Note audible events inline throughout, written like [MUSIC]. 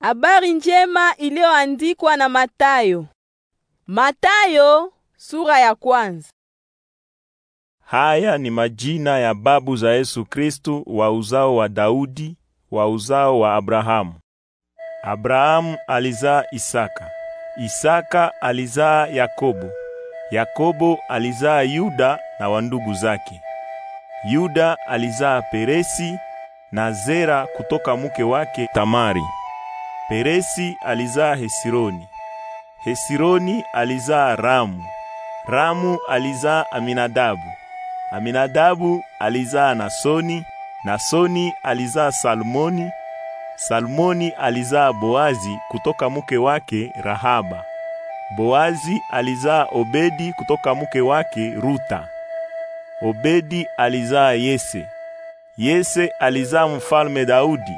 Habari njema iliyoandikwa na Matayo. Matayo sura ya kwanza. Haya ni majina ya babu za Yesu Kristu wa uzao wa Daudi, wa uzao wa Abrahamu. Abrahamu alizaa Isaka. Isaka alizaa Yakobo. Yakobo alizaa Yuda na wandugu zake. Yuda alizaa Peresi na Zera kutoka mke wake Tamari. Peresi alizaa Hesironi. Hesironi alizaa Ramu. Ramu alizaa Aminadabu. Aminadabu alizaa Nasoni. Nasoni alizaa Salmoni. Salmoni alizaa Boazi kutoka mke wake Rahaba. Boazi alizaa Obedi kutoka mke wake Ruta. Obedi alizaa Yese. Yese alizaa mfalme Daudi.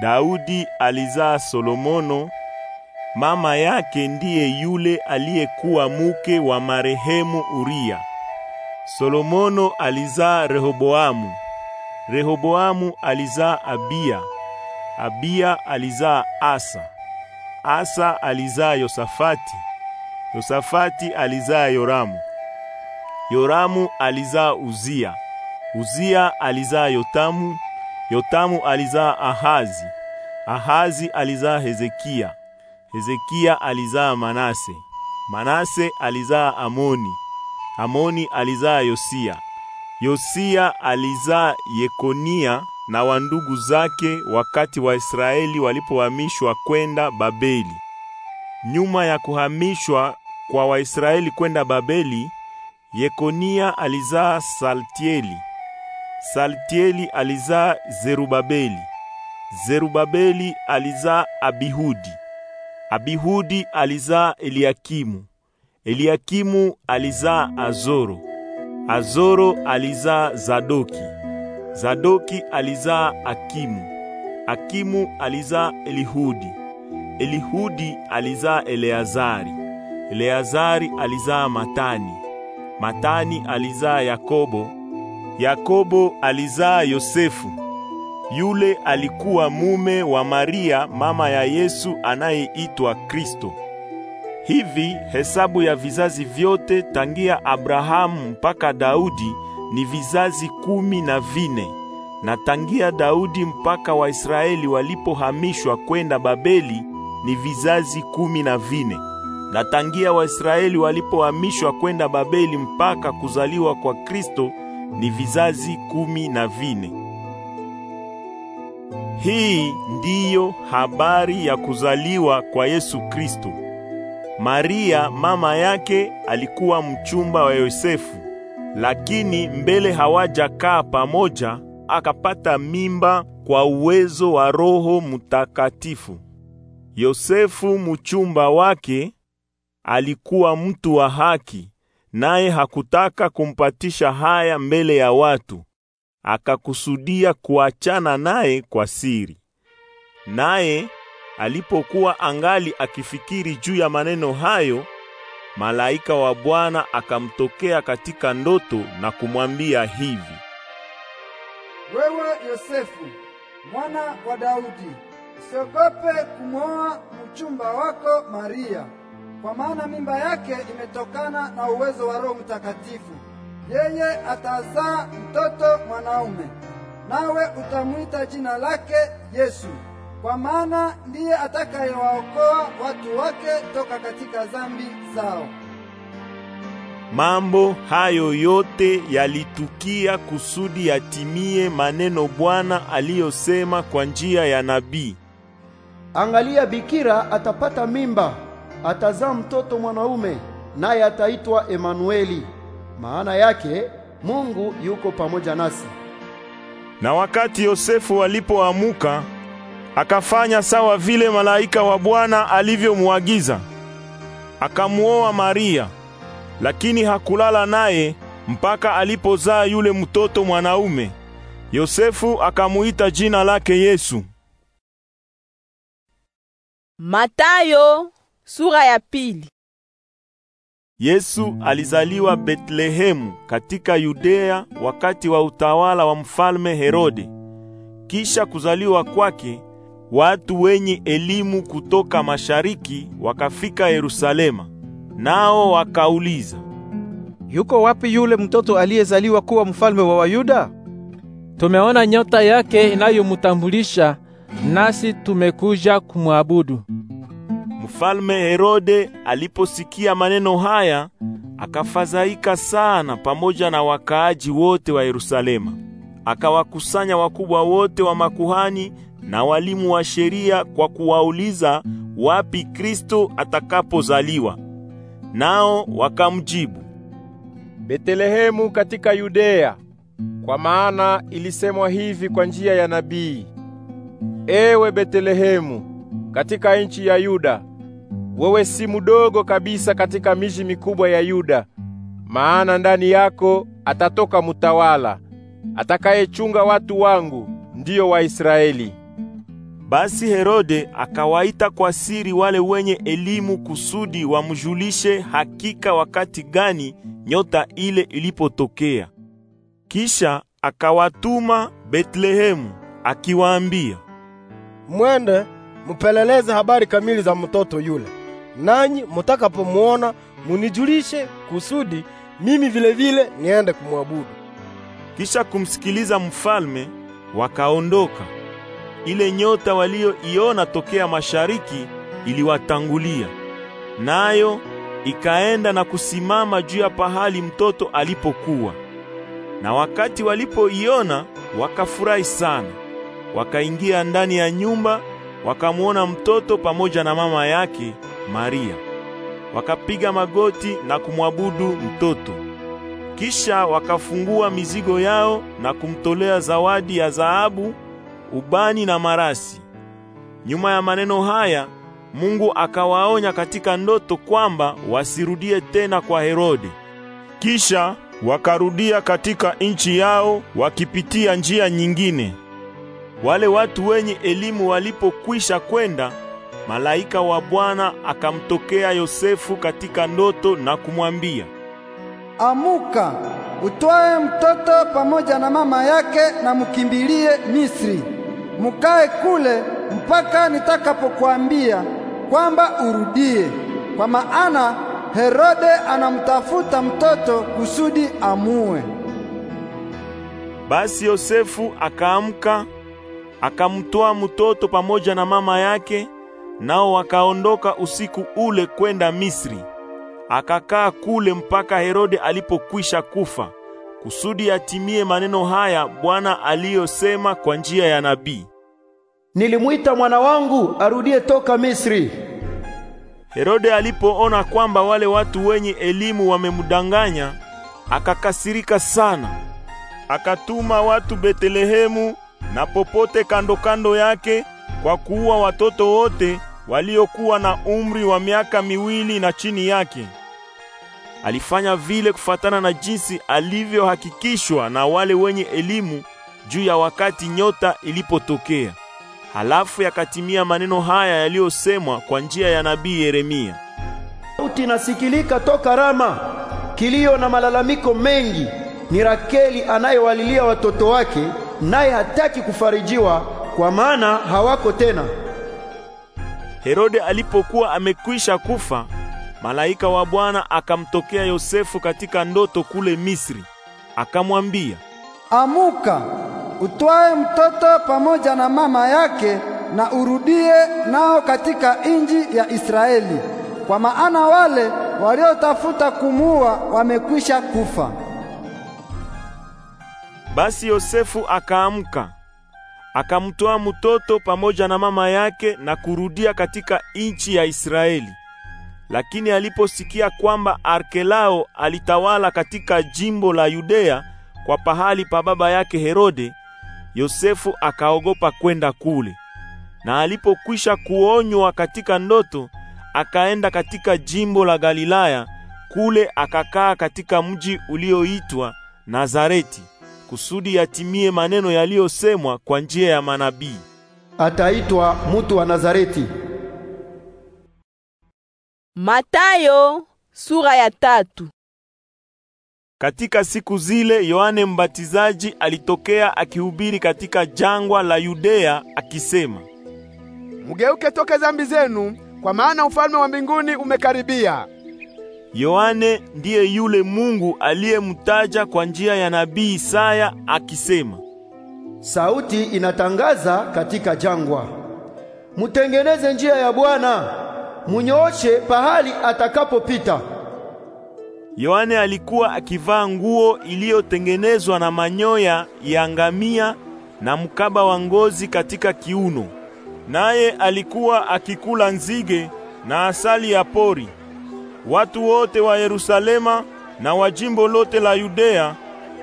Daudi alizaa Solomono, mama yake ndiye yule aliyekuwa muke wa marehemu Uria. Solomono alizaa Rehoboamu. Rehoboamu alizaa Abiya. Abiya alizaa Asa. Asa alizaa Yosafati. Yosafati alizaa Yoramu. Yoramu alizaa Uzia. Uzia alizaa Yotamu. Yotamu alizaa Ahazi, Ahazi alizaa Hezekia, Hezekia alizaa Manase, Manase alizaa Amoni, Amoni alizaa Yosia, Yosia alizaa Yekonia na wandugu zake wakati Waisraeli walipohamishwa kwenda Babeli. Nyuma ya kuhamishwa kwa Waisraeli kwenda Babeli, Yekonia alizaa Saltieli, Saltieli alizaa Zerubabeli. Zerubabeli alizaa Abihudi. Abihudi alizaa Eliakimu. Eliakimu alizaa Azoro. Azoro alizaa Zadoki. Zadoki alizaa Akimu. Akimu alizaa Elihudi. Elihudi alizaa Eleazari. Eleazari alizaa Matani. Matani alizaa Yakobo. Yakobo alizaa Yosefu. Yule alikuwa mume wa Maria mama ya Yesu anayeitwa Kristo. Hivi hesabu ya vizazi vyote tangia Abrahamu mpaka Daudi ni vizazi kumi na vine, na tangia Daudi mpaka Waisraeli walipohamishwa kwenda Babeli ni vizazi kumi na vine, na tangia Waisraeli walipohamishwa kwenda Babeli mpaka kuzaliwa kwa Kristo ni vizazi kumi na vine. Hii ndiyo habari ya kuzaliwa kwa Yesu Kristo. Maria mama yake alikuwa mchumba wa Yosefu, lakini mbele hawajakaa pamoja, akapata mimba kwa uwezo wa Roho Mtakatifu. Yosefu mchumba wake alikuwa mtu wa haki naye hakutaka kumpatisha haya mbele ya watu, akakusudia kuachana naye kwa siri. Naye alipokuwa angali akifikiri juu ya maneno hayo, malaika wa Bwana akamtokea katika ndoto na kumwambia hivi: wewe Yosefu mwana wa Daudi, usiogope kumwoa mchumba wako Maria kwa maana mimba yake imetokana na uwezo wa Roho Mtakatifu. Yeye atazaa mtoto mwanaume, nawe utamwita jina lake Yesu, kwa maana ndiye atakayewaokoa watu wake toka katika dhambi zao. Mambo hayo yote yalitukia kusudi yatimie maneno Bwana aliyosema kwa njia ya nabii, angalia, bikira atapata mimba atazaa mtoto mwanaume naye ataitwa Emanueli, maana yake Mungu yuko pamoja nasi. Na wakati Yosefu alipoamuka, akafanya sawa vile malaika wa Bwana alivyomwagiza, akamwoa Maria, lakini hakulala naye mpaka alipozaa yule mtoto mwanaume. Yosefu akamuita jina lake Yesu. Matayo Sura ya pili. Yesu alizaliwa Betlehemu katika Yudea wakati wa utawala wa mfalme Herode. Kisha kuzaliwa kwake, watu wenye elimu kutoka mashariki wakafika Yerusalema. Nao wakauliza, Yuko wapi yule mtoto aliyezaliwa kuwa mfalme wa Wayuda? Tumeona nyota yake inayomtambulisha, nasi tumekuja kumwabudu. Mfalme Herode aliposikia maneno haya akafadhaika sana, pamoja na wakaaji wote wa Yerusalema. Akawakusanya wakubwa wote wa makuhani na walimu wa sheria kwa kuwauliza wapi Kristo atakapozaliwa. Nao wakamjibu, Betelehemu katika Yudea, kwa maana ilisemwa hivi kwa njia ya nabii: Ewe Betelehemu katika nchi ya Yuda, wewe si mudogo kabisa katika miji mikubwa ya Yuda, maana ndani yako atatoka mutawala atakayechunga watu wangu, ndiyo Israeli. Basi Herode akawaita kwa siri wale wenye elimu kusudi wamjulishe hakika wakati gani nyota ile ilipotokea. Kisha akawatuma Betlehemu akiwaambia, mwende mupeleleze habari kamili za mtoto yule nanyi mutakapomuona munijulishe, kusudi mimi vilevile vile niende kumwabudu. Kisha kumsikiliza mfalme, wakaondoka. Ile nyota walioiona tokea mashariki iliwatangulia, nayo ikaenda na kusimama juu ya pahali mtoto alipokuwa. Na wakati walipoiona wakafurahi sana. Wakaingia ndani ya nyumba, wakamwona mtoto pamoja na mama yake Maria. Wakapiga magoti na kumwabudu mtoto. Kisha wakafungua mizigo yao na kumtolea zawadi ya dhahabu, ubani na marasi. Nyuma ya maneno haya, Mungu akawaonya katika ndoto kwamba wasirudie tena kwa Herode. Kisha wakarudia katika nchi yao wakipitia njia nyingine. Wale watu wenye elimu walipokwisha kwenda Malaika wa Bwana akamtokea Yosefu katika ndoto na kumwambia, Amuka, utwae mtoto pamoja na mama yake na mukimbilie Misri. Mukae kule mpaka nitakapokuambia kwamba urudie, kwa maana Herode anamtafuta mtoto kusudi amue. Basi Yosefu akaamka, akamtoa mtoto pamoja na mama yake Nao wakaondoka usiku ule kwenda Misri, akakaa kule mpaka Herode alipokwisha kufa, kusudi atimie maneno haya Bwana aliyosema kwa njia ya nabii, nilimwita mwana wangu arudie toka Misri. Herode alipoona kwamba wale watu wenye elimu wamemdanganya, akakasirika sana. Akatuma watu Betelehemu na popote kando kando yake kwa kuua watoto wote waliokuwa na umri wa miaka miwili na chini yake. Alifanya vile kufatana na jinsi alivyohakikishwa na wale wenye elimu juu ya wakati nyota ilipotokea. Halafu yakatimia maneno haya yaliyosemwa kwa njia ya nabii Yeremia: sauti nasikilika toka Rama, kilio na malalamiko mengi. Ni Rakeli anayewalilia watoto wake, naye hataki kufarijiwa, kwa maana hawako tena. Herode alipokuwa amekwisha kufa, malaika wa Bwana akamtokea Yosefu katika ndoto kule Misri, akamwambia, amuka, utwae mtoto pamoja na mama yake na urudie nao katika inji ya Israeli, kwa maana wale waliotafuta kumuua wamekwisha kufa. Basi Yosefu akaamka akamtoa mtoto pamoja na mama yake na kurudia katika nchi ya Israeli. Lakini aliposikia kwamba Arkelao alitawala katika jimbo la Yudea kwa pahali pa baba yake Herode, Yosefu akaogopa kwenda kule. Na alipokwisha kuonywa katika ndoto, akaenda katika jimbo la Galilaya, kule akakaa katika mji ulioitwa Nazareti kusudi yatimie maneno yaliyosemwa kwa njia ya manabii, ataitwa mtu wa Nazareti. Matayo sura ya tatu. Katika siku zile Yohane Mbatizaji alitokea akihubiri katika jangwa la Yudea akisema, Mugeuke toka zambi zenu, kwa maana ufalme wa mbinguni umekaribia. Yohane ndiye yule Mungu aliyemtaja kwa njia ya nabii Isaya akisema, sauti inatangaza katika jangwa, mutengeneze njia ya Bwana, munyooshe pahali atakapopita. Yohane alikuwa akivaa nguo iliyotengenezwa na manyoya ya ngamia na mkaba wa ngozi katika kiuno, naye alikuwa akikula nzige na asali ya pori. Watu wote wa Yerusalema na wa jimbo lote la Yudea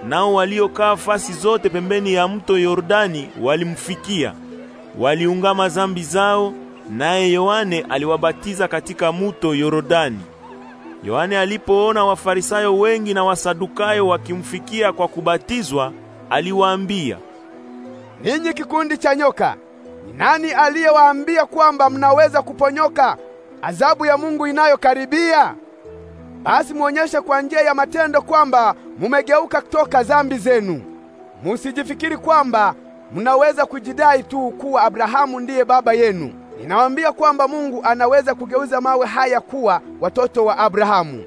nao waliokaa fasi zote pembeni ya mto Yordani walimfikia. Waliungama zambi zao, naye Yohane aliwabatiza katika mto Yordani. Yohane alipoona Wafarisayo wengi na Wasadukayo wakimfikia kwa kubatizwa, aliwaambia, ninyi kikundi cha nyoka, ni nani aliyewaambia kwamba mnaweza kuponyoka adhabu ya Mungu inayokaribia? Basi muonyeshe kwa njia ya matendo kwamba mumegeuka kutoka dhambi zenu. Musijifikiri kwamba mnaweza kujidai tu kuwa Abrahamu ndiye baba yenu. Ninawaambia kwamba Mungu anaweza kugeuza mawe haya kuwa watoto wa Abrahamu.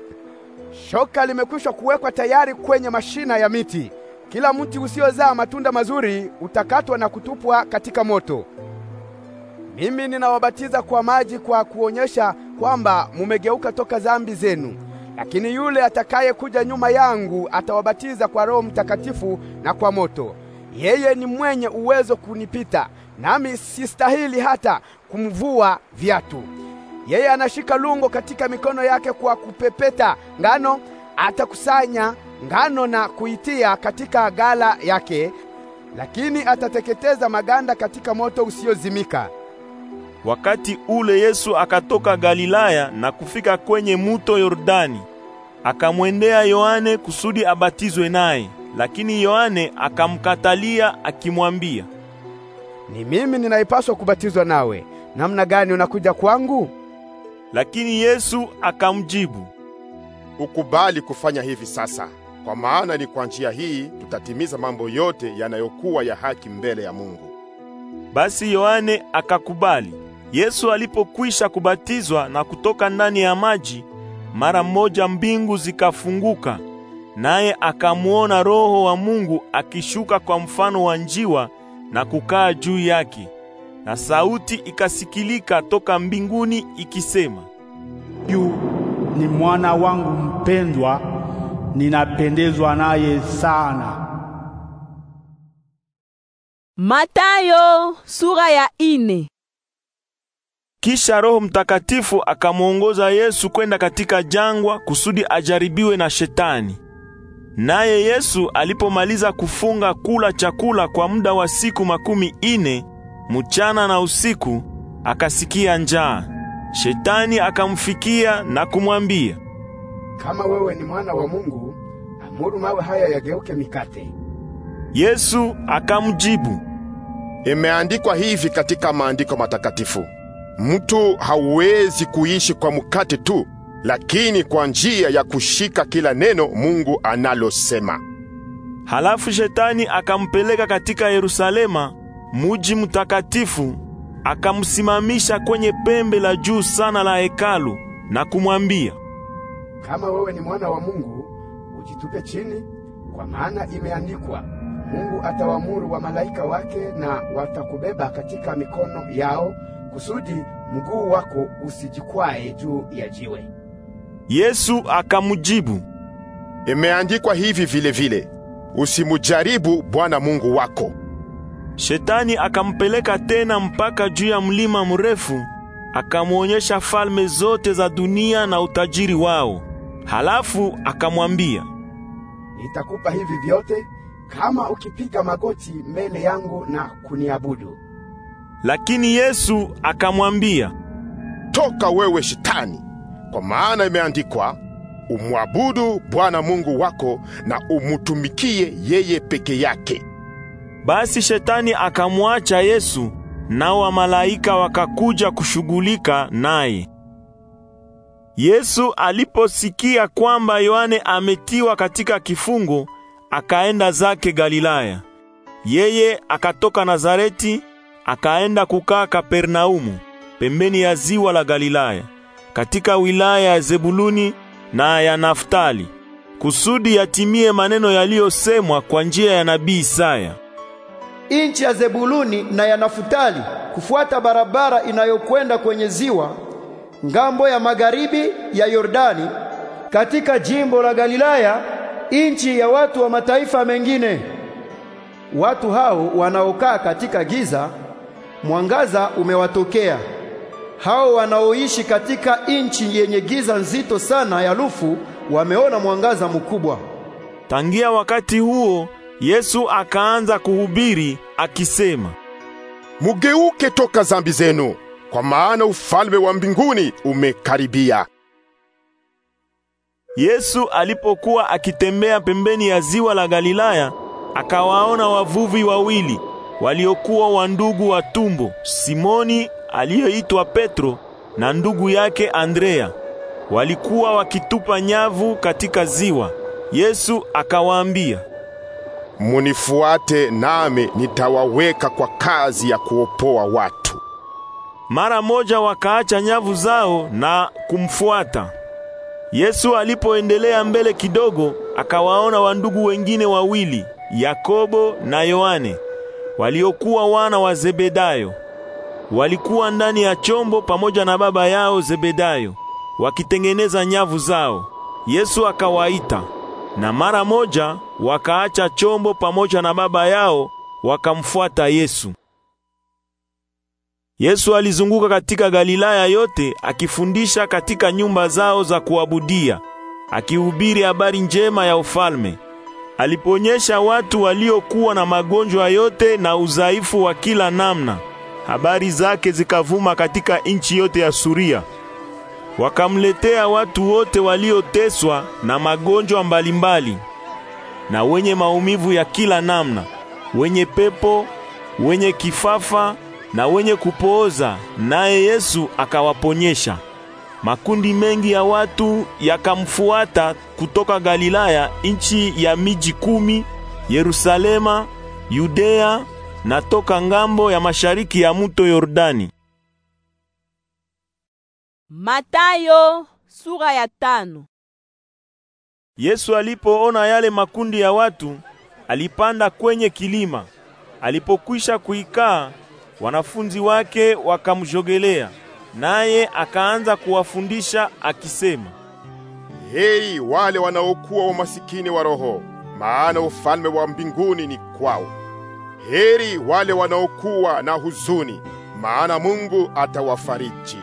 Shoka limekwisha kuwekwa tayari kwenye mashina ya miti. Kila mti usiozaa matunda mazuri utakatwa na kutupwa katika moto. Mimi ninawabatiza kwa maji kwa kuonyesha kwamba mumegeuka toka zambi zenu, lakini yule atakayekuja nyuma yangu atawabatiza kwa Roho Mtakatifu na kwa moto. Yeye ni mwenye uwezo kunipita, nami sistahili hata kumvua viatu. Yeye anashika lungo katika mikono yake, kwa kupepeta ngano atakusanya ngano na kuitia katika gala yake, lakini atateketeza maganda katika moto usiozimika. Wakati ule Yesu akatoka Galilaya na kufika kwenye muto Yordani, akamwendea Yohane kusudi abatizwe naye, lakini Yohane akamkatalia akimwambia, ni mimi ninaipaswa kubatizwa nawe, namna gani unakuja kwangu? Lakini Yesu akamjibu, ukubali kufanya hivi sasa, kwa maana ni kwa njia hii tutatimiza mambo yote yanayokuwa ya haki mbele ya Mungu. Basi Yohane akakubali. Yesu alipokwisha kubatizwa na kutoka ndani ya maji, mara mmoja mbingu zikafunguka, naye akamwona Roho wa Mungu akishuka kwa mfano wa njiwa na kukaa juu yake, na sauti ikasikilika toka mbinguni ikisema, yu ni mwana wangu mpendwa, ninapendezwa naye sana. Matayo sura ya ine. Kisha Roho Mtakatifu akamwongoza Yesu kwenda katika jangwa kusudi ajaribiwe na Shetani. Naye Yesu alipomaliza kufunga kula chakula kwa muda wa siku makumi ine mchana na usiku, akasikia njaa. Shetani akamfikia na kumwambia, kama wewe ni mwana wa Mungu, amuru mawe haya yageuke mikate. Yesu akamjibu, imeandikwa hivi katika maandiko matakatifu Mtu hauwezi kuishi kwa mkate tu, lakini kwa njia ya kushika kila neno Mungu analosema. Halafu shetani akampeleka katika Yerusalema, muji mtakatifu, akamsimamisha kwenye pembe la juu sana la hekalu na kumwambia, kama wewe ni mwana wa Mungu, ujitupe chini, kwa maana imeandikwa, Mungu atawamuru wa malaika wake na watakubeba katika mikono yao kusudi mguu wako usijikwae juu ya jiwe. Yesu akamjibu, imeandikwa hivi vile vile, usimujaribu Bwana Mungu wako. Shetani akampeleka tena mpaka juu ya mlima mrefu, akamwonyesha falme zote za dunia na utajiri wao. Halafu akamwambia, nitakupa hivi vyote kama ukipiga magoti mbele yangu na kuniabudu. Lakini Yesu akamwambia, toka wewe Shetani, kwa maana imeandikwa, umwabudu Bwana Mungu wako na umutumikie yeye peke yake. Basi Shetani akamwacha Yesu, nao wa malaika wakakuja kushughulika naye. Yesu aliposikia kwamba Yohane ametiwa katika kifungo, akaenda zake Galilaya. Yeye akatoka Nazareti akaenda kukaa Kapernaumu pembeni ya ziwa la Galilaya katika wilaya ya Zebuluni na ya Naftali, kusudi yatimie maneno yaliyosemwa kwa njia ya nabii Isaya: Inchi ya Zebuluni na ya Naftali, kufuata barabara inayokwenda kwenye ziwa, ngambo ya magharibi ya Yordani, katika jimbo la Galilaya, inchi ya watu wa mataifa mengine. Watu hao wanaokaa katika giza mwangaza umewatokea hao wanaoishi katika nchi yenye giza nzito sana ya lufu wameona mwangaza mkubwa. Tangia wakati huo Yesu akaanza kuhubiri akisema, mugeuke toka zambi zenu, kwa maana ufalme wa mbinguni umekaribia. Yesu alipokuwa akitembea pembeni ya ziwa la Galilaya, akawaona wavuvi wawili waliokuwa wa ndugu wa tumbo, Simoni aliyeitwa Petro na ndugu yake Andrea. Walikuwa wakitupa nyavu katika ziwa. Yesu akawaambia, Munifuate nami nitawaweka kwa kazi ya kuopoa watu. Mara moja wakaacha nyavu zao na kumfuata. Yesu alipoendelea mbele kidogo, akawaona wandugu wengine wawili, Yakobo na Yohane waliokuwa wana wa Zebedayo walikuwa ndani ya chombo pamoja na baba yao Zebedayo wakitengeneza nyavu zao. Yesu akawaita, na mara moja wakaacha chombo pamoja na baba yao wakamfuata Yesu. Yesu alizunguka katika Galilaya yote akifundisha katika nyumba zao za kuabudia, akihubiri habari njema ya ufalme aliponyesha watu waliokuwa na magonjwa yote na udhaifu wa kila namna. Habari zake zikavuma katika nchi yote ya Suria. Wakamletea watu wote walioteswa na magonjwa mbalimbali na wenye maumivu ya kila namna, wenye pepo, wenye kifafa na wenye kupooza, naye Yesu akawaponyesha. Makundi mengi ya watu yakamfuata kutoka Galilaya, nchi ya miji kumi, Yerusalema, Yudea na toka ngambo ya mashariki ya mto Yordani. Matayo sura ya tano. Yesu alipoona yale makundi ya watu, alipanda kwenye kilima. Alipokwisha kuikaa, wanafunzi wake wakamjogelea, naye akaanza kuwafundisha akisema heri wale wanaokuwa wamasikini wa roho, maana ufalme wa mbinguni ni kwao. Heri wale wanaokuwa na huzuni, maana Mungu atawafariji.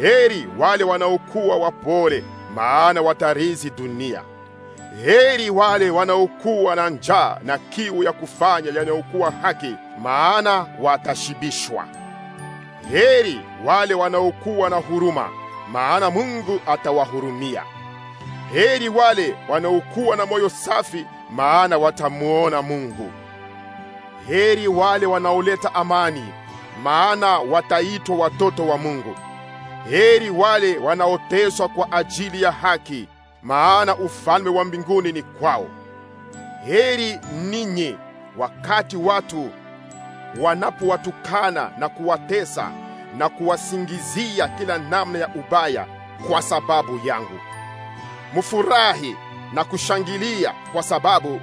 Heri wale wanaokuwa wapole, maana watarizi dunia. Heri wale wanaokuwa na njaa na kiu ya kufanya yanayokuwa haki, maana watashibishwa. Heri wale wanaokuwa na huruma, maana Mungu atawahurumia. Heri wale wanaokuwa na moyo safi, maana watamuona Mungu. Heri wale wanaoleta amani, maana wataitwa watoto wa Mungu. Heri wale wanaoteswa kwa ajili ya haki, maana ufalme wa mbinguni ni kwao. Heri ninyi wakati watu wanapowatukana na kuwatesa na kuwasingizia kila namna ya ubaya kwa sababu yangu mufurahi na kushangilia, kwa sababu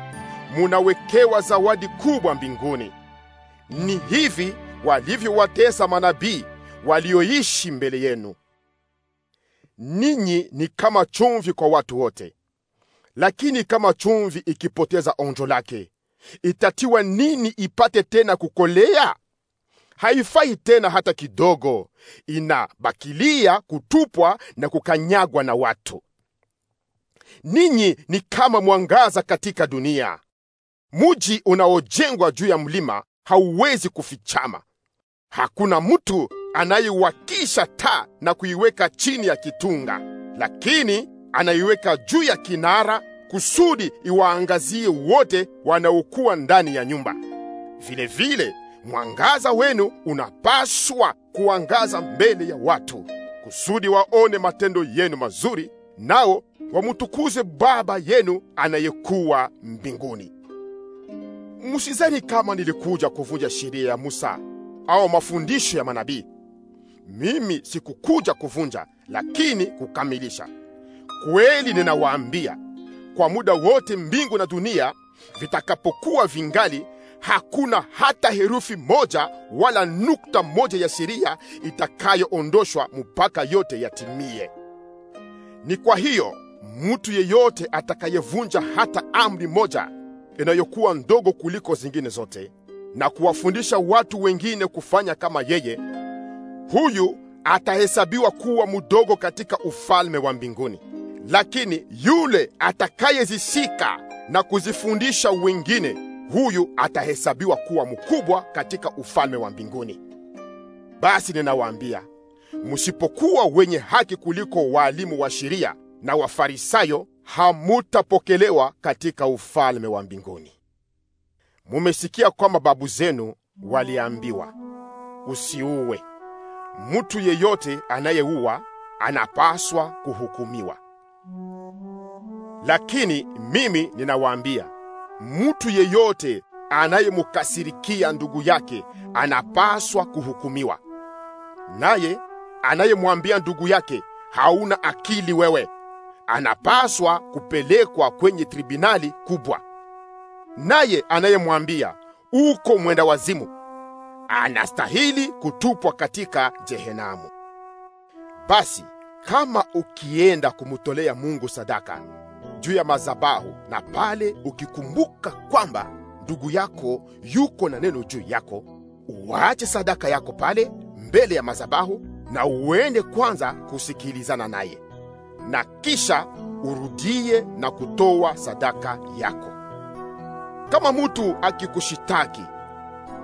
munawekewa zawadi kubwa mbinguni. Ni hivi walivyowatesa manabii walioishi mbele yenu. Ninyi ni kama chumvi kwa watu wote, lakini kama chumvi ikipoteza onjo lake, itatiwa nini ipate tena kukolea? Haifai tena hata kidogo, inabakilia kutupwa na kukanyagwa na watu. Ninyi ni kama mwangaza katika dunia. Muji unaojengwa juu ya mlima hauwezi kufichama. Hakuna mtu anayewakisha taa na kuiweka chini ya kitunga, lakini anaiweka juu ya kinara kusudi iwaangazie wote wanaokuwa ndani ya nyumba. Vile vile mwangaza wenu unapaswa kuangaza mbele ya watu kusudi waone matendo yenu mazuri, nao wamtukuze Baba yenu anayekuwa mbinguni. Msizani kama nilikuja kuvunja sheria ya Musa au mafundisho ya manabii. Mimi sikukuja kuvunja, lakini kukamilisha. Kweli ninawaambia, kwa muda wote mbingu na dunia vitakapokuwa vingali, hakuna hata herufi moja wala nukta moja ya sheria itakayoondoshwa mpaka yote yatimie. Ni kwa hiyo mtu yeyote atakayevunja hata amri moja inayokuwa ndogo kuliko zingine zote na kuwafundisha watu wengine kufanya kama yeye, huyu atahesabiwa kuwa mdogo katika ufalme wa mbinguni. Lakini yule atakayezishika na kuzifundisha wengine, huyu atahesabiwa kuwa mkubwa katika ufalme wa mbinguni. Basi ninawaambia, msipokuwa wenye haki kuliko waalimu wa sheria na Wafarisayo hamutapokelewa katika ufalme wa mbinguni. Mumesikia kwamba babu zenu waliambiwa, usiuwe, mtu yeyote anayeua anapaswa kuhukumiwa. Lakini mimi ninawaambia, mtu yeyote anayemukasirikia ndugu yake anapaswa kuhukumiwa, naye anayemwambia ndugu yake hauna akili wewe, anapaswa kupelekwa kwenye tribunali kubwa. Naye anayemwambia uko mwenda wazimu anastahili kutupwa katika jehenamu. Basi kama ukienda kumtolea Mungu sadaka juu ya mazabahu, na pale ukikumbuka kwamba ndugu yako yuko na neno juu yako, uache sadaka yako pale mbele ya mazabahu na uende kwanza kusikilizana naye na kisha urudie na kutoa sadaka yako. Kama mutu akikushitaki,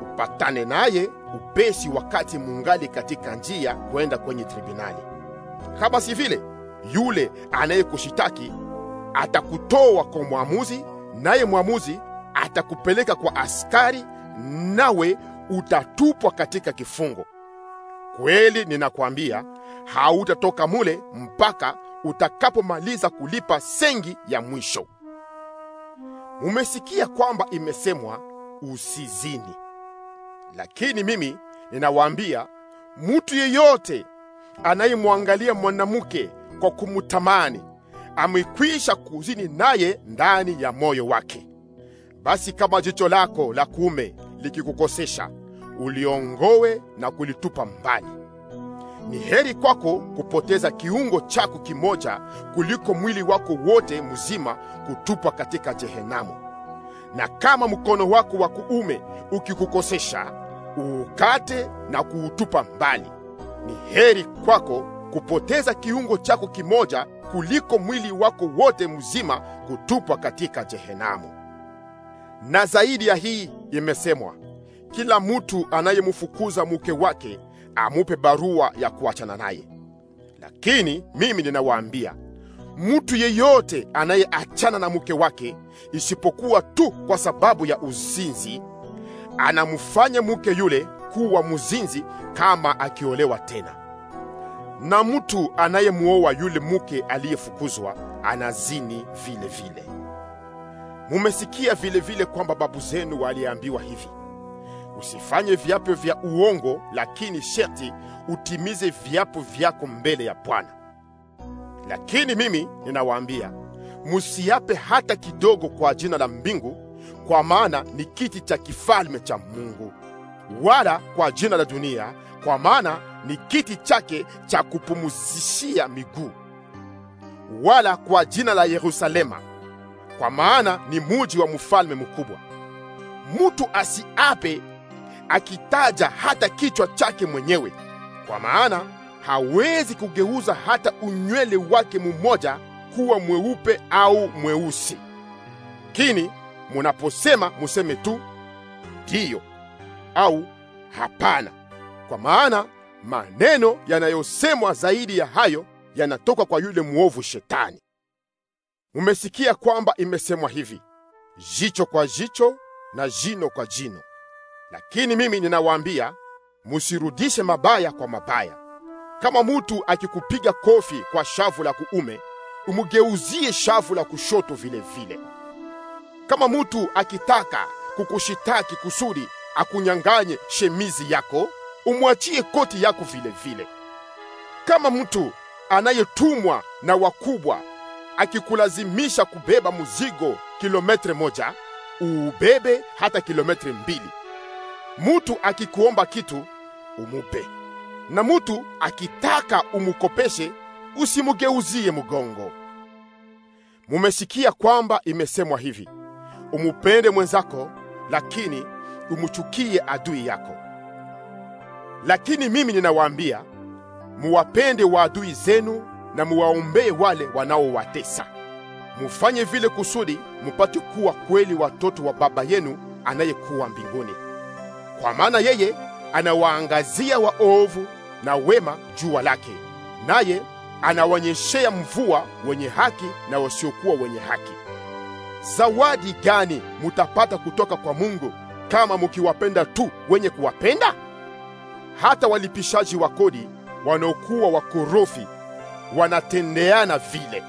upatane naye upesi wakati mungali katika njia kwenda kwenye tribunali. Kama si vile, yule anayekushitaki atakutoa kwa mwamuzi, naye mwamuzi atakupeleka kwa askari, nawe utatupwa katika kifungo. Kweli ninakwambia, hautatoka mule mpaka utakapomaliza kulipa sengi ya mwisho. Mumesikia kwamba imesemwa usizini. Lakini mimi ninawaambia, mtu yeyote anayemwangalia mwanamke kwa kumutamani amekwisha kuzini naye ndani ya moyo wake. Basi kama jicho lako la kuume likikukosesha, uliongowe na kulitupa mbali ni heri kwako kupoteza kiungo chako kimoja kuliko mwili wako wote mzima kutupwa katika jehenamu. Na kama mkono wako wa kuume ukikukosesha, uukate na kuutupa mbali. Ni heri kwako kupoteza kiungo chako kimoja kuliko mwili wako wote mzima kutupwa katika jehenamu. Na zaidi ya hii imesemwa, kila mtu anayemfukuza mke wake amupe barua ya kuachana naye. Lakini mimi ninawaambia, mtu yeyote anayeachana na mke wake isipokuwa tu kwa sababu ya uzinzi, anamfanya mke yule kuwa mzinzi kama akiolewa tena. Na mtu anayemwoa yule mke aliyefukuzwa anazini vile vile. Mumesikia vile vile kwamba babu zenu waliambiwa hivi Usifanye viapo vya uongo, lakini sherti utimize viapo vyako mbele ya Bwana. Lakini mimi ninawaambia, musiape hata kidogo kwa jina la mbingu, kwa maana ni kiti cha kifalme cha Mungu, wala kwa jina la dunia, kwa maana ni kiti chake cha kupumuzishia miguu, wala kwa jina la Yerusalema, kwa maana ni muji wa mfalme mkubwa. Mutu asiape akitaja hata kichwa chake mwenyewe, kwa maana hawezi kugeuza hata unywele wake mmoja kuwa mweupe au mweusi. Lakini munaposema museme tu ndiyo au hapana, kwa maana maneno yanayosemwa zaidi ya hayo yanatoka kwa yule mwovu Shetani. Mumesikia kwamba imesemwa hivi, jicho kwa jicho na jino kwa jino. Lakini mimi ninawaambia, musirudishe mabaya kwa mabaya. Kama mutu akikupiga kofi kwa shavu la kuume, umugeuzie shavu la kushoto vile vile. Kama mutu akitaka kukushitaki kusudi akunyang'anye shemizi yako, umwachie koti yako vile vile. Kama mtu anayetumwa na wakubwa akikulazimisha kubeba mzigo kilometre moja, uubebe hata kilometre mbili. Mutu akikuomba kitu umupe, na mutu akitaka umukopeshe usimugeuzie mugongo. Mumesikia kwamba imesemwa hivi, umupende mwenzako, lakini umuchukie adui yako. Lakini mimi ninawaambia, muwapende waadui zenu na muwaombee wale wanaowatesa, mufanye vile kusudi mupate kuwa kweli watoto wa Baba yenu anayekuwa mbinguni kwa maana yeye anawaangazia waovu na wema jua lake, naye anawanyeshea mvua wenye haki na wasiokuwa wenye haki. Zawadi gani mutapata kutoka kwa Mungu kama mukiwapenda tu wenye kuwapenda? Hata walipishaji wa kodi wanaokuwa wakorofi wanatendeana vile.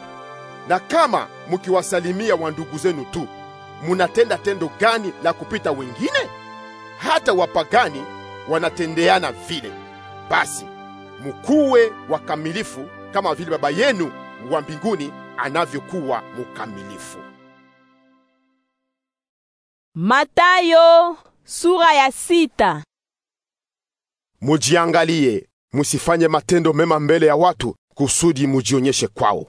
Na kama mukiwasalimia wandugu zenu tu, munatenda tendo gani la kupita wengine? hata wapagani wanatendeana vile. Basi mukuwe wakamilifu kama vile Baba yenu wa mbinguni anavyokuwa mukamilifu. Matayo sura ya sita. Mujiangalie, musifanye matendo mema mbele ya watu kusudi mujionyeshe kwao,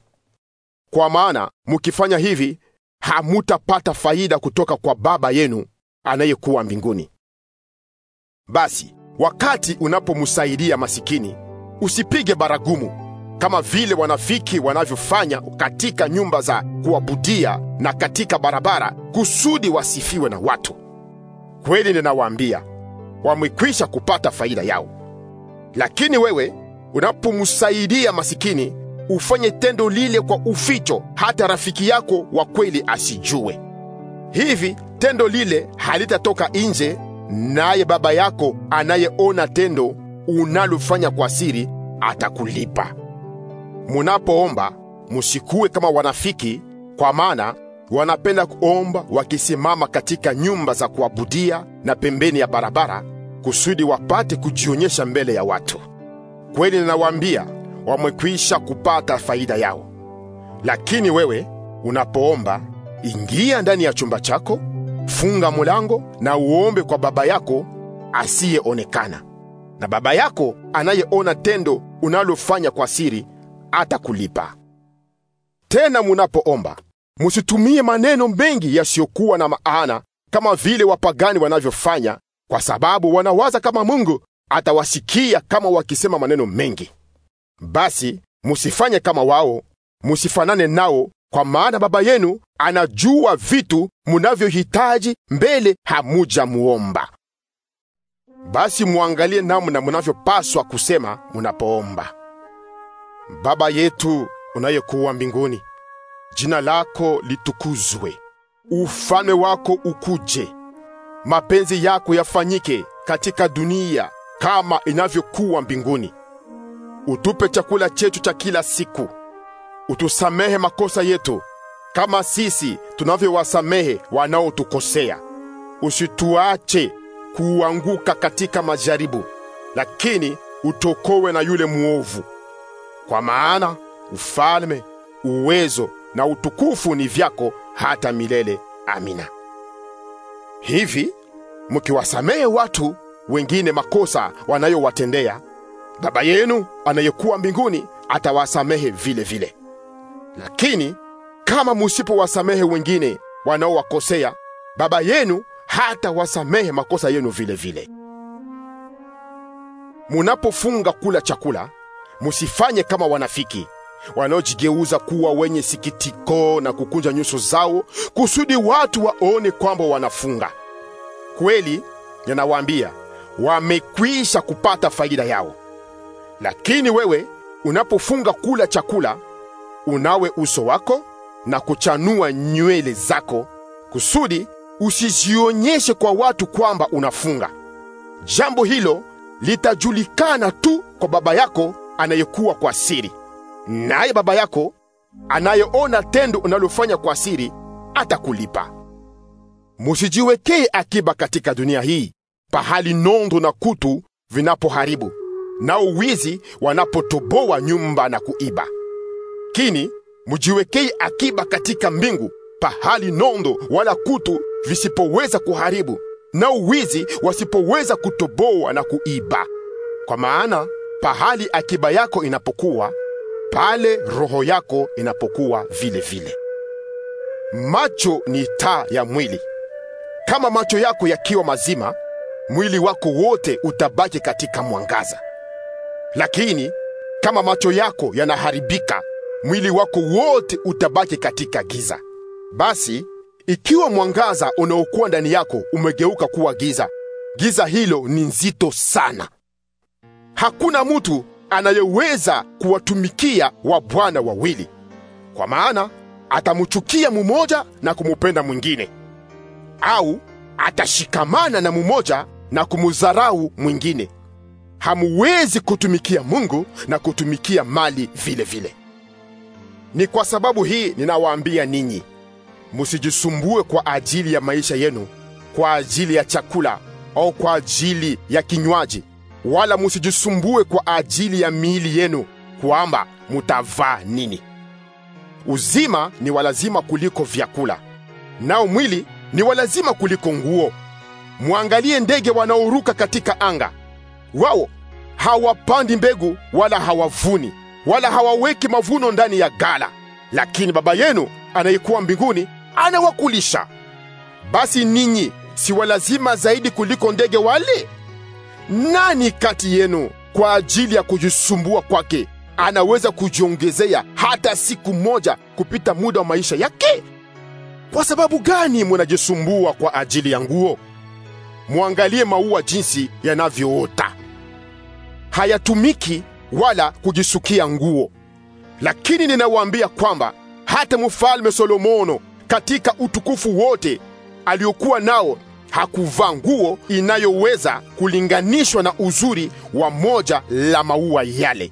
kwa maana mukifanya hivi hamutapata faida kutoka kwa Baba yenu anayekuwa mbinguni. Basi wakati unapomsaidia masikini, usipige baragumu kama vile wanafiki wanavyofanya katika nyumba za kuabudia na katika barabara, kusudi wasifiwe na watu. Kweli ninawaambia, wamekwisha kupata faida yao. Lakini wewe unapomsaidia masikini, ufanye tendo lile kwa uficho, hata rafiki yako wa kweli asijue. Hivi tendo lile halitatoka nje naye Baba yako anayeona tendo unalofanya kwa siri atakulipa. Munapoomba musikuwe kama wanafiki, kwa maana wanapenda kuomba wakisimama katika nyumba za kuabudia na pembeni ya barabara, kusudi wapate kujionyesha mbele ya watu. Kweli ninawaambia, wamekwisha kupata faida yao. Lakini wewe unapoomba, ingia ndani ya chumba chako funga mulango na uombe kwa Baba yako asiyeonekana, na Baba yako anayeona tendo unalofanya kwa siri atakulipa. Tena munapoomba, musitumie maneno mengi yasiyokuwa na maana kama vile wapagani wanavyofanya, kwa sababu wanawaza kama Mungu atawasikia kama wakisema maneno mengi. Basi musifanye kama wao, musifanane nao, kwa maana Baba yenu anajua vitu munavyohitaji mbele hamujamuomba. Basi muangalie namna munavyopaswa kusema munapoomba: Baba yetu unayekuwa mbinguni, jina lako litukuzwe, ufalme wako ukuje, mapenzi yako yafanyike katika dunia kama inavyokuwa mbinguni. Utupe chakula chetu cha kila siku utusamehe makosa yetu kama sisi tunavyowasamehe wanaotukosea. Usituache kuanguka katika majaribu, lakini utokowe na yule mwovu, kwa maana ufalme, uwezo na utukufu ni vyako hata milele. Amina. Hivi mkiwasamehe watu wengine makosa wanayowatendea, Baba yenu anayekuwa mbinguni atawasamehe vile vile. Lakini kama musipowasamehe wengine wanaowakosea, Baba yenu hata wasamehe makosa yenu vile vile. Munapofunga kula chakula, musifanye kama wanafiki wanaojigeuza kuwa wenye sikitiko na kukunja nyuso zao kusudi watu waone kwamba wanafunga. Kweli ninawaambia, wamekwisha kupata faida yao. Lakini wewe unapofunga kula chakula unawe uso wako na kuchanua nywele zako, kusudi usijionyeshe kwa watu kwamba unafunga. Jambo hilo litajulikana tu kwa Baba yako anayekuwa kwa siri, naye Baba yako anayeona tendo unalofanya kwa siri atakulipa. Musijiwekee akiba katika dunia hii, pahali nondo na kutu vinapoharibu, nao wizi wanapotoboa nyumba na kuiba. Lakini mujiwekei akiba katika mbingu, pahali nondo wala kutu visipoweza kuharibu, na uwizi wasipoweza kutoboa na kuiba. Kwa maana pahali akiba yako inapokuwa, pale roho yako inapokuwa vile vile. Macho ni taa ya mwili. Kama macho yako yakiwa mazima, mwili wako wote utabaki katika mwangaza. Lakini kama macho yako yanaharibika, mwili wako wote utabaki katika giza. Basi ikiwa mwangaza unaokuwa ndani yako umegeuka kuwa giza, giza hilo ni nzito sana. Hakuna mtu anayeweza kuwatumikia wa bwana wawili, kwa maana atamchukia mumoja na kumupenda mwingine, au atashikamana na mumoja na kumudharau mwingine. Hamuwezi kutumikia Mungu na kutumikia mali vile vile. Ni kwa sababu hii ninawaambia ninyi, msijisumbue kwa ajili ya maisha yenu, kwa ajili ya chakula au kwa ajili ya kinywaji, wala msijisumbue kwa ajili ya miili yenu, kwamba mutavaa nini. Uzima ni walazima kuliko vyakula, nao mwili ni walazima kuliko nguo. Mwangalie ndege wanaoruka katika anga, wao hawapandi mbegu wala hawavuni wala hawaweki mavuno ndani ya gala, lakini Baba yenu anayekuwa mbinguni anawakulisha. Basi ninyi si walazima zaidi kuliko ndege wale? Nani kati yenu kwa ajili ya kujisumbua kwake anaweza kujiongezea hata siku moja kupita muda wa maisha yake? Kwa sababu gani munajisumbua kwa ajili ya nguo? Mwangalie maua jinsi yanavyoota, hayatumiki wala kujisukia nguo. Lakini ninawaambia kwamba hata mfalme Solomono katika utukufu wote aliokuwa nao hakuvaa nguo inayoweza kulinganishwa na uzuri wa moja la maua yale.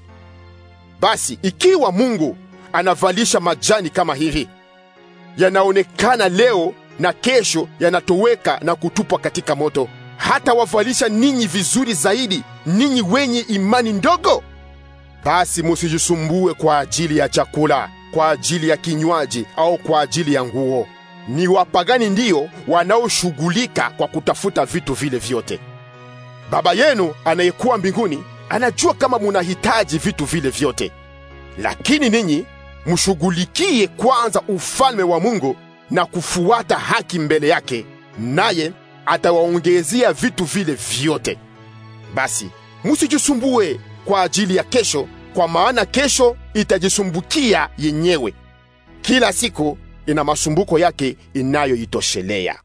Basi ikiwa Mungu anavalisha majani kama hivi, yanaonekana leo na kesho yanatoweka na kutupwa katika moto, hata wavalisha ninyi vizuri zaidi, ninyi wenye imani ndogo? Basi musijisumbue kwa ajili ya chakula, kwa ajili ya kinywaji au kwa ajili ya nguo. Ni wapagani ndiyo wanaoshughulika kwa kutafuta vitu vile vyote. Baba yenu anayekuwa mbinguni anajua kama munahitaji vitu vile vyote. Lakini ninyi mshughulikie kwanza ufalme wa Mungu na kufuata haki mbele yake, naye atawaongezea vitu vile vyote. Basi musijisumbue kwa ajili ya kesho, kwa maana kesho itajisumbukia yenyewe. Kila siku ina masumbuko yake inayoitoshelea.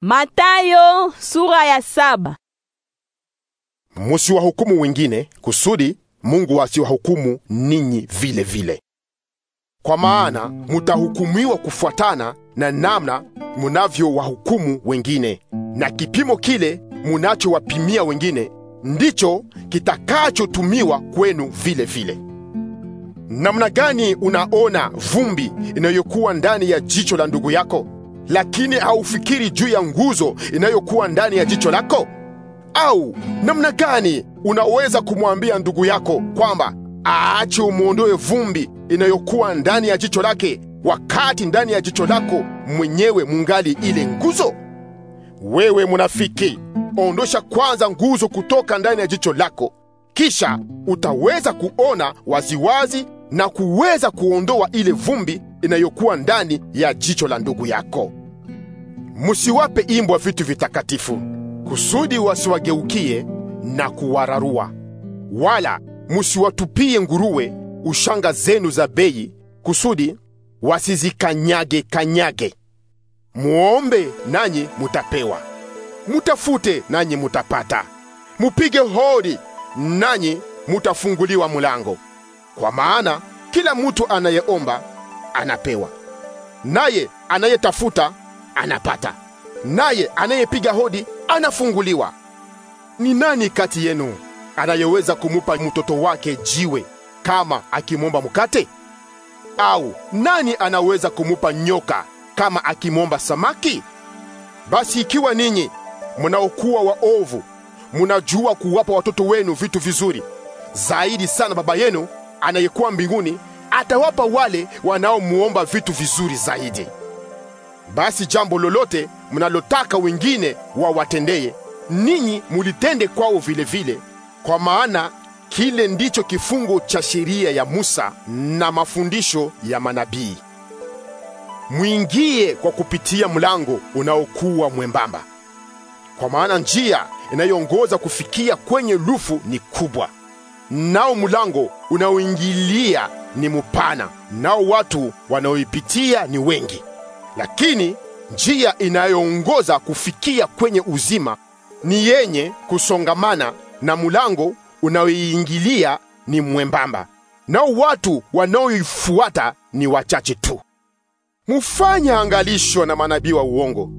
Matayo sura ya saba. Musiwahukumu wengine kusudi Mungu asiwahukumu ninyi vile vile. Kwa maana mutahukumiwa kufuatana na namna munavyowahukumu wengine, na kipimo kile munachowapimia wengine ndicho kitakachotumiwa kwenu vile vile. Namna gani unaona vumbi inayokuwa ndani ya jicho la ndugu yako, lakini haufikiri juu ya nguzo inayokuwa ndani ya jicho lako? Au namna gani unaweza kumwambia ndugu yako kwamba aache umwondoe vumbi inayokuwa ndani ya jicho lake, wakati ndani ya jicho lako mwenyewe mungali ile nguzo? Wewe munafiki! ondosha kwanza nguzo kutoka ndani ya jicho lako, kisha utaweza kuona waziwazi na kuweza kuondoa ile vumbi inayokuwa ndani ya jicho la ndugu yako. Msiwape imbwa vitu vitakatifu, kusudi wasiwageukie na kuwararua, wala msiwatupie nguruwe ushanga zenu za bei, kusudi wasizikanyage kanyage. Muombe nanyi mutapewa mutafute nanyi mutapata, mupige hodi nanyi mutafunguliwa mulango. Kwa maana kila mutu anayeomba anapewa, naye anayetafuta anapata, naye anayepiga hodi anafunguliwa. Ni nani kati yenu anayeweza kumupa mtoto wake jiwe kama akimwomba mkate? Au nani anaweza kumupa nyoka kama akimwomba samaki? Basi ikiwa ninyi mnaokuwa waovu, munajua kuwapa watoto wenu vitu vizuri, zaidi sana Baba yenu anayekuwa mbinguni atawapa wale wanaomwomba vitu vizuri zaidi. Basi jambo lolote mnalotaka wengine wawatendeye ninyi, mulitende kwao vile vile kwa maana kile ndicho kifungo cha sheria ya Musa na mafundisho ya manabii. Mwingie kwa kupitia mlango unaokuwa mwembamba kwa maana njia inayoongoza kufikia kwenye lufu ni kubwa, nao mlango unaoingilia ni mupana, nao watu wanaoipitia ni wengi. Lakini njia inayoongoza kufikia kwenye uzima ni yenye kusongamana, na mlango unaoiingilia ni mwembamba, nao watu wanaoifuata ni wachache tu. Mufanye angalisho na manabii wa uongo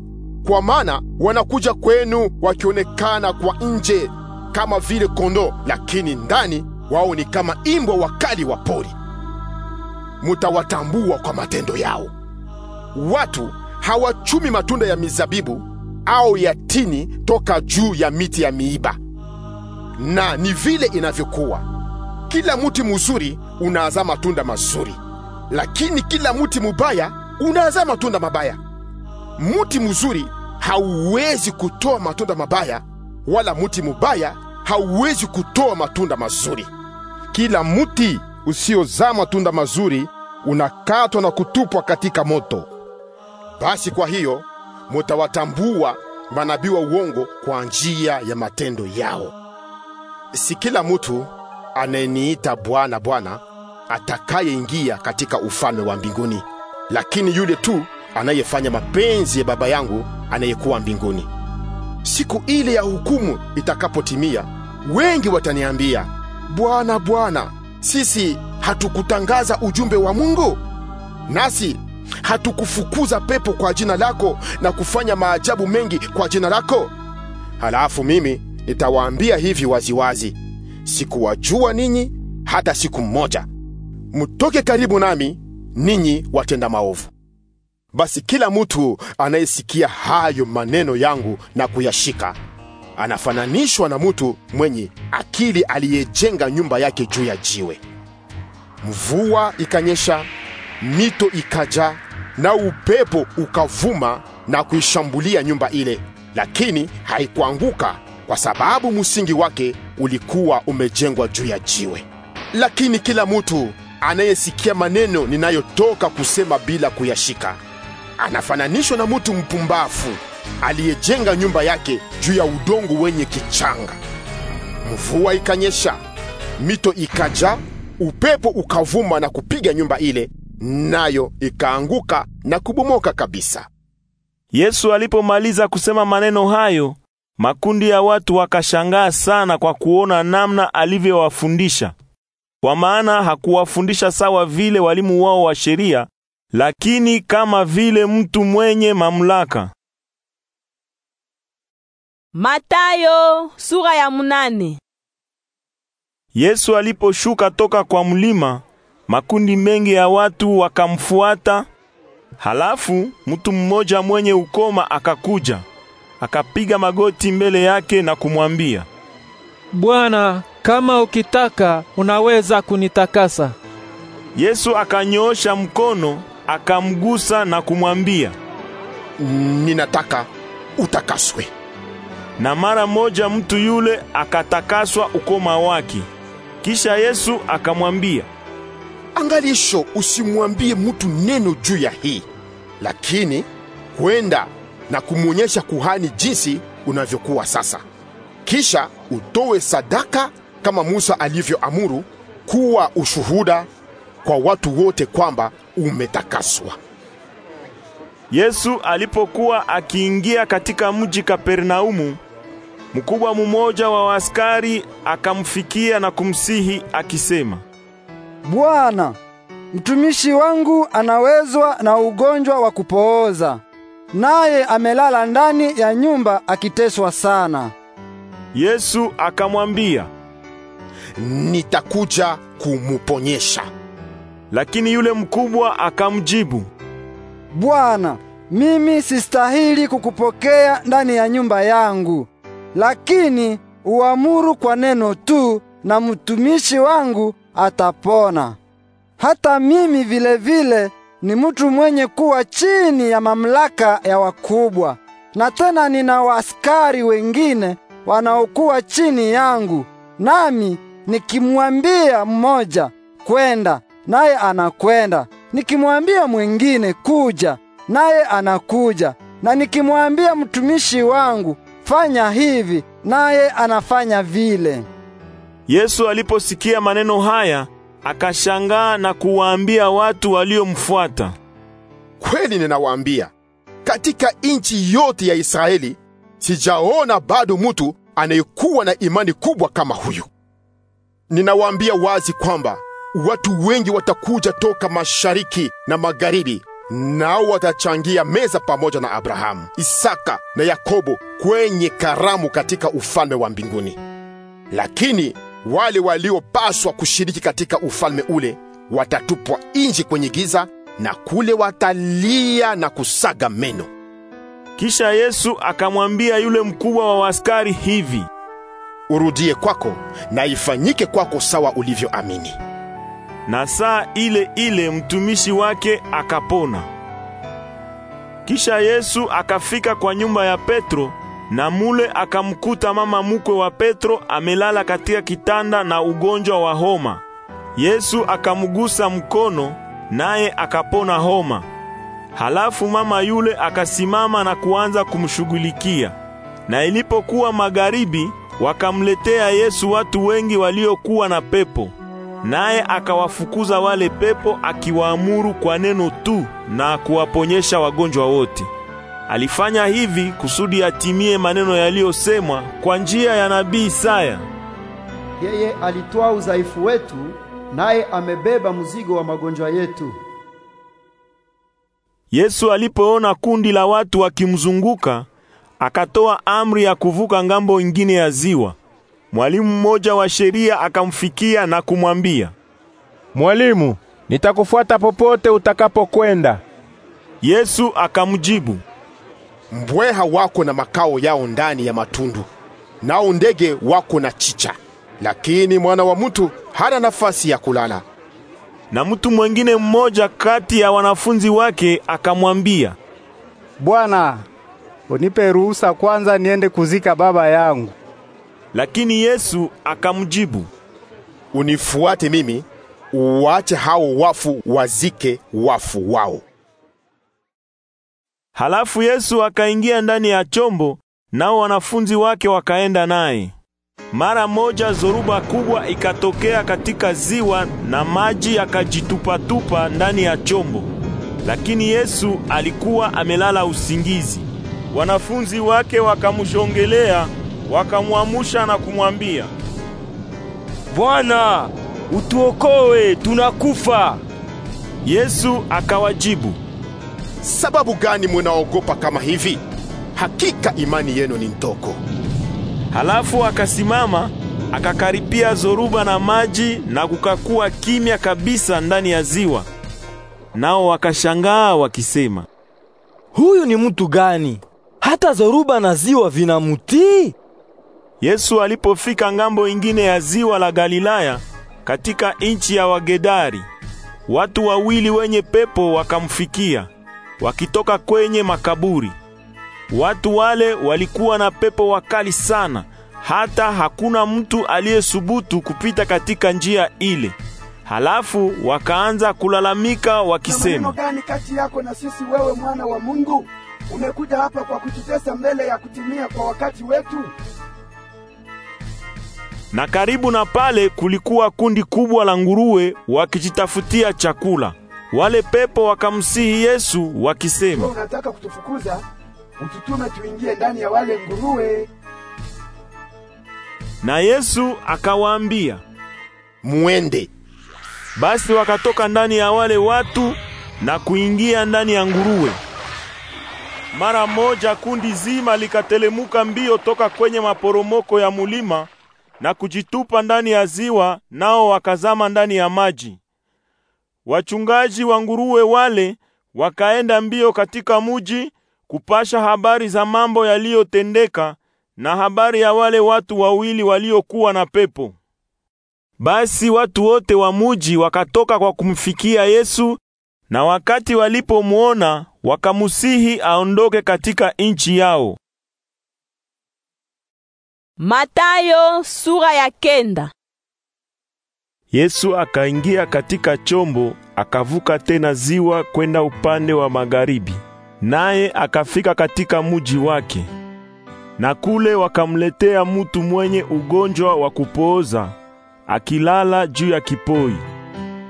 kwa maana wanakuja kwenu wakionekana kwa nje kama vile kondoo, lakini ndani wao ni kama imbwa wakali wa pori. Mutawatambua kwa matendo yao. Watu hawachumi matunda ya mizabibu au ya tini toka juu ya miti ya miiba. Na ni vile inavyokuwa, kila muti mzuri unazaa matunda mazuri, lakini kila muti mubaya unazaa matunda mabaya. Mti mzuri hauwezi kutoa matunda mabaya, wala muti mubaya hauwezi kutoa matunda mazuri. Kila mti usiozaa matunda mazuri unakatwa na kutupwa katika moto. Basi kwa hiyo mutawatambua manabii wa uongo kwa njia ya matendo yao. Si kila mtu anayeniita Bwana, Bwana atakayeingia katika ufalme wa mbinguni, lakini yule tu anayefanya mapenzi ya Baba yangu anayekuwa mbinguni. Siku ile ya hukumu itakapotimia, wengi wataniambia, Bwana, Bwana, sisi hatukutangaza ujumbe wa Mungu? Nasi hatukufukuza pepo kwa jina lako na kufanya maajabu mengi kwa jina lako? Halafu mimi nitawaambia hivi waziwazi, sikuwajua ninyi hata siku mmoja. Mtoke karibu nami, ninyi watenda maovu. Basi kila mtu anayesikia hayo maneno yangu na kuyashika anafananishwa na mtu mwenye akili aliyejenga nyumba yake juu ya jiwe. Mvua ikanyesha, mito ikajaa, na upepo ukavuma na kuishambulia nyumba ile, lakini haikuanguka kwa sababu msingi wake ulikuwa umejengwa juu ya jiwe. Lakini kila mtu anayesikia maneno ninayotoka kusema bila kuyashika anafananishwa na mtu mpumbafu aliyejenga nyumba yake juu ya udongo wenye kichanga. Mvua ikanyesha, mito ikaja, upepo ukavuma na kupiga nyumba ile, nayo ikaanguka na kubomoka kabisa. Yesu alipomaliza kusema maneno hayo, makundi ya watu wakashangaa sana kwa kuona namna alivyowafundisha, kwa maana hakuwafundisha sawa vile walimu wao wa sheria lakini kama vile mtu mwenye mamlaka. Matayo sura ya munane. Yesu aliposhuka toka kwa mlima, makundi mengi ya watu wakamfuata. Halafu mtu mmoja mwenye ukoma akakuja, akapiga magoti mbele yake na kumwambia, Bwana, kama ukitaka unaweza kunitakasa. Yesu akanyoosha mkono akamgusa na kumwambia, ninataka utakaswe. Na mara moja mtu yule akatakaswa ukoma wake. Kisha Yesu akamwambia, angalisho, usimwambie mtu neno juu ya hii, lakini kwenda na kumwonyesha kuhani jinsi unavyokuwa sasa, kisha utoe sadaka kama Musa alivyoamuru, kuwa ushuhuda kwa watu wote kwamba umetakaswa. Yesu alipokuwa akiingia katika mji Kapernaumu, mkubwa mmoja wa askari akamfikia na kumsihi akisema, Bwana, mtumishi wangu anawezwa na ugonjwa wa kupooza, naye amelala ndani ya nyumba akiteswa sana. Yesu akamwambia, nitakuja kumuponyesha. Lakini yule mkubwa akamjibu, Bwana, mimi sistahili kukupokea ndani ya nyumba yangu, lakini uamuru kwa neno tu na mtumishi wangu atapona. Hata mimi vile vile ni mtu mwenye kuwa chini ya mamlaka ya wakubwa, na tena nina waaskari wengine wanaokuwa chini yangu, nami nikimwambia mmoja kwenda, naye anakwenda. Nikimwambia mwingine kuja, naye anakuja. Na nikimwambia mtumishi wangu fanya hivi, naye anafanya vile. Yesu aliposikia maneno haya akashangaa na kuwaambia watu waliomfuata, kweli ninawaambia, katika nchi yote ya Israeli sijaona bado mtu anayekuwa na imani kubwa kama huyu. Ninawaambia wazi kwamba watu wengi watakuja toka mashariki na magharibi, nao watachangia meza pamoja na Abrahamu, Isaka na Yakobo kwenye karamu katika ufalme wa mbinguni. Lakini wale waliopaswa kushiriki katika ufalme ule watatupwa nje kwenye giza, na kule watalia na kusaga meno. Kisha Yesu akamwambia yule mkubwa wa askari hivi, urudie kwako na ifanyike kwako sawa ulivyoamini na saa ile ile mtumishi wake akapona. Kisha Yesu akafika kwa nyumba ya Petro na mule akamkuta mama mkwe wa Petro amelala katika kitanda na ugonjwa wa homa. Yesu akamgusa mkono naye akapona homa. Halafu mama yule akasimama na kuanza kumshughulikia. Na ilipokuwa magharibi, wakamletea Yesu watu wengi waliokuwa na pepo naye akawafukuza wale pepo akiwaamuru kwa neno tu na kuwaponyesha wagonjwa wote. Alifanya hivi kusudi atimie maneno yaliyosemwa kwa njia ya nabii Isaya: yeye alitoa udhaifu wetu, naye amebeba mzigo wa magonjwa yetu. Yesu alipoona kundi la watu wakimzunguka, akatoa amri ya kuvuka ngambo ingine ya ziwa mwalimu mmoja wa sheria akamfikia na kumwambia, Mwalimu, nitakufuata popote utakapokwenda. Yesu akamjibu, mbweha wako na makao yao ndani ya matundu, nao ndege wako na chicha, lakini mwana wa mtu hana nafasi ya kulala. Na mtu mwingine mmoja kati ya wanafunzi wake akamwambia, Bwana, unipe ruhusa kwanza niende kuzika baba yangu. Lakini Yesu akamjibu, unifuate mimi, uache hao wafu wazike wafu wao. Halafu Yesu akaingia ndani ya chombo, nao wanafunzi wake wakaenda naye. Mara moja zoruba kubwa ikatokea katika ziwa na maji yakajitupatupa ndani ya chombo, lakini Yesu alikuwa amelala usingizi. Wanafunzi wake wakamshongelea wakamwamusha na kumwambia, Bwana, utuokoe, tunakufa. Yesu akawajibu, sababu gani munaogopa kama hivi? Hakika imani yenu ni ndogo. Halafu akasimama akakaripia zoruba na maji, na kukakuwa kimya kabisa ndani ya ziwa. Nao wakashangaa wakisema, huyu ni mtu gani hata zoruba na ziwa vinamutii? Yesu alipofika ngambo ingine ya ziwa la Galilaya katika nchi ya Wagedari, watu wawili wenye pepo wakamfikia wakitoka kwenye makaburi. Watu wale walikuwa na pepo wakali sana, hata hakuna mtu aliyesubutu kupita katika njia ile. Halafu wakaanza kulalamika wakisema, neno gani kati yako na sisi, wewe mwana wa Mungu? Umekuja hapa kwa kututesa mbele ya kutimia kwa wakati wetu na karibu na pale kulikuwa kundi kubwa la nguruwe wakijitafutia chakula. Wale pepo wakamsihi Yesu wakisema, unataka kutufukuza, ututume tuingie ndani ya wale nguruwe. Na Yesu akawaambia, muende. Basi wakatoka ndani ya wale watu na kuingia ndani ya nguruwe. Mara moja kundi zima likatelemuka mbio toka kwenye maporomoko ya mulima na kujitupa ndani ya ziwa, nao wakazama ndani ya maji. Wachungaji wa nguruwe wale wakaenda mbio katika muji kupasha habari za mambo yaliyotendeka na habari ya wale watu wawili waliokuwa na pepo. Basi watu wote wa muji wakatoka kwa kumfikia Yesu, na wakati walipomwona wakamusihi aondoke katika nchi yao. Matayo sura ya kenda. Yesu akaingia katika chombo akavuka tena ziwa kwenda upande wa magharibi, naye akafika katika muji wake. Na kule wakamletea mutu mwenye ugonjwa wa kupooza akilala juu ya kipoi.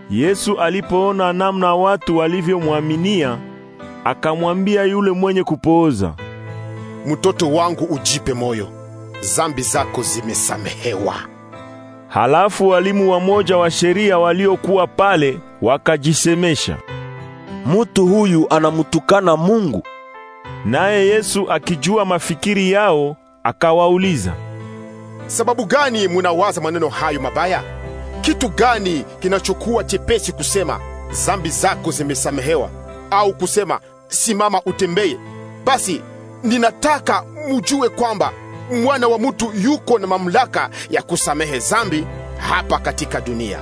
Yesu alipoona namna watu walivyomwaminia, akamwambia yule mwenye kupooza, mtoto wangu, ujipe moyo zambi zako zimesamehewa. Halafu walimu wamoja wa sheria waliokuwa pale wakajisemesha, mutu huyu anamutukana Mungu. Naye Yesu akijua mafikiri yao akawauliza, sababu gani munawaza maneno hayo mabaya? Kitu gani kinachokuwa chepesi kusema zambi zako zimesamehewa, au kusema simama utembeye? Basi ninataka mujue kwamba mwana wa mtu yuko na mamlaka ya kusamehe zambi hapa katika dunia.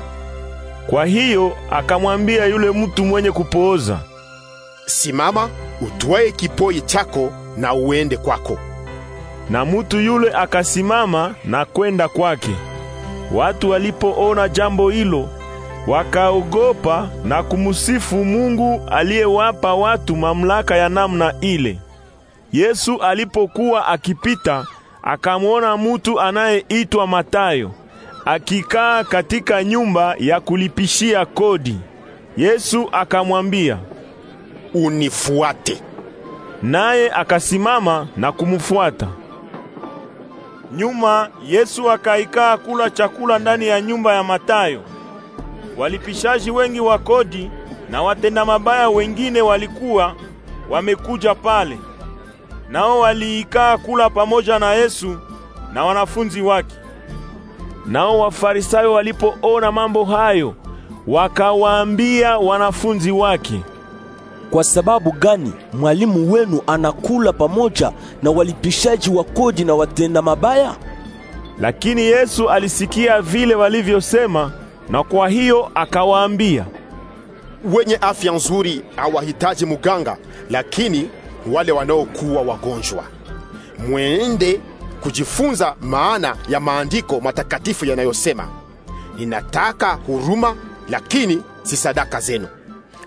Kwa hiyo akamwambia yule mtu mwenye kupooza, simama, utwae kipoi chako na uende kwako. Na mtu yule akasimama na kwenda kwake. Watu walipoona jambo hilo wakaogopa na kumsifu Mungu aliyewapa watu mamlaka ya namna ile. Yesu alipokuwa akipita akamwona mutu anayeitwa Matayo akikaa katika nyumba ya kulipishia kodi. Yesu akamwambia, "Unifuate." Naye akasimama na kumfuata. Nyuma Yesu akaikaa kula chakula ndani ya nyumba ya Matayo. Walipishaji wengi wa kodi na watenda mabaya wengine walikuwa wamekuja pale nao waliikaa kula pamoja na Yesu na wanafunzi wake. Nao Wafarisayo walipoona mambo hayo, wakawaambia wanafunzi wake, kwa sababu gani mwalimu wenu anakula pamoja na walipishaji wa kodi na watenda mabaya? Lakini Yesu alisikia vile walivyosema, na kwa hiyo akawaambia, wenye afya nzuri hawahitaji muganga, lakini wale wanaokuwa wagonjwa. Mwende kujifunza maana ya maandiko matakatifu yanayosema, ninataka huruma lakini si sadaka zenu,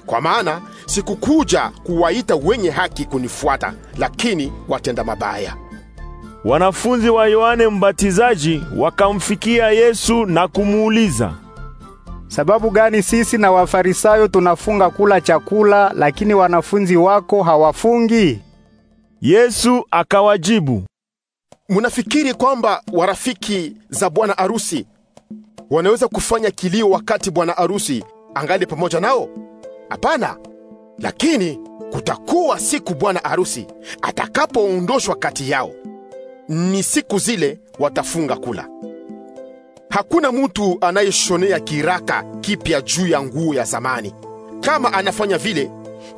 kwa maana sikukuja kuwaita wenye haki kunifuata, lakini watenda mabaya. Wanafunzi wa Yohane Mbatizaji wakamfikia Yesu na kumuuliza Sababu gani sisi na Wafarisayo tunafunga kula chakula lakini wanafunzi wako hawafungi? Yesu akawajibu, Munafikiri kwamba warafiki za bwana arusi wanaweza kufanya kilio wakati bwana arusi angali pamoja nao? Hapana. Lakini kutakuwa siku bwana arusi atakapoondoshwa kati yao, ni siku zile watafunga kula. Hakuna mtu anayeshonea kiraka kipya juu ya nguo ya zamani. Kama anafanya vile,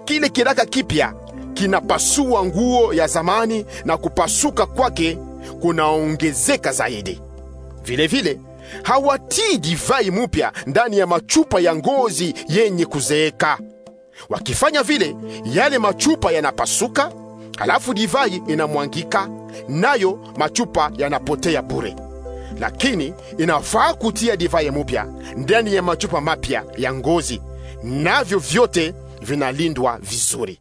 kile kiraka kipya kinapasua nguo ya zamani na kupasuka kwake kunaongezeka zaidi. Vile vile hawatii divai mupya ndani ya machupa ya ngozi yenye kuzeeka. Wakifanya vile, yale machupa yanapasuka, halafu divai inamwangika, nayo machupa yanapotea bure lakini inafaa kutia divai mupya ndani ya machupa mapya ya ngozi, navyo vyote vinalindwa vizuri.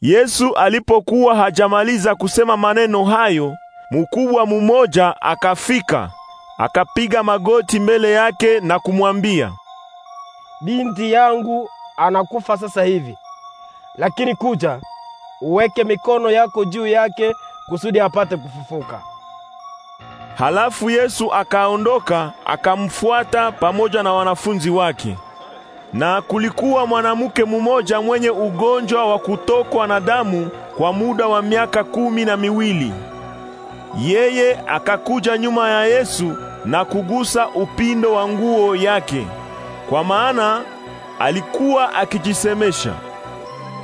Yesu alipokuwa hajamaliza kusema maneno hayo, mkubwa mumoja akafika, akapiga magoti mbele yake na kumwambia, binti yangu anakufa sasa hivi, lakini kuja uweke mikono yako juu yake kusudi apate kufufuka. Halafu Yesu akaondoka akamfuata pamoja na wanafunzi wake. Na kulikuwa mwanamke mmoja mwenye ugonjwa wa kutokwa na damu kwa muda wa miaka kumi na miwili. Yeye akakuja nyuma ya Yesu na kugusa upindo wa nguo yake, kwa maana alikuwa akijisemesha,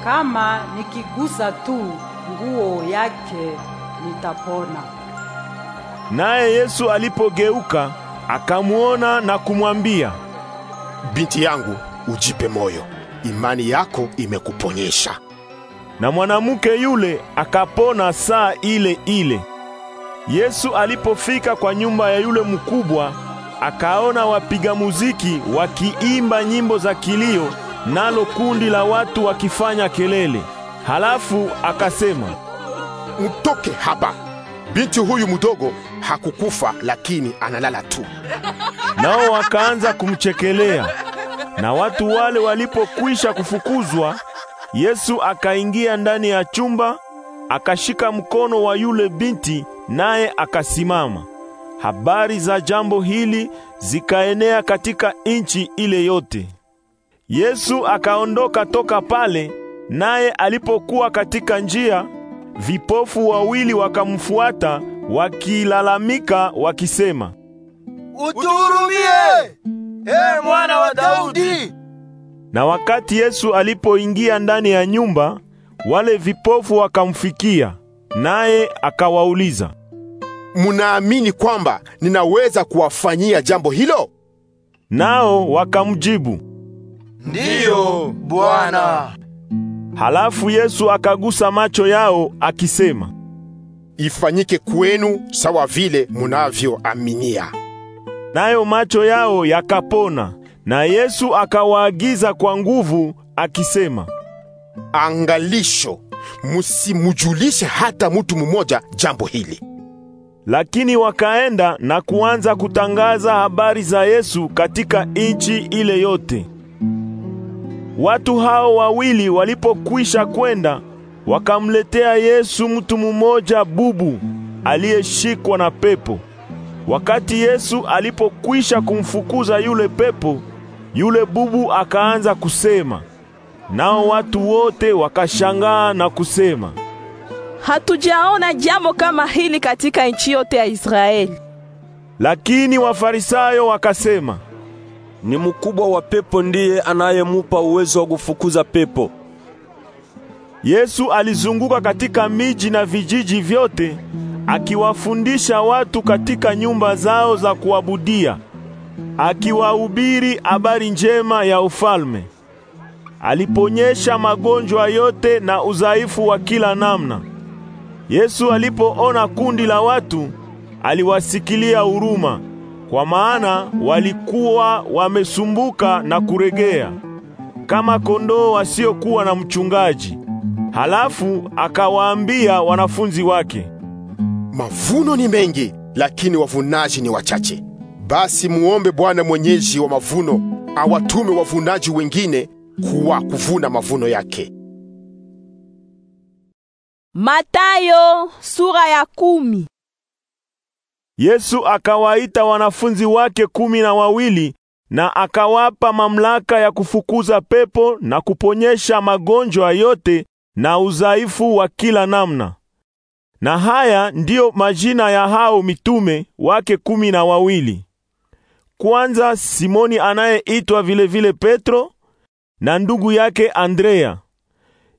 kama nikigusa tu nguo yake nitapona. Naye Yesu alipogeuka akamwona na kumwambia, binti yangu, ujipe moyo, imani yako imekuponyesha. Na mwanamke yule akapona saa ile ile. Yesu alipofika kwa nyumba ya yule mkubwa, akaona wapiga muziki wakiimba nyimbo za kilio, nalo kundi la watu wakifanya kelele. Halafu akasema, mtoke hapa binti huyu mdogo hakukufa, lakini analala tu. Nao wakaanza kumchekelea. Na watu wale walipokwisha kufukuzwa, Yesu akaingia ndani ya chumba, akashika mkono wa yule binti, naye akasimama. Habari za jambo hili zikaenea katika nchi ile yote. Yesu akaondoka toka pale, naye alipokuwa katika njia vipofu wawili wakamfuata wakilalamika wakisema, Utuhurumie, ee mwana wa Daudi. Na wakati Yesu alipoingia ndani ya nyumba, wale vipofu wakamfikia, naye akawauliza, Munaamini kwamba ninaweza kuwafanyia jambo hilo? Nao wakamjibu, Ndiyo, Bwana. Halafu Yesu akagusa macho yao akisema, Ifanyike kwenu sawa vile munavyoaminia. Nayo macho yao yakapona, na Yesu akawaagiza kwa nguvu akisema, Angalisho, musimujulishe hata mutu mmoja jambo hili. Lakini wakaenda na kuanza kutangaza habari za Yesu katika nchi ile yote. Watu hao wawili walipokwisha kwenda, wakamletea Yesu mtu mmoja bubu aliyeshikwa na pepo. Wakati Yesu alipokwisha kumfukuza yule pepo, yule bubu akaanza kusema. Nao watu wote wakashangaa na kusema, Hatujaona jambo kama hili katika nchi yote ya Israeli. Lakini Wafarisayo wakasema, ni mkubwa wa pepo ndiye anayemupa uwezo wa kufukuza pepo. Yesu alizunguka katika miji na vijiji vyote akiwafundisha watu katika nyumba zao za kuabudia, akiwahubiri habari njema ya ufalme. Aliponyesha magonjwa yote na udhaifu wa kila namna. Yesu alipoona kundi la watu, aliwasikilia huruma kwa maana walikuwa wamesumbuka na kuregea kama kondoo wasiokuwa na mchungaji. Halafu akawaambia wanafunzi wake, mavuno ni mengi, lakini wavunaji ni wachache. Basi muombe Bwana mwenyeji wa mavuno awatume wavunaji wengine kuwa kuvuna mavuno yake. Matayo sura ya kumi. Yesu akawaita wanafunzi wake kumi na wawili na akawapa mamlaka ya kufukuza pepo na kuponyesha magonjwa yote na udhaifu wa kila namna. Na haya ndiyo majina ya hao mitume wake kumi na wawili. Kwanza Simoni anayeitwa vilevile Petro na ndugu yake Andrea,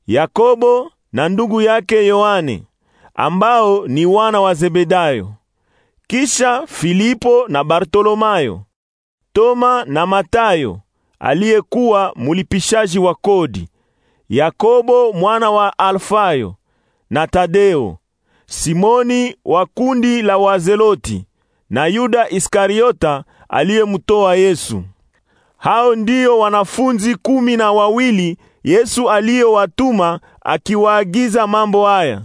Yakobo na ndugu yake Yohane ambao ni wana wa Zebedayo, kisha Filipo na Bartolomayo, Toma na Matayo aliyekuwa mulipishaji wa kodi, Yakobo mwana wa Alfayo na Tadeo, Simoni wa kundi la Wazeloti na Yuda Iskariota aliyemtoa Yesu. Hao ndiyo wanafunzi kumi na wawili Yesu aliyowatuma akiwaagiza mambo haya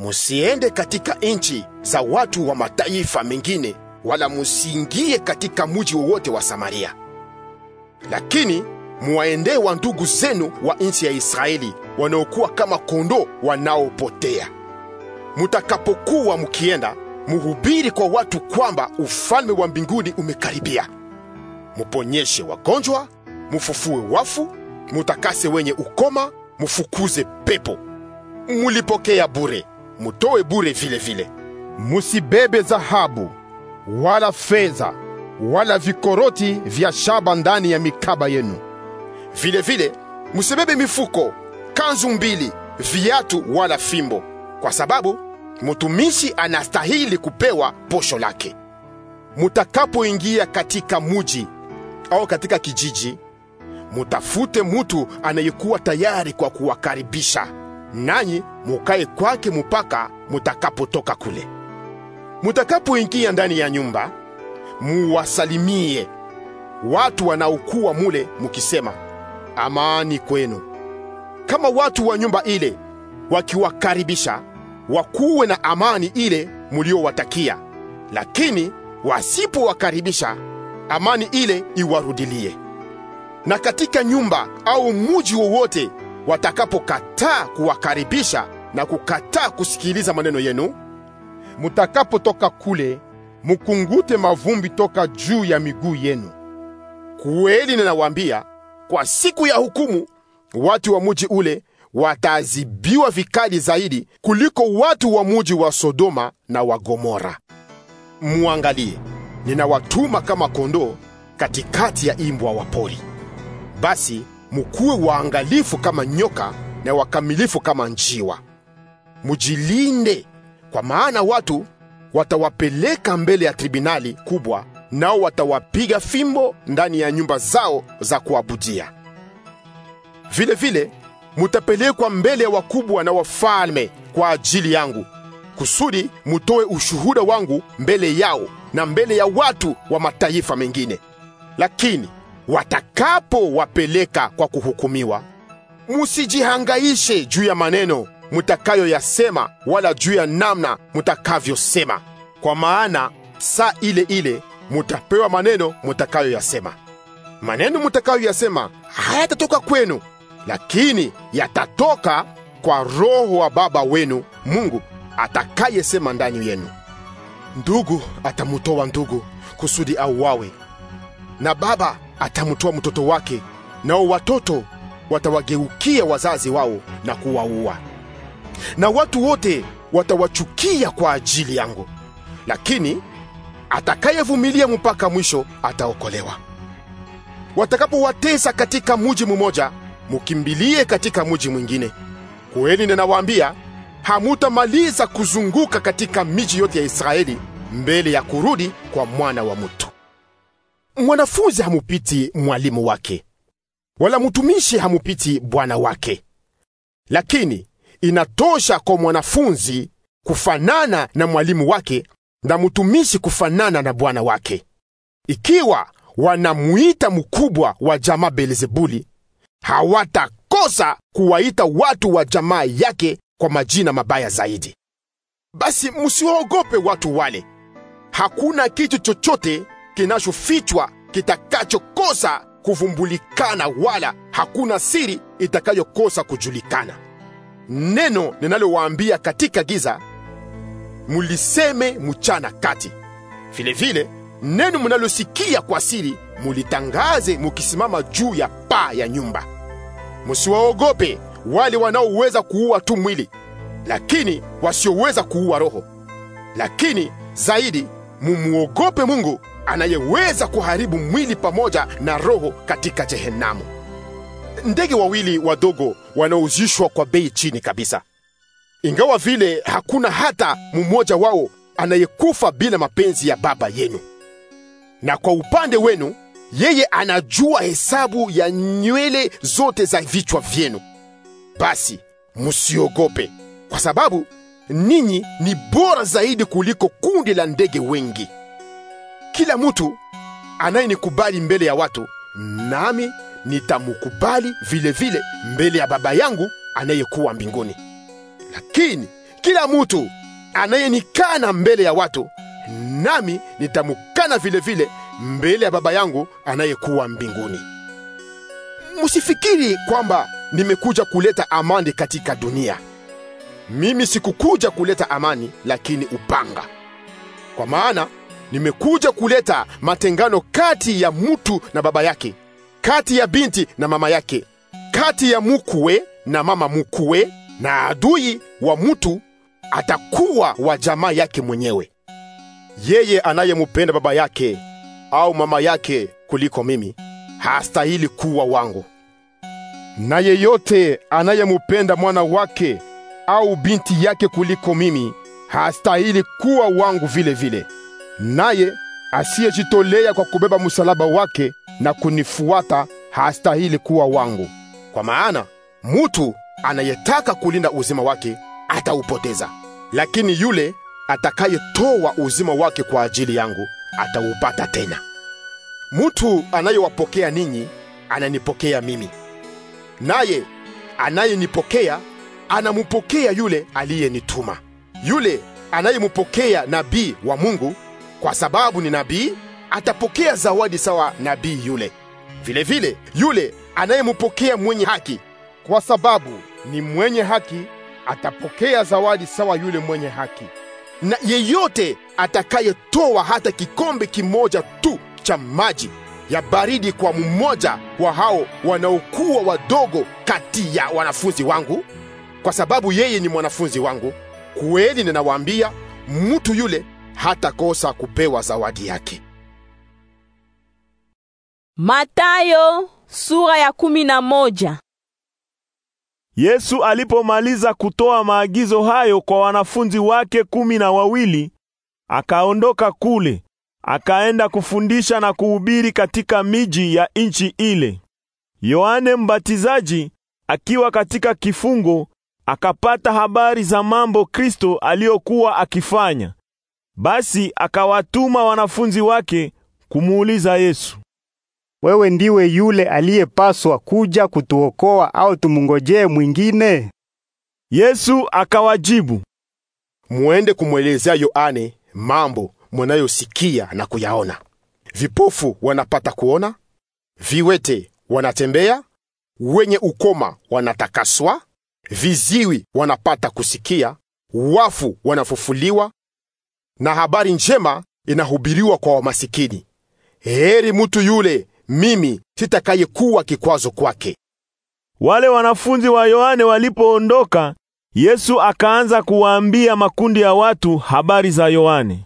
musiende katika nchi za watu wa mataifa mengine, wala musiingie katika mji wowote wa Samaria, lakini muwaendee wa ndugu zenu wa nchi ya Israeli wanaokuwa kama kondoo wanaopotea. Mutakapokuwa mukienda, muhubiri kwa watu kwamba ufalme wa mbinguni umekaribia. Muponyeshe wagonjwa, mufufue wafu, mutakase wenye ukoma, mufukuze pepo. Mulipokea bure, mutoe bure vile vile. Musibebe zahabu wala fedha wala vikoroti vya shaba ndani ya mikaba yenu. Vile vile musibebe mifuko, kanzu mbili, viatu wala fimbo, kwa sababu mtumishi anastahili kupewa posho lake. Mutakapoingia katika muji au katika kijiji, mutafute mutu anayekuwa tayari kwa kuwakaribisha nanyi mukae kwake mupaka mutakapotoka kule. Mutakapoingia ndani ya nyumba, muwasalimie watu wanaokuwa mule, mukisema amani kwenu. Kama watu wa nyumba ile wakiwakaribisha, wakuwe na amani ile muliowatakia, lakini wasipowakaribisha, amani ile iwarudilie. Na katika nyumba au muji wowote watakapokataa kuwakaribisha na kukataa kusikiliza maneno yenu, mutakapotoka kule mukungute mavumbi toka juu ya miguu yenu. Kweli ninawaambia, kwa siku ya hukumu watu wa muji ule wataadhibiwa vikali zaidi kuliko watu wa muji wa Sodoma na wa Gomora. Muangalie, ninawatuma kama kondoo katikati ya imbwa wa pori. Basi mukuwe waangalifu kama nyoka na wakamilifu kama njiwa. Mujilinde, kwa maana watu watawapeleka mbele ya tribunali kubwa, nao watawapiga fimbo ndani ya nyumba zao za kuabudia. Vile vile mutapelekwa mbele ya wakubwa na wafalme kwa ajili yangu, kusudi mutoe ushuhuda wangu mbele yao na mbele ya watu wa mataifa mengine. Lakini watakapowapeleka kwa kuhukumiwa, musijihangaishe juu ya maneno mutakayoyasema wala juu ya namna mutakavyosema, kwa maana saa ile ile mutapewa maneno mutakayoyasema. Maneno mutakayoyasema hayatatoka kwenu, lakini yatatoka kwa Roho wa Baba wenu Mungu atakayesema ndani yenu. Ndugu atamutoa ndugu kusudi auawe, na baba atamtoa mtoto wake, nao watoto watawageukia wazazi wao na kuwaua, na watu wote watawachukia kwa ajili yangu, lakini atakayevumilia mpaka mwisho ataokolewa. Watakapowatesa katika muji mmoja, mukimbilie katika muji mwingine. Kweli ninawaambia, hamutamaliza kuzunguka katika miji yote ya Israeli mbele ya kurudi kwa mwana wa mtu. Mwanafunzi hamupiti mwalimu wake, wala mtumishi hamupiti bwana wake. Lakini inatosha kwa mwanafunzi kufanana na mwalimu wake na mtumishi kufanana na bwana wake. Ikiwa wanamuita mkubwa wa jamaa Beelzebuli, hawatakosa kuwaita watu wa jamaa yake kwa majina mabaya zaidi. Basi msiwaogope watu wale. Hakuna kitu chochote kinachofichwa kitakachokosa kuvumbulikana, wala hakuna siri itakayokosa kujulikana. Neno ninalowaambia katika giza muliseme mchana kati, vilevile neno munalosikia kwa siri mulitangaze mukisimama juu ya paa ya nyumba. Musiwaogope wale wanaoweza kuua tu mwili, lakini wasioweza kuua roho. Lakini zaidi mumuogope Mungu anayeweza kuharibu mwili pamoja na roho katika jehenamu. Ndege wawili wadogo wanaouzishwa kwa bei chini kabisa, ingawa vile hakuna hata mmoja wao anayekufa bila mapenzi ya Baba yenu. Na kwa upande wenu, yeye anajua hesabu ya nywele zote za vichwa vyenu. Basi msiogope, kwa sababu ninyi ni bora zaidi kuliko kundi la ndege wengi kila mtu anayenikubali mbele ya watu, nami nitamukubali vile vile mbele ya Baba yangu anayekuwa mbinguni. Lakini kila mtu anayenikana mbele ya watu, nami nitamukana vile vile mbele ya Baba yangu anayekuwa mbinguni. Msifikiri kwamba nimekuja kuleta amani katika dunia. Mimi sikukuja kuleta amani, lakini upanga. Kwa maana nimekuja kuleta matengano kati ya mtu na baba yake, kati ya binti na mama yake, kati ya mukuwe na mama mukuwe na adui wa mtu atakuwa wa jamaa yake mwenyewe. Yeye anayemupenda baba yake au mama yake kuliko mimi hastahili kuwa wangu. Na yeyote anayemupenda mwana wake au binti yake kuliko mimi hastahili kuwa wangu vile vile naye asiyejitolea kwa kubeba msalaba wake na kunifuata hastahili kuwa wangu. Kwa maana mutu anayetaka kulinda uzima wake ataupoteza, lakini yule atakayetoa uzima wake kwa ajili yangu ataupata tena. Mutu anayewapokea ninyi ananipokea mimi, naye anayenipokea anamupokea yule aliyenituma. Yule anayemupokea nabii wa Mungu kwa sababu ni nabii atapokea zawadi sawa nabii yule. Vilevile vile, yule anayempokea mwenye haki kwa sababu ni mwenye haki atapokea zawadi sawa yule mwenye haki. Na yeyote atakayetoa hata kikombe kimoja tu cha maji ya baridi kwa mmoja wa hao wanaokuwa wadogo kati ya wanafunzi wangu, kwa sababu yeye ni mwanafunzi wangu, kweli ninawaambia, mtu yule hatakosa kupewa zawadi yake. Matayo sura ya kumi na moja. Yesu alipomaliza kutoa maagizo hayo kwa wanafunzi wake kumi na wawili, akaondoka kule, akaenda kufundisha na kuhubiri katika miji ya nchi ile. Yohane Mbatizaji akiwa katika kifungo, akapata habari za mambo Kristo aliyokuwa akifanya. Basi akawatuma wanafunzi wake kumuuliza Yesu, wewe ndiwe yule aliyepaswa kuja kutuokoa au tumungojee mwingine? Yesu akawajibu, muende kumwelezea Yohane mambo mwanayosikia na kuyaona: vipofu wanapata kuona, viwete wanatembea, wenye ukoma wanatakaswa, viziwi wanapata kusikia, wafu wanafufuliwa, na habari njema inahubiriwa kwa wamasikini. Heri mtu yule mimi sitakayekuwa kikwazo kwake. Wale wanafunzi wa Yohane walipoondoka, Yesu akaanza kuwaambia makundi ya watu habari za Yohane.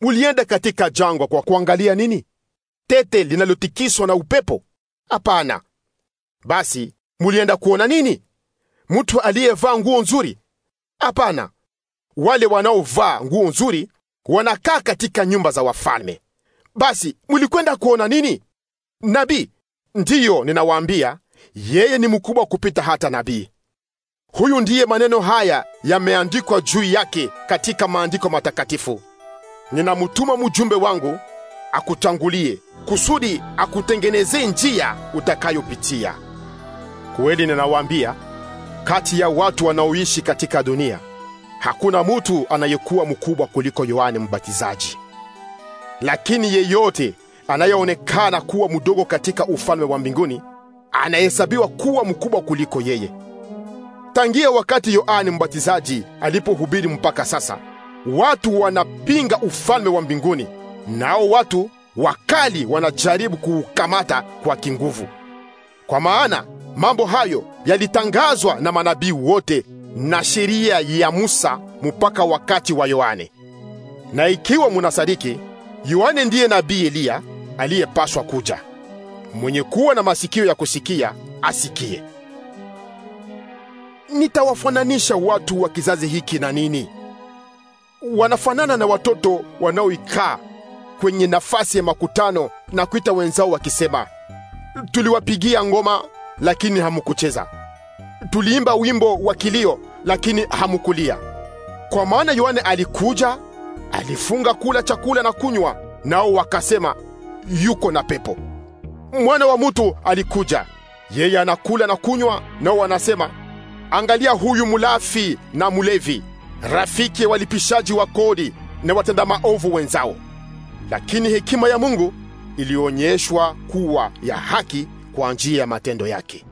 Mulienda katika jangwa kwa kuangalia nini? Tete linalotikiswa na upepo? Hapana. Basi mulienda kuona nini? Mtu aliyevaa nguo nzuri? Hapana wale wanaovaa nguo nzuri wanakaa katika nyumba za wafalme. Basi mlikwenda kuona nini? Nabii? Ndiyo, ninawaambia yeye ni mkubwa kupita hata nabii. Huyu ndiye maneno haya yameandikwa juu yake katika maandiko matakatifu: ninamutuma mjumbe wangu akutangulie, kusudi akutengenezee njia utakayopitia. Kweli ninawaambia, kati ya watu wanaoishi katika dunia Hakuna mtu anayekuwa mkubwa kuliko Yohane Mbatizaji, lakini yeyote anayeonekana kuwa mdogo katika ufalme wa mbinguni anahesabiwa kuwa mkubwa kuliko yeye. Tangia wakati Yohane Mbatizaji alipohubiri mpaka sasa, watu wanapinga ufalme wa mbinguni, nao watu wakali wanajaribu kuukamata kwa kinguvu, kwa maana mambo hayo yalitangazwa na manabii wote na sheria ya Musa mpaka wakati wa Yohane. Na ikiwa munasadiki, Yohane ndiye nabii Eliya aliyepaswa kuja. Mwenye kuwa na masikio ya kusikia asikie. Nitawafananisha watu wa kizazi hiki na nini? Wanafanana na watoto wanaoikaa kwenye nafasi ya makutano na kuita wenzao wakisema, tuliwapigia ngoma lakini hamukucheza tuliimba wimbo wa kilio, lakini hamukulia. Kwa maana Yohane alikuja, alifunga kula chakula na kunywa, nao wakasema yuko na pepo. Mwana wa mutu alikuja, yeye anakula na kunywa, nao wanasema angalia, huyu mulafi na mulevi, rafiki ya walipishaji wa kodi na watenda maovu wenzao. Lakini hekima ya Mungu ilionyeshwa kuwa ya haki kwa njia ya matendo yake.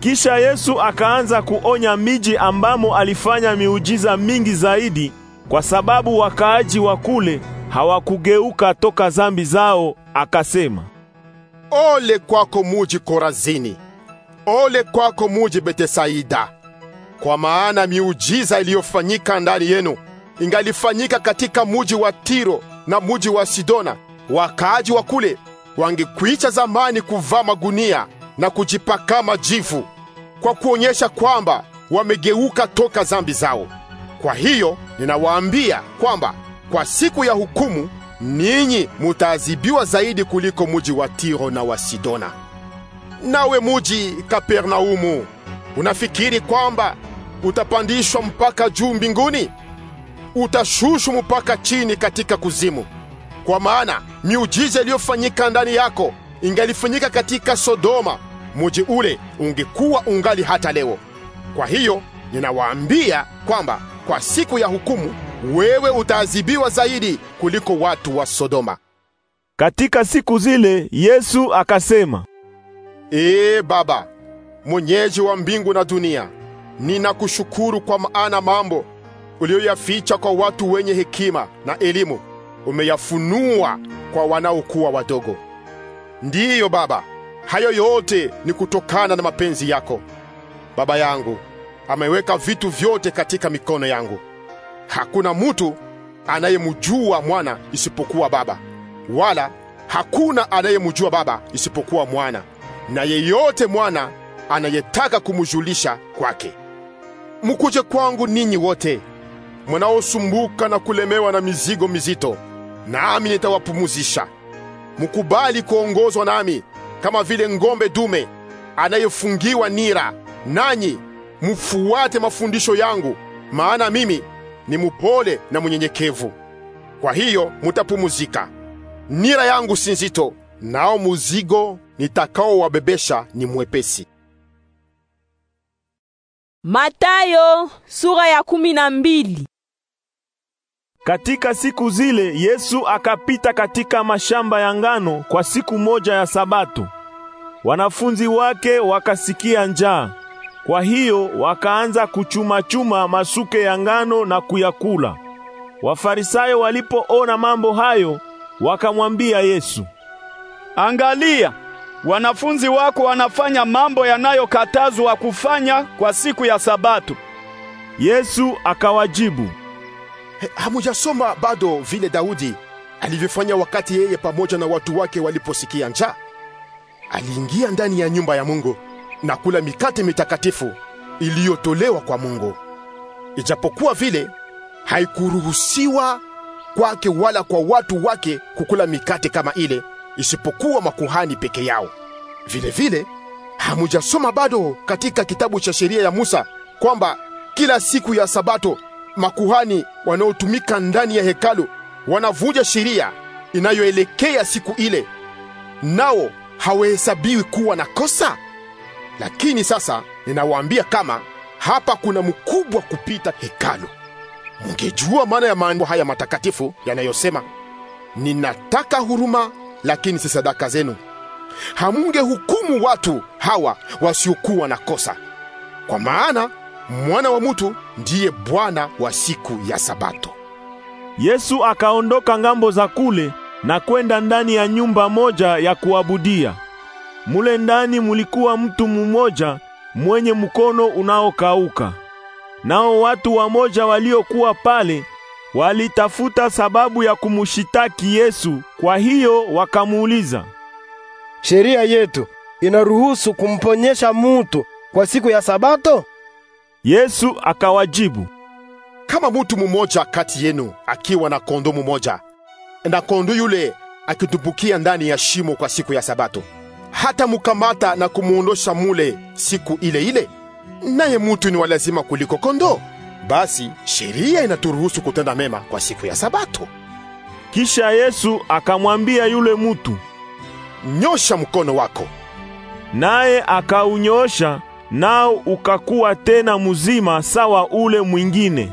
Kisha Yesu akaanza kuonya miji ambamo alifanya miujiza mingi zaidi, kwa sababu wakaaji wa kule hawakugeuka toka zambi zao. Akasema, ole kwako muji Korazini, ole kwako muji Betesaida, kwa maana miujiza iliyofanyika ndani yenu ingalifanyika katika muji wa Tiro na muji wa Sidona, wakaaji wa kule wangekwicha zamani kuvaa magunia na kujipaka majivu kwa kuonyesha kwamba wamegeuka toka dhambi zao. Kwa hiyo ninawaambia kwamba kwa siku ya hukumu ninyi mutaadhibiwa zaidi kuliko muji wa Tiro na wa Sidona. Nawe muji Kapernaumu, unafikiri kwamba utapandishwa mpaka juu mbinguni? Utashushwa mpaka chini katika kuzimu. Kwa maana miujiza iliyofanyika ndani yako ingalifanyika katika Sodoma muji ule ungekuwa ungali hata leo. Kwa hiyo ninawaambia kwamba kwa siku ya hukumu wewe utaadhibiwa zaidi kuliko watu wa Sodoma. Katika siku zile Yesu akasema, Ee Baba mwenyeji wa mbingu na dunia, ninakushukuru kwa maana mambo uliyoyaficha kwa watu wenye hekima na elimu umeyafunua kwa wanaokuwa wadogo. Ndiyo Baba, Hayo yote ni kutokana na mapenzi yako. Baba yangu ameweka vitu vyote katika mikono yangu. Hakuna mtu anayemjua mwana isipokuwa Baba, wala hakuna anayemjua Baba isipokuwa mwana na yeyote mwana anayetaka kumjulisha kwake. Mkuje kwangu ninyi wote mnaosumbuka na kulemewa na mizigo mizito, nami nitawapumuzisha. Mkubali kuongozwa nami, kama vile ngombe dume anayefungiwa nira. Nanyi mfuate mafundisho yangu, maana mimi ni mupole na mnyenyekevu, kwa hiyo mutapumuzika. Nira yangu si nzito, nao muzigo nitakaowabebesha ni mwepesi. Matayo sura ya kumi na mbili. Katika siku zile Yesu akapita katika mashamba ya ngano kwa siku moja ya Sabato. Wanafunzi wake wakasikia njaa. Kwa hiyo wakaanza kuchuma-chuma masuke ya ngano na kuyakula. Wafarisayo walipoona mambo hayo, wakamwambia Yesu, Angalia, wanafunzi wako wanafanya mambo yanayokatazwa kufanya kwa siku ya Sabato. Yesu akawajibu, hamujasoma bado vile Daudi alivyofanya wakati yeye pamoja na watu wake waliposikia njaa? Aliingia ndani ya nyumba ya Mungu na kula mikate mitakatifu iliyotolewa kwa Mungu, ijapokuwa vile haikuruhusiwa kwake wala kwa watu wake kukula mikate kama ile, isipokuwa makuhani peke yao. Vile vile hamujasoma bado katika kitabu cha sheria ya Musa kwamba kila siku ya Sabato makuhani wanaotumika ndani ya hekalu wanavuja sheria inayoelekea siku ile, nao hawahesabiwi kuwa na kosa. Lakini sasa ninawaambia kama hapa kuna mkubwa kupita hekalu. Mngejua maana ya maandiko haya matakatifu yanayosema, ninataka huruma lakini si sadaka zenu, hamungehukumu watu hawa wasiokuwa na kosa. Kwa maana mwana wa mutu ndiye Bwana wa siku ya Sabato. Yesu akaondoka ngambo za kule na kwenda ndani ya nyumba moja ya kuabudia. Mule ndani mulikuwa mtu mumoja mwenye mkono unaokauka. Nao watu wamoja waliokuwa pale walitafuta sababu ya kumushitaki Yesu, kwa hiyo wakamuuliza, sheria yetu inaruhusu kumponyesha mutu kwa siku ya Sabato? Yesu akawajibu, kama mutu mumoja kati yenu akiwa na kondoo mumoja na kondoo yule akitumbukia ndani ya shimo kwa siku ya Sabato, hata mukamata na kumuondosha mule siku ile ile? Naye mutu ni walazima kuliko kondoo. Basi sheria inaturuhusu kutenda mema kwa siku ya Sabato. Kisha Yesu akamwambia yule mutu, nyosha mkono wako. Naye akaunyosha nao ukakuwa tena mzima sawa ule mwingine.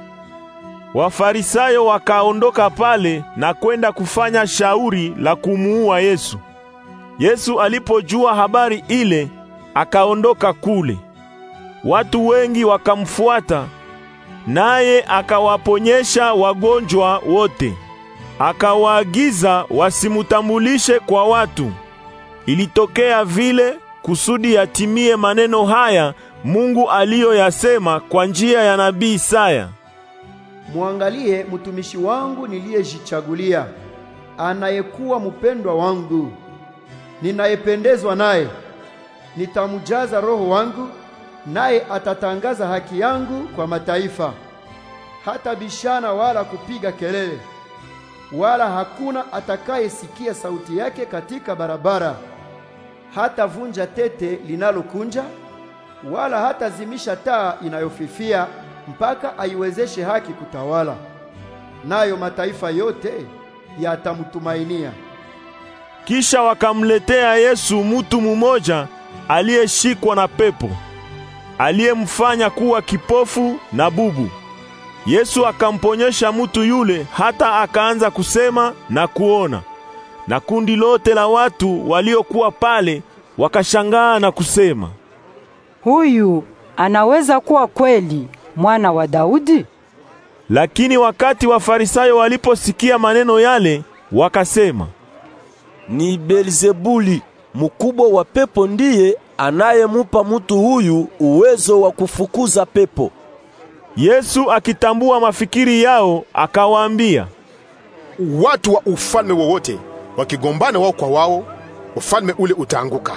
Wafarisayo wakaondoka pale na kwenda kufanya shauri la kumuua Yesu. Yesu alipojua habari ile, akaondoka kule. Watu wengi wakamfuata, naye akawaponyesha wagonjwa wote. Akawaagiza wasimutambulishe kwa watu. Ilitokea vile kusudi yatimie maneno haya Mungu aliyoyasema kwa njia ya nabii Isaya: Muangalie mtumishi wangu niliyejichagulia, anayekuwa mpendwa wangu, ninayependezwa naye. Nitamjaza roho wangu, naye atatangaza haki yangu kwa mataifa. Hata bishana wala kupiga kelele, wala hakuna atakayesikia sauti yake katika barabara hatavunja tete linalokunja wala hatazimisha taa inayofifia mpaka aiwezeshe haki kutawala, nayo mataifa yote yatamtumainia. Kisha wakamletea Yesu mutu mumoja aliyeshikwa na pepo, aliyemfanya kuwa kipofu na bubu. Yesu akamponyesha mutu yule hata akaanza kusema na kuona na kundi lote la watu waliokuwa pale wakashangaa na kusema, huyu anaweza kuwa kweli mwana wa Daudi? Lakini wakati Wafarisayo waliposikia maneno yale, wakasema, ni Belzebuli mkubwa wa pepo ndiye anayemupa mtu huyu uwezo wa kufukuza pepo. Yesu akitambua mafikiri yao akawaambia, watu wa ufalme wowote wakigombana wao kwa wao, ufalme ule utaanguka.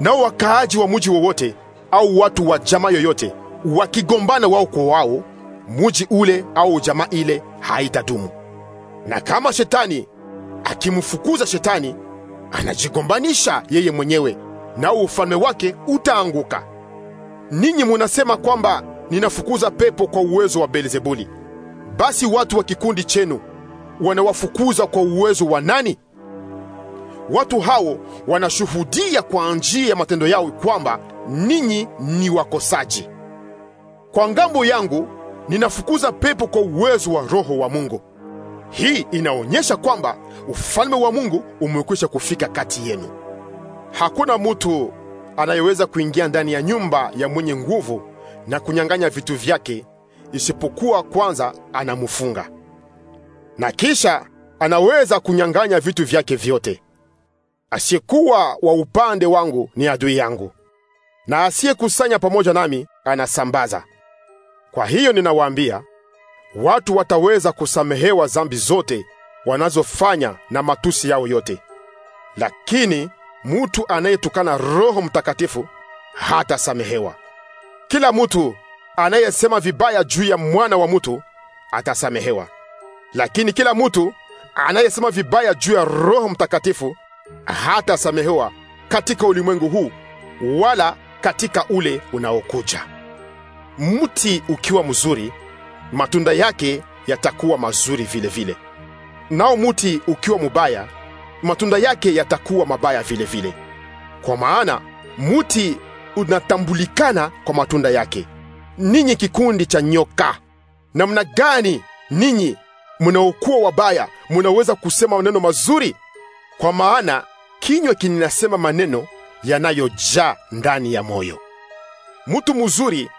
Nao wakaaji wa muji wowote au watu wa jamaa yoyote wakigombana wao kwa wao, muji ule au jamaa ile haitadumu. Na kama shetani akimfukuza shetani, anajigombanisha yeye mwenyewe, nao ufalme wake utaanguka. Ninyi munasema kwamba ninafukuza pepo kwa uwezo wa Beelzebuli. Basi watu wa kikundi chenu wanawafukuza kwa uwezo wa nani? Watu hao wanashuhudia kwa njia ya matendo yao kwamba ninyi ni wakosaji. Kwa ngambo yangu ninafukuza pepo kwa uwezo wa Roho wa Mungu. Hii inaonyesha kwamba ufalme wa Mungu umekwisha kufika kati yenu. Hakuna mtu anayeweza kuingia ndani ya nyumba ya mwenye nguvu na kunyang'anya vitu vyake isipokuwa kwanza anamfunga na kisha anaweza kunyang'anya vitu vyake vyote. Asiyekuwa wa upande wangu ni adui yangu, na asiyekusanya pamoja nami anasambaza. Kwa hiyo ninawaambia, watu wataweza kusamehewa dhambi zote wanazofanya na matusi yao yote, lakini mutu anayetukana Roho Mtakatifu hatasamehewa. Kila mutu anayesema vibaya juu ya mwana wa mutu atasamehewa lakini kila mtu anayesema vibaya juu ya Roho Mtakatifu hatasamehewa katika ulimwengu huu wala katika ule unaokuja. Mti ukiwa mzuri, matunda yake yatakuwa mazuri vile vile, nao mti ukiwa mubaya, matunda yake yatakuwa mabaya vile vile. Kwa maana mti unatambulikana kwa matunda yake. Ninyi kikundi cha nyoka, namna gani ninyi mnaokuwa wabaya munaweza kusema maneno mazuri, kwa maana kinywa kinasema maneno yanayojaa ndani ya moyo. Mtu mzuri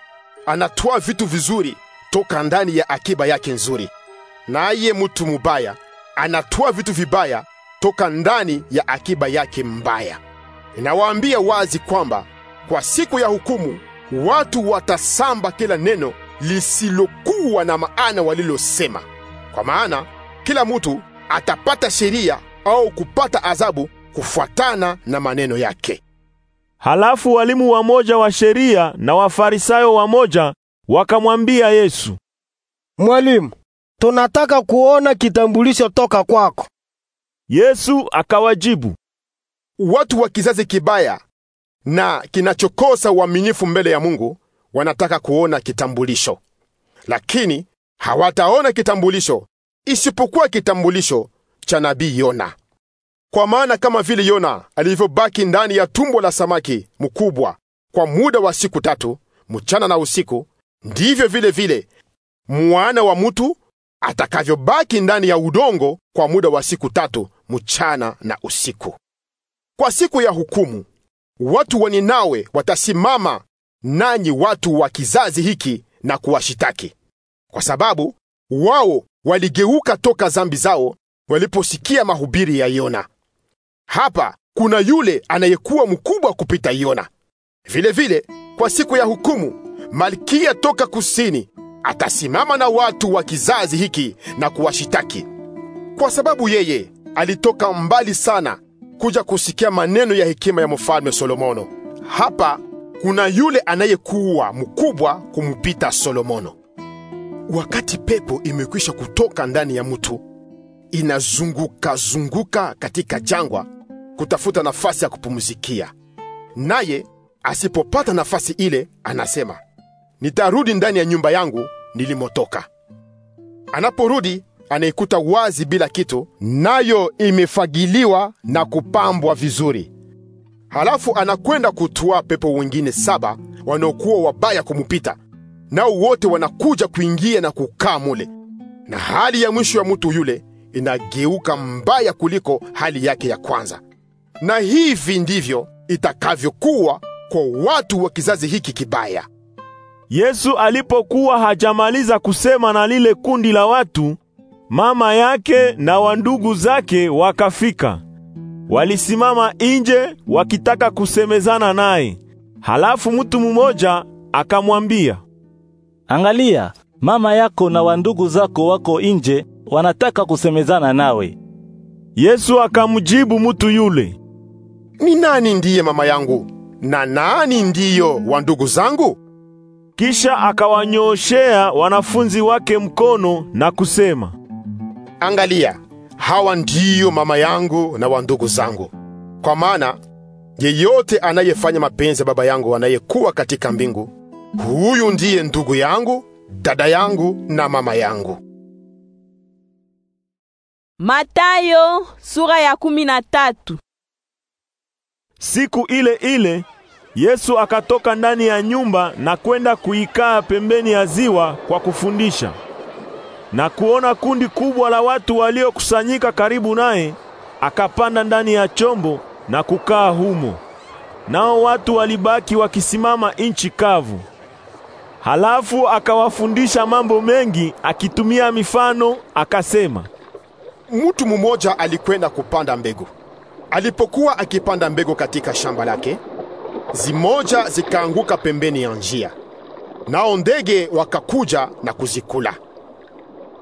anatoa vitu vizuri toka ndani ya akiba yake nzuri, naye mtu mubaya anatoa vitu vibaya toka ndani ya akiba yake mbaya. Ninawaambia wazi kwamba kwa siku ya hukumu watu watasamba kila neno lisilokuwa na maana walilosema. Kwa maana kila mtu atapata sheria au kupata adhabu kufuatana na maneno yake. Halafu walimu wamoja wa sheria na Wafarisayo wamoja wakamwambia Yesu, Mwalimu, tunataka kuona kitambulisho toka kwako. Yesu akawajibu, watu wa kizazi kibaya na kinachokosa uaminifu mbele ya Mungu wanataka kuona kitambulisho, lakini hawataona kitambulisho isipokuwa kitambulisho cha nabii Yona. Kwa maana kama vile Yona alivyobaki ndani ya tumbo la samaki mkubwa kwa muda wa siku tatu mchana na usiku, ndivyo vile vile mwana wa mtu atakavyobaki ndani ya udongo kwa muda wa siku tatu mchana na usiku. Kwa siku ya hukumu, watu wa Ninawe watasimama nanyi watu wa kizazi hiki na kuwashitaki kwa sababu wao waligeuka toka zambi zao waliposikia mahubiri ya Yona. Hapa kuna yule anayekuwa mkubwa kupita Yona. vile vile, kwa siku ya hukumu, malkia toka kusini atasimama na watu wa kizazi hiki na kuwashitaki, kwa sababu yeye alitoka mbali sana kuja kusikia maneno ya hekima ya mfalme Solomono. Hapa kuna yule anayekuwa mkubwa kumpita Solomono. Wakati pepo imekwisha kutoka ndani ya mtu, inazunguka zunguka katika jangwa kutafuta nafasi ya kupumzikia, naye asipopata nafasi ile, anasema nitarudi ndani ya nyumba yangu nilimotoka. Anaporudi anaikuta wazi bila kitu, nayo imefagiliwa na kupambwa vizuri. Halafu anakwenda kutoa pepo wengine saba wanaokuwa wabaya kumupita nao wote wanakuja kuingia na kukaa mule, na hali ya mwisho ya mtu yule inageuka mbaya kuliko hali yake ya kwanza. Na hivi ndivyo itakavyokuwa kwa watu wa kizazi hiki kibaya. Yesu alipokuwa hajamaliza kusema na lile kundi la watu, mama yake na wandugu zake wakafika. Walisimama nje wakitaka kusemezana naye. Halafu mtu mmoja akamwambia, Angalia, mama yako na wandugu zako wako nje wanataka kusemezana nawe. Yesu akamjibu mtu yule, ni nani ndiye mama yangu na nani ndiyo wandugu zangu? Kisha akawanyooshea wanafunzi wake mkono na kusema, angalia, hawa ndiyo mama yangu na wandugu zangu, kwa maana yeyote anayefanya mapenzi ya Baba yangu anayekuwa katika mbingu Huyu ndiye ndugu yangu, dada yangu na mama yangu. Matayo sura ya kumi na tatu. Siku ile ile Yesu akatoka ndani ya nyumba na kwenda kuikaa pembeni ya ziwa kwa kufundisha. Na kuona kundi kubwa la watu waliokusanyika karibu naye, akapanda ndani ya chombo na kukaa humo. Nao watu walibaki wakisimama inchi kavu. Halafu akawafundisha mambo mengi akitumia mifano, akasema, mtu mmoja alikwenda kupanda mbegu. Alipokuwa akipanda mbegu katika shamba lake, zimoja zikaanguka pembeni ya njia, nao ndege wakakuja na kuzikula.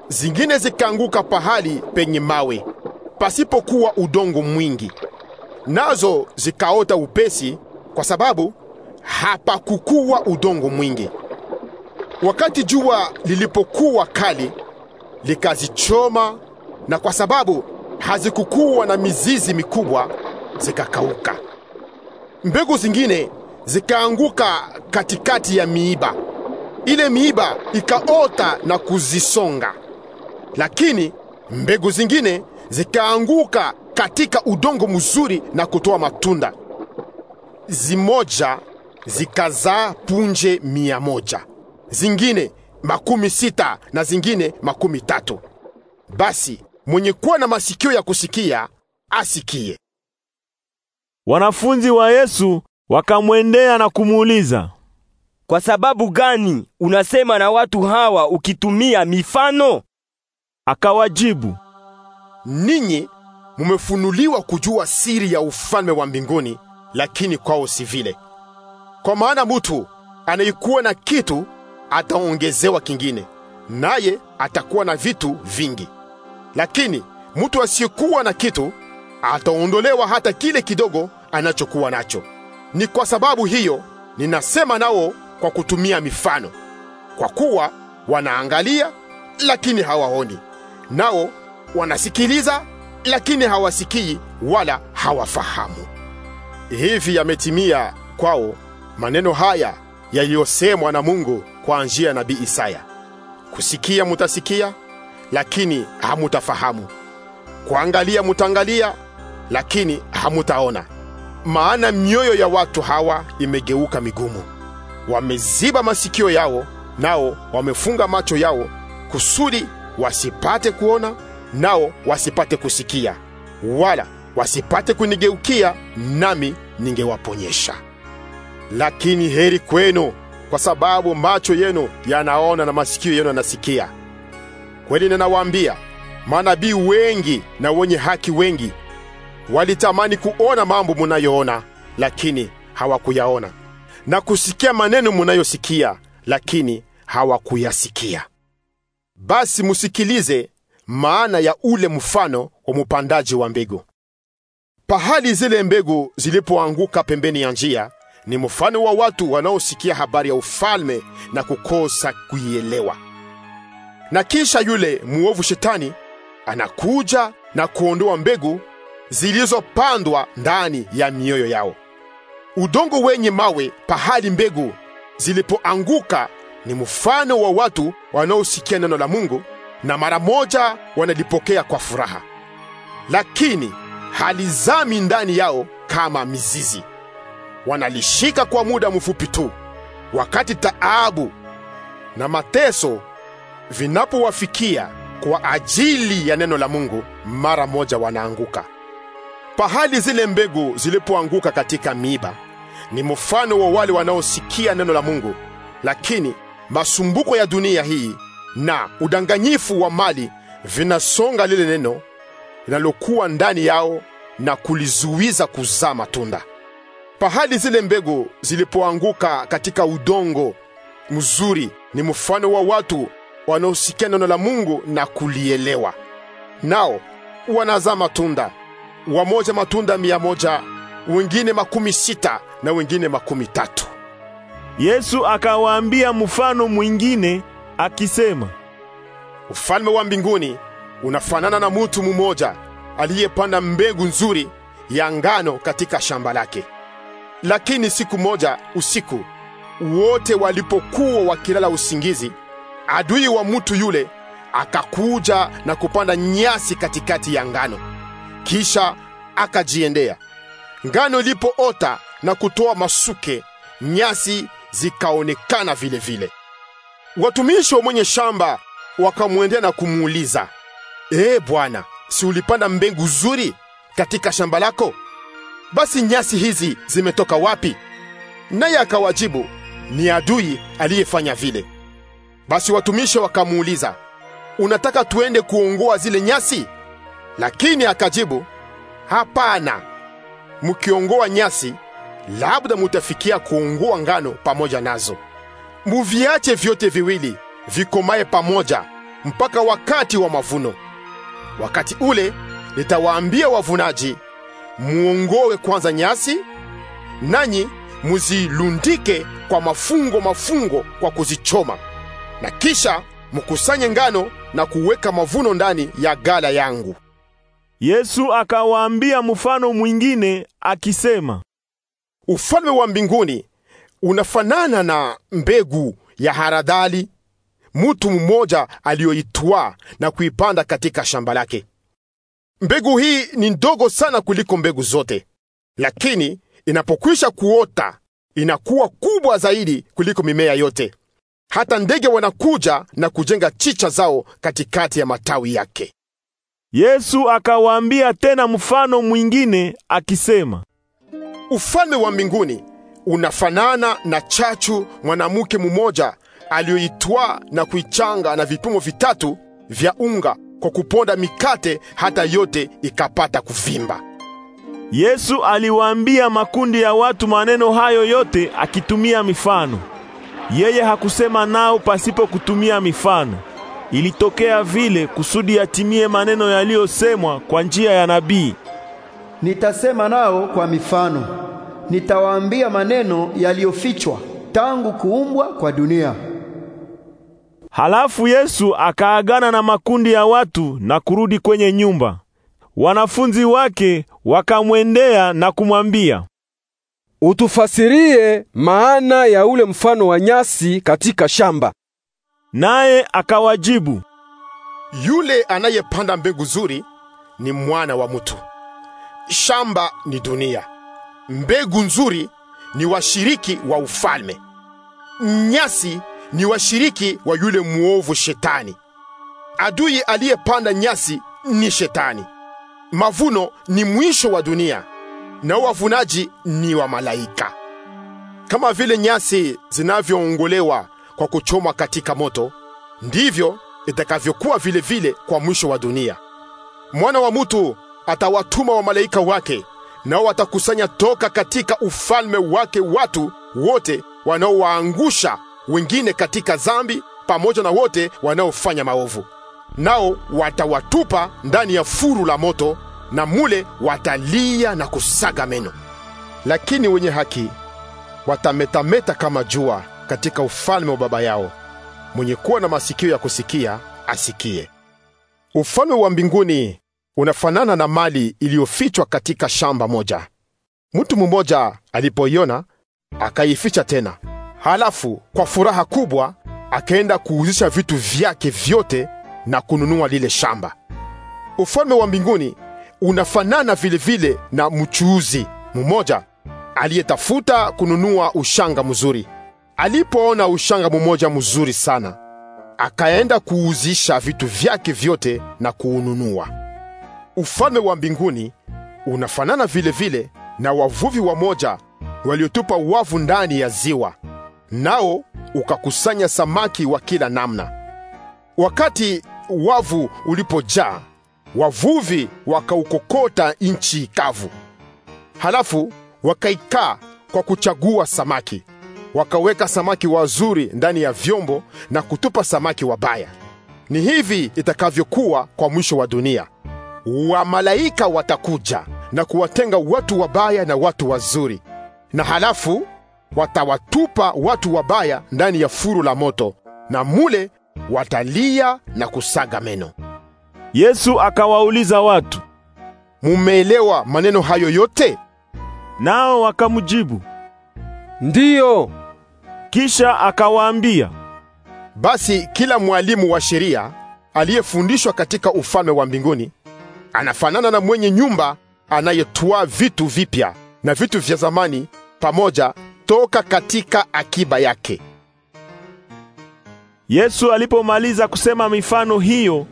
Zingine zikaanguka pahali penye mawe pasipokuwa udongo mwingi, nazo zikaota upesi, kwa sababu hapakukuwa udongo mwingi. Wakati jua lilipokuwa kali likazichoma, na kwa sababu hazikukuwa na mizizi mikubwa zikakauka. Mbegu zingine zikaanguka katikati ya miiba, ile miiba ikaota na kuzisonga. Lakini mbegu zingine zikaanguka katika udongo mzuri na kutoa matunda. Zimoja zikazaa punje mia moja, zingine makumi sita na zingine makumi tatu. Basi mwenye kuwa na masikio ya kusikia asikie. Wanafunzi wa Yesu wakamwendea na kumuuliza, kwa sababu gani unasema na watu hawa ukitumia mifano? Akawajibu, ninyi mumefunuliwa kujua siri ya ufalme wa mbinguni, lakini kwao si vile. Kwa maana mutu anayekuwa na kitu ataongezewa kingine, naye atakuwa na vitu vingi. Lakini mtu asiyekuwa na kitu ataondolewa hata kile kidogo anachokuwa nacho. Ni kwa sababu hiyo ninasema nao kwa kutumia mifano, kwa kuwa wanaangalia lakini hawaoni, nao wanasikiliza lakini hawasikii wala hawafahamu. Hivi yametimia kwao maneno haya yaliyosemwa na Mungu kwa njia ya nabii Isaya, kusikia mutasikia, lakini hamutafahamu; kuangalia mutaangalia, lakini hamutaona. Maana mioyo ya watu hawa imegeuka migumu, wameziba masikio yao, nao wamefunga macho yao, kusudi wasipate kuona, nao wasipate kusikia, wala wasipate kunigeukia, nami ningewaponyesha. Lakini heri kwenu kwa sababu macho yenu yanaona na masikio yenu yanasikia. Kweli ninawaambia, manabii wengi na wenye haki wengi walitamani kuona mambo munayoona, lakini hawakuyaona, na kusikia maneno munayosikia, lakini hawakuyasikia. Basi musikilize maana ya ule mfano wa mupandaji wa mbegu. Pahali zile mbegu zilipoanguka pembeni ya njia, ni mfano wa watu wanaosikia habari ya ufalme na kukosa kuielewa. Na kisha yule mwovu shetani anakuja na kuondoa mbegu zilizopandwa ndani ya mioyo yao. Udongo wenye mawe pahali mbegu zilipoanguka ni mfano wa watu wanaosikia neno la Mungu na mara moja wanalipokea kwa furaha, lakini halizami ndani yao kama mizizi wanalishika kwa muda mfupi tu, wakati taabu na mateso vinapowafikia kwa ajili ya neno la Mungu, mara moja wanaanguka. Pahali zile mbegu zilipoanguka katika miiba, ni mfano wa wale wanaosikia neno la Mungu, lakini masumbuko ya dunia hii na udanganyifu wa mali vinasonga lile neno linalokuwa ndani yao na kulizuiza kuzaa matunda. Pahali zile mbegu zilipoanguka katika udongo mzuri ni mfano wa watu wanaosikia neno la Mungu na kulielewa, nao wanazaa matunda, wamoja matunda mia moja, wengine makumi sita na wengine makumi tatu. Yesu akawaambia mfano mwingine akisema, ufalme wa mbinguni unafanana na mutu mmoja aliyepanda mbegu nzuri ya ngano katika shamba lake. Lakini siku moja usiku, wote walipokuwa wakilala usingizi, adui wa mtu yule akakuja na kupanda nyasi katikati ya ngano, kisha akajiendea. Ngano ilipoota na kutoa masuke, nyasi zikaonekana vile vile. Watumishi wa mwenye shamba wakamwendea na kumuuliza, ee Bwana, si ulipanda mbegu zuri katika shamba lako? basi nyasi hizi zimetoka wapi? Naye akawajibu, ni adui aliyefanya vile. Basi watumishi wakamuuliza, unataka tuende kuongoa zile nyasi? Lakini akajibu, hapana, mkiongoa nyasi labda mutafikia kuongoa ngano pamoja nazo. Muviache vyote viwili vikomaye pamoja mpaka wakati wa mavuno. Wakati ule nitawaambia wavunaji muongowe kwanza nyasi, nanyi muzilundike kwa mafungo mafungo kwa kuzichoma, na kisha mkusanye ngano na kuweka mavuno ndani ya gala yangu. Yesu akawaambia mfano mwingine akisema, ufalme wa mbinguni unafanana na mbegu ya haradali, mtu mmoja aliyoitwaa na kuipanda katika shamba lake. Mbegu hii ni ndogo sana kuliko mbegu zote, lakini inapokwisha kuota inakuwa kubwa zaidi kuliko mimea yote. Hata ndege wanakuja na kujenga chicha zao katikati ya matawi yake. Yesu akawaambia tena mfano mwingine akisema, ufalme wa mbinguni unafanana na chachu mwanamke mmoja aliyoitwaa na kuichanga na vipimo vitatu vya unga kwa kuponda mikate hata yote ikapata kuvimba. Yesu aliwaambia makundi ya watu maneno hayo yote akitumia mifano. Yeye hakusema nao pasipo kutumia mifano. Ilitokea vile kusudi yatimie maneno yaliyosemwa kwa njia ya nabii. Nitasema nao kwa mifano. Nitawaambia maneno yaliyofichwa tangu kuumbwa kwa dunia. Halafu Yesu akaagana na makundi ya watu na kurudi kwenye nyumba. Wanafunzi wake wakamwendea na kumwambia, utufasirie maana ya ule mfano wa nyasi katika shamba. Naye akawajibu, yule anayepanda mbegu nzuri ni mwana wa mtu. Shamba ni dunia, mbegu nzuri ni washiriki wa ufalme. Nyasi ni washiriki wa yule mwovu Shetani. Adui aliyepanda nyasi ni Shetani. Mavuno ni mwisho wa dunia, na wavunaji ni wa malaika. Kama vile nyasi zinavyoongolewa kwa kuchomwa katika moto, ndivyo itakavyokuwa vile vile kwa mwisho wa dunia. Mwana wa mutu atawatuma wa malaika wake, nao watakusanya toka katika ufalme wake watu wote wanaowaangusha wengine katika dhambi, pamoja na wote wanaofanya maovu, nao watawatupa ndani ya furu la moto, na mule watalia na kusaga meno. Lakini wenye haki watametameta kama jua katika ufalme wa Baba yao. Mwenye kuwa na masikio ya kusikia asikie. Ufalme wa mbinguni unafanana na mali iliyofichwa katika shamba moja. Mtu mmoja alipoiona akaificha tena Halafu kwa furaha kubwa akaenda kuuzisha vitu vyake vyote na kununua lile shamba. Ufalme wa mbinguni unafanana vile vile na mchuuzi mmoja aliyetafuta kununua ushanga mzuri. Alipoona ushanga mmoja mzuri sana, akaenda kuuzisha vitu vyake vyote na kuununua. Ufalme wa mbinguni unafanana vilevile vile na wavuvi wamoja waliotupa wavu ndani ya ziwa nao ukakusanya samaki wa kila namna. Wakati wavu ulipojaa, wavuvi wakaukokota nchi kavu. Halafu wakaikaa kwa kuchagua samaki. Wakaweka samaki wazuri ndani ya vyombo na kutupa samaki wabaya. Ni hivi itakavyokuwa kwa mwisho wa dunia. Wamalaika watakuja na kuwatenga watu wabaya na watu wazuri, na halafu watawatupa watu wabaya ndani ya furu la moto, na mule watalia na kusaga meno. Yesu akawauliza watu, mumeelewa maneno hayo yote? Nao wakamjibu ndiyo. Kisha akawaambia, basi kila mwalimu wa sheria aliyefundishwa katika ufalme wa mbinguni anafanana na mwenye nyumba anayetwaa vitu vipya na vitu vya zamani pamoja kutoka katika akiba yake. Yesu alipomaliza kusema mifano hiyo,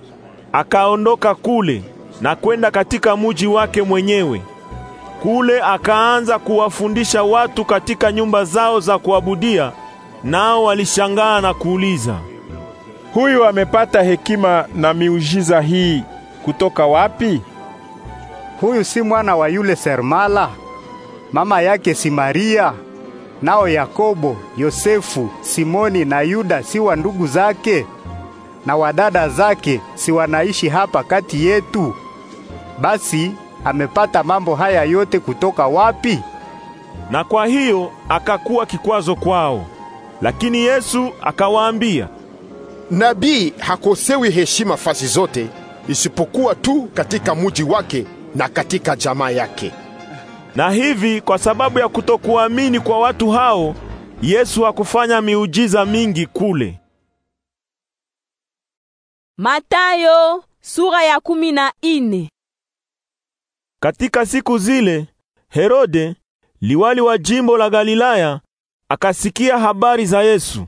akaondoka kule na kwenda katika muji wake mwenyewe. Kule akaanza kuwafundisha watu katika nyumba zao za kuabudia, nao walishangaa na kuuliza, huyu amepata hekima na miujiza hii kutoka wapi? Huyu si mwana wa yule sermala? Mama yake si Maria Nao Yakobo, Yosefu, Simoni na Yuda si wa ndugu zake? Na wadada zake si wanaishi hapa kati yetu? Basi amepata mambo haya yote kutoka wapi? Na kwa hiyo akakuwa kikwazo kwao. Lakini Yesu akawaambia, nabii hakosewi heshima fasi zote isipokuwa tu katika muji wake na katika jamaa yake. Na hivi kwa sababu ya kutokuamini kwa watu hao, Yesu hakufanya miujiza mingi kule. Matayo sura ya kumi na ine. Katika siku zile Herode liwali wa jimbo la Galilaya akasikia habari za Yesu.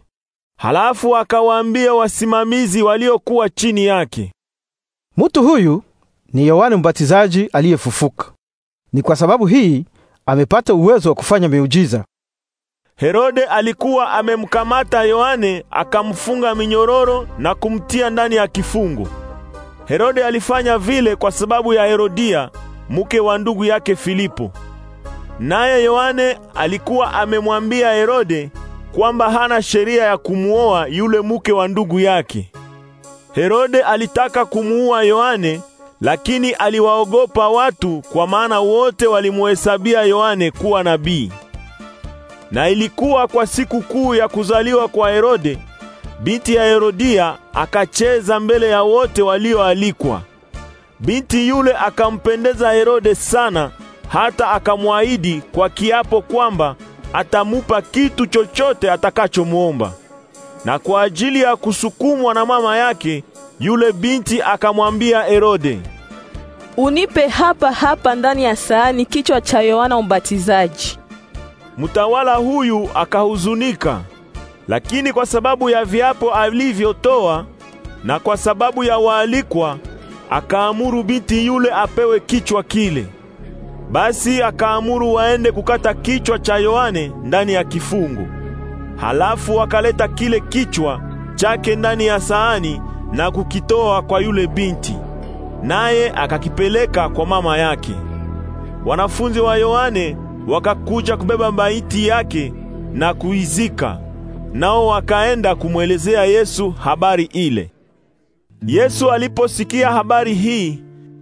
Halafu akawaambia wasimamizi waliokuwa chini yake, mutu huyu ni Yohani Mbatizaji aliyefufuka. Ni kwa sababu hii amepata uwezo wa kufanya miujiza. Herode alikuwa amemkamata Yohane akamfunga minyororo na kumtia ndani ya kifungo. Herode alifanya vile kwa sababu ya Herodia, mke wa ndugu yake Filipo. Naye Yohane alikuwa amemwambia Herode kwamba hana sheria ya kumuoa yule mke wa ndugu yake. Herode alitaka kumuua Yohane lakini aliwaogopa watu, kwa maana wote walimuhesabia Yohane kuwa nabii. Na ilikuwa kwa siku kuu ya kuzaliwa kwa Herode, binti ya Herodia akacheza mbele ya wote walioalikwa. Binti yule akampendeza Herode sana, hata akamwahidi kwa kiapo kwamba atamupa kitu chochote atakachomwomba. Na kwa ajili ya kusukumwa na mama yake yule binti akamwambia Herode, unipe hapa hapa ndani ya sahani kichwa cha Yohana Mbatizaji. Mtawala huyu akahuzunika, lakini kwa sababu ya viapo alivyotoa na kwa sababu ya waalikwa, akaamuru binti yule apewe kichwa kile. Basi akaamuru waende kukata kichwa cha Yohane ndani ya kifungu. Halafu akaleta kile kichwa chake ndani ya sahani na kukitoa kwa yule binti, naye akakipeleka kwa mama yake. Wanafunzi wa Yohane wakakuja kubeba maiti yake na kuizika, nao wakaenda kumwelezea Yesu habari ile. Yesu aliposikia habari hii,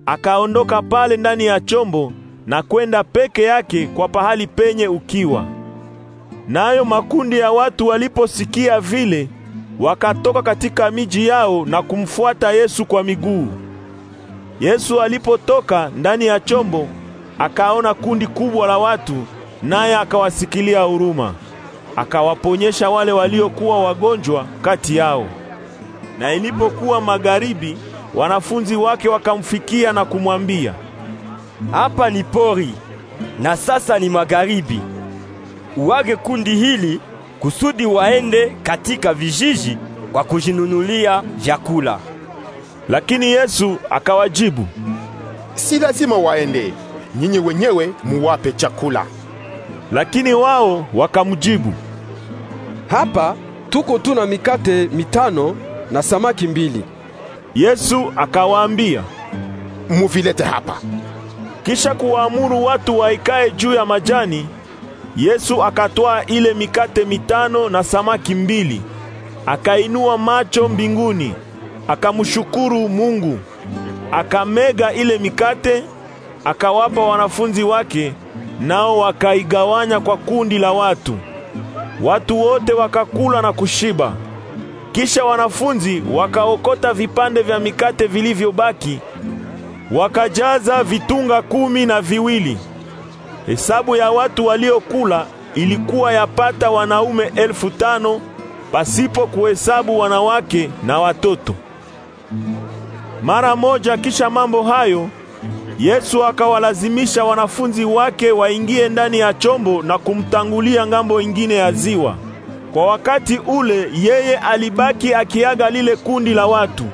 akaondoka pale ndani ya chombo na kwenda peke yake kwa pahali penye ukiwa. Nayo makundi ya watu waliposikia vile, wakatoka katika miji yao na kumfuata Yesu kwa miguu. Yesu alipotoka ndani ya chombo, akaona kundi kubwa la watu, naye akawasikilia huruma. Akawaponyesha wale waliokuwa wagonjwa kati yao. Na ilipokuwa magharibi, wanafunzi wake wakamfikia na kumwambia, hapa ni pori na sasa ni magharibi, uwage kundi hili kusudi waende katika vijiji kwa kujinunulia vyakula. Lakini Yesu akawajibu, si lazima waende, nyinyi wenyewe muwape chakula. Lakini wao wakamjibu, hapa tuko tu na mikate mitano na samaki mbili. Yesu akawaambia, muvilete hapa. Kisha kuwaamuru watu waikae juu ya majani, Yesu akatwaa ile mikate mitano na samaki mbili, akainua macho mbinguni, akamshukuru Mungu, akamega ile mikate, akawapa wanafunzi wake, nao wakaigawanya kwa kundi la watu. Watu wote wakakula na kushiba. Kisha wanafunzi wakaokota vipande vya mikate vilivyobaki, wakajaza vitunga kumi na viwili. Hesabu ya watu waliokula ilikuwa yapata wanaume elfu tano pasipo kuhesabu wanawake na watoto. Mara moja kisha mambo hayo, Yesu akawalazimisha wanafunzi wake waingie ndani ya chombo na kumtangulia ngambo ingine ya ziwa. Kwa wakati ule yeye alibaki akiaga lile kundi la watu.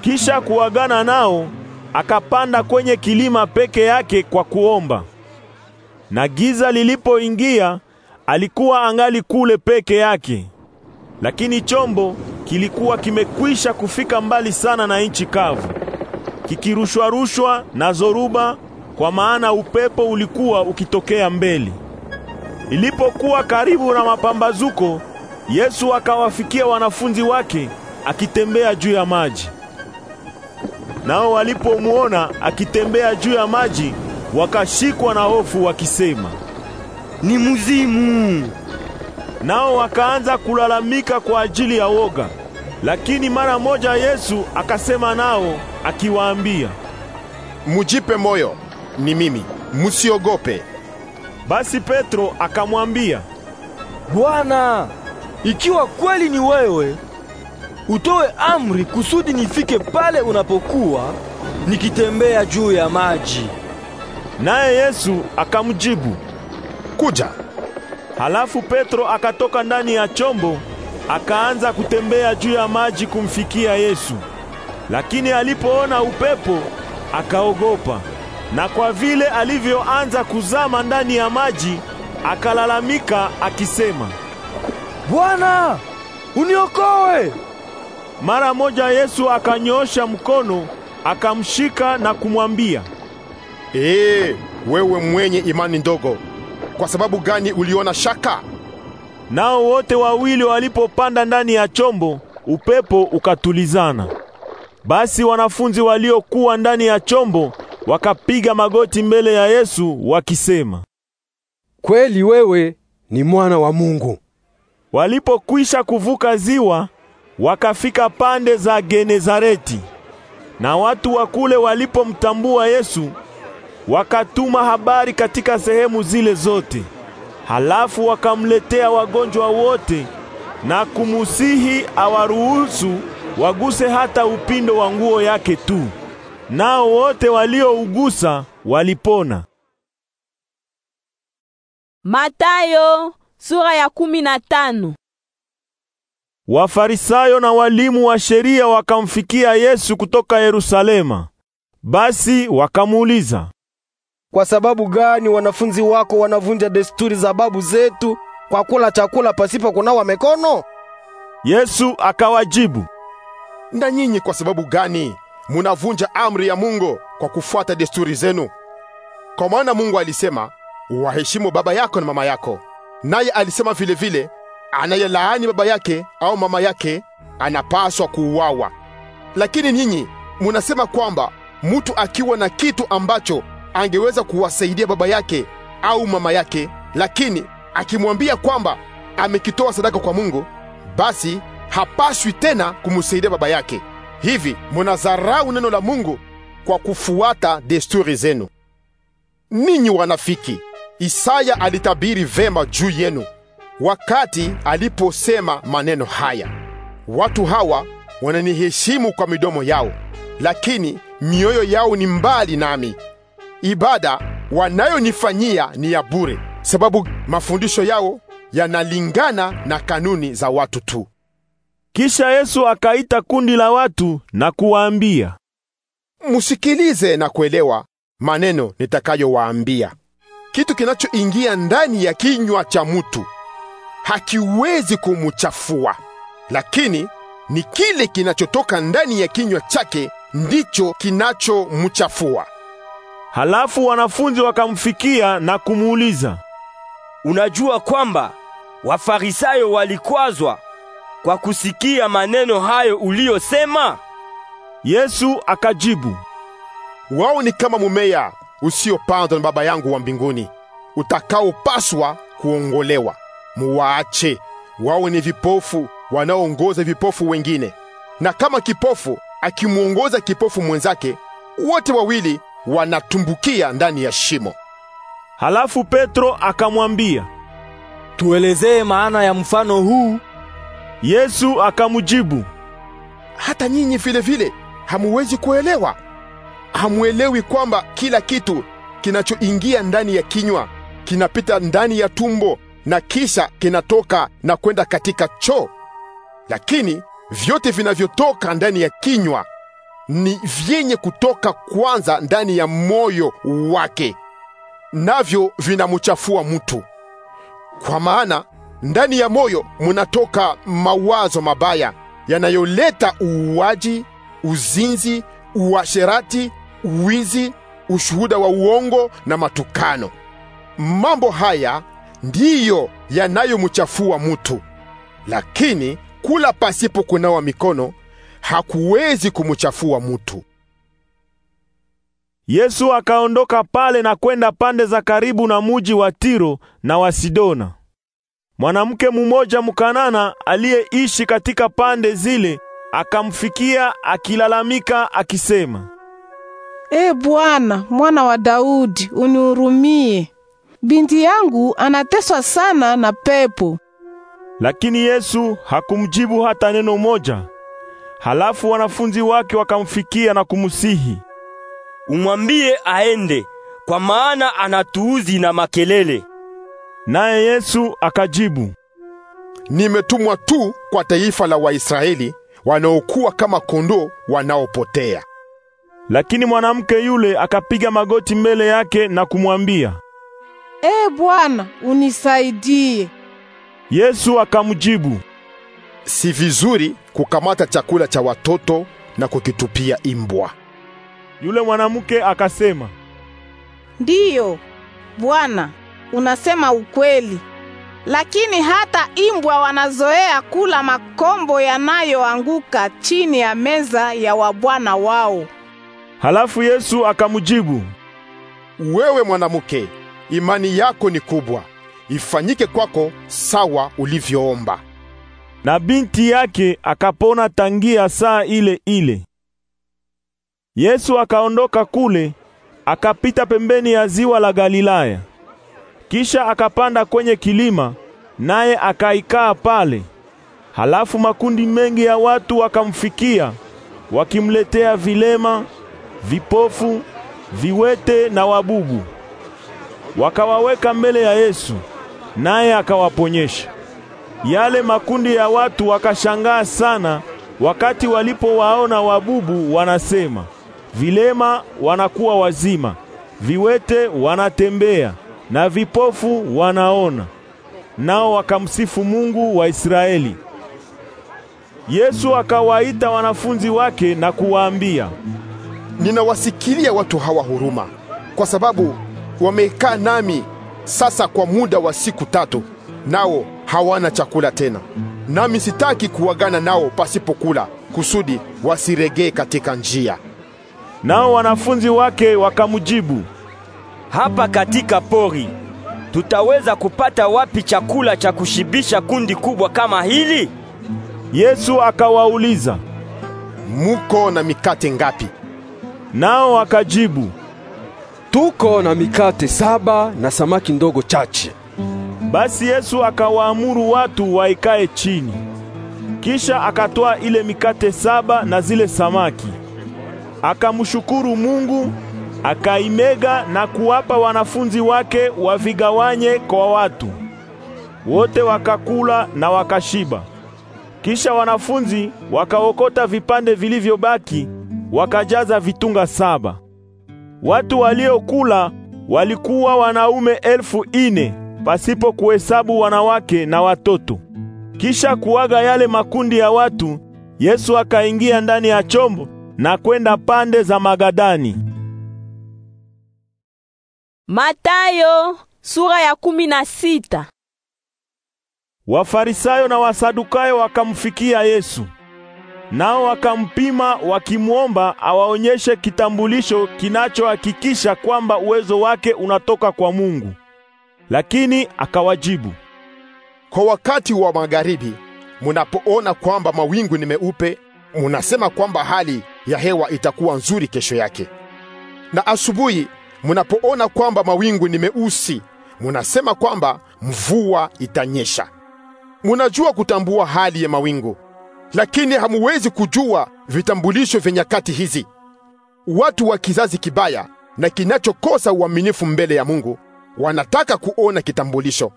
Kisha kuagana nao, akapanda kwenye kilima peke yake kwa kuomba na giza lilipoingia, alikuwa angali kule peke yake, lakini chombo kilikuwa kimekwisha kufika mbali sana na nchi kavu, kikirushwa-rushwa na zoruba, kwa maana upepo ulikuwa ukitokea mbele. Ilipokuwa karibu na mapambazuko, Yesu akawafikia wanafunzi wake akitembea juu ya maji. Nao walipomwona akitembea juu ya maji wakashikwa na hofu wakisema, ni muzimu. Nao wakaanza kulalamika kwa ajili ya woga. Lakini mara moja Yesu akasema nao akiwaambia, mujipe moyo, ni mimi, musiogope. Basi Petro akamwambia, Bwana, ikiwa kweli ni wewe, utoe amri kusudi nifike pale unapokuwa nikitembea juu ya maji. Naye Yesu akamjibu, kuja. Halafu Petro akatoka ndani ya chombo akaanza kutembea juu ya maji kumfikia Yesu. Lakini alipoona upepo akaogopa, na kwa vile alivyoanza kuzama ndani ya maji akalalamika akisema, Bwana, uniokoe! Mara moja Yesu akanyoosha mkono akamshika na kumwambia, Ee, wewe mwenye imani ndogo, kwa sababu gani uliona shaka? Nao wote wawili walipopanda ndani ya chombo, upepo ukatulizana. Basi wanafunzi waliokuwa ndani ya chombo wakapiga magoti mbele ya Yesu wakisema, Kweli wewe ni mwana wa Mungu. Walipokwisha kuvuka ziwa, wakafika pande za Genezareti. Na watu wa kule walipomtambua Yesu, wakatuma habari katika sehemu zile zote. Halafu wakamletea wagonjwa wote na kumusihi awaruhusu waguse hata upindo wa nguo yake tu, nao wote waliougusa walipona. Matayo sura ya kumi na tano. Wafarisayo na walimu wa sheria wakamfikia Yesu kutoka Yerusalema. Basi wakamuuliza, kwa sababu gani wanafunzi wako wanavunja desturi za babu zetu kwa kula chakula pasipo kunawa mikono? Yesu akawajibu, na nyinyi kwa sababu gani munavunja amri ya Mungu kwa kufuata desturi zenu? Kwa maana Mungu alisema, waheshimu baba yako na mama yako, naye alisema vilevile, anayelaani baba yake au mama yake anapaswa kuuawa. Lakini nyinyi munasema kwamba mtu akiwa na kitu ambacho angeweza kuwasaidia baba yake au mama yake, lakini akimwambia kwamba amekitoa sadaka kwa Mungu, basi hapaswi tena kumsaidia baba yake. Hivi munadharau neno la Mungu kwa kufuata desturi zenu. Ninyi wanafiki, Isaya alitabiri vema juu yenu wakati aliposema maneno haya: watu hawa wananiheshimu kwa midomo yao, lakini mioyo yao ni mbali nami ibada wanayonifanyia ni ya bure, sababu mafundisho yao yanalingana na kanuni za watu tu. Kisha Yesu akaita kundi la watu na kuwaambia, musikilize na kuelewa maneno nitakayowaambia. Kitu kinachoingia ndani ya kinywa cha mtu hakiwezi kumuchafua, lakini ni kile kinachotoka ndani ya kinywa chake ndicho kinachomchafua. Halafu wanafunzi wakamfikia na kumuuliza, unajua kwamba Wafarisayo walikwazwa kwa kusikia maneno hayo uliyosema? Yesu akajibu, wao ni kama mumea usiopandwa na Baba yangu wa mbinguni utakaopaswa kuongolewa. Muwaache, wao ni vipofu wanaoongoza vipofu wengine. Na kama kipofu akimwongoza kipofu mwenzake, wote wawili wanatumbukia ndani ya shimo. Halafu Petro akamwambia, tuelezee maana ya mfano huu. Yesu akamjibu, hata nyinyi vile vile hamuwezi kuelewa? Hamuelewi kwamba kila kitu kinachoingia ndani ya kinywa kinapita ndani ya tumbo na kisha kinatoka na kwenda katika choo? Lakini vyote vinavyotoka ndani ya kinywa ni vyenye kutoka kwanza ndani ya moyo wake, navyo vinamchafua mtu. Kwa maana ndani ya moyo munatoka mawazo mabaya yanayoleta uuaji, uzinzi, uasherati, uwizi, ushuhuda wa uongo na matukano. Mambo haya ndiyo yanayomchafua mtu. Lakini kula pasipo kunawa mikono hakuwezi kumchafua mtu. Yesu akaondoka pale na kwenda pande za karibu na muji wa Tiro na wa Sidona. Mwanamke mmoja mkanana aliyeishi katika pande zile akamfikia akilalamika akisema, E Bwana, mwana wa Daudi, unihurumie. Binti yangu anateswa sana na pepo. Lakini Yesu hakumjibu hata neno moja. Halafu wanafunzi wake wakamfikia na kumsihi, umwambie aende, kwa maana anatuuzi na makelele. Naye Yesu akajibu, nimetumwa tu kwa taifa la Waisraeli wanaokuwa kama kondoo wanaopotea. Lakini mwanamke yule akapiga magoti mbele yake na kumwambia, E Bwana, unisaidie. Yesu akamjibu, si vizuri kukamata chakula cha watoto na kukitupia imbwa. Yule mwanamke akasema, ndiyo Bwana, unasema ukweli, lakini hata imbwa wanazoea kula makombo yanayoanguka chini ya meza ya wabwana wao. Halafu Yesu akamjibu, wewe mwanamke, imani yako ni kubwa, ifanyike kwako sawa ulivyoomba na binti yake akapona tangia saa ile ile. Yesu akaondoka kule akapita pembeni ya ziwa la Galilaya. Kisha akapanda kwenye kilima naye akaikaa pale. Halafu makundi mengi ya watu wakamfikia wakimletea vilema, vipofu, viwete na wabubu. Wakawaweka mbele ya Yesu naye akawaponyesha. Yale makundi ya watu wakashangaa sana wakati walipowaona wabubu wanasema, vilema wanakuwa wazima, viwete wanatembea na vipofu wanaona. Nao wakamsifu Mungu wa Israeli. Yesu akawaita wanafunzi wake na kuwaambia, ninawasikilia watu hawa huruma, kwa sababu wamekaa nami sasa kwa muda wa siku tatu, nao hawana chakula tena, nami sitaki kuwagana nao pasipokula, kusudi wasiregee katika njia. Nao wanafunzi wake wakamjibu, hapa katika pori tutaweza kupata wapi chakula cha kushibisha kundi kubwa kama hili? Yesu akawauliza, muko na mikate ngapi? Nao wakajibu, tuko na mikate saba na samaki ndogo chache. Basi Yesu akawaamuru watu waikae chini. Kisha akatoa ile mikate saba na zile samaki, akamshukuru Mungu, akaimega na kuwapa wanafunzi wake wavigawanye kwa watu wote. Wakakula na wakashiba. Kisha wanafunzi wakaokota vipande vilivyobaki, wakajaza vitunga saba. Watu waliokula walikuwa wanaume elfu ine pasipo kuhesabu wanawake na watoto. Kisha kuaga yale makundi ya watu, Yesu akaingia ndani ya chombo na kwenda pande za Magadani. Matayo sura ya kumi na sita. Wafarisayo na Wasadukayo wakamfikia Yesu. Nao wakampima wakimwomba awaonyeshe kitambulisho kinachohakikisha kwamba uwezo wake unatoka kwa Mungu. Lakini akawajibu, kwa wakati wa magharibi munapoona kwamba mawingu ni meupe, munasema kwamba hali ya hewa itakuwa nzuri kesho yake. Na asubuhi munapoona kwamba mawingu ni meusi, munasema kwamba mvua itanyesha. Munajua kutambua hali ya mawingu, lakini hamuwezi kujua vitambulisho vya nyakati hizi. Watu wa kizazi kibaya na kinachokosa uaminifu mbele ya Mungu wanataka kuona kitambulisho,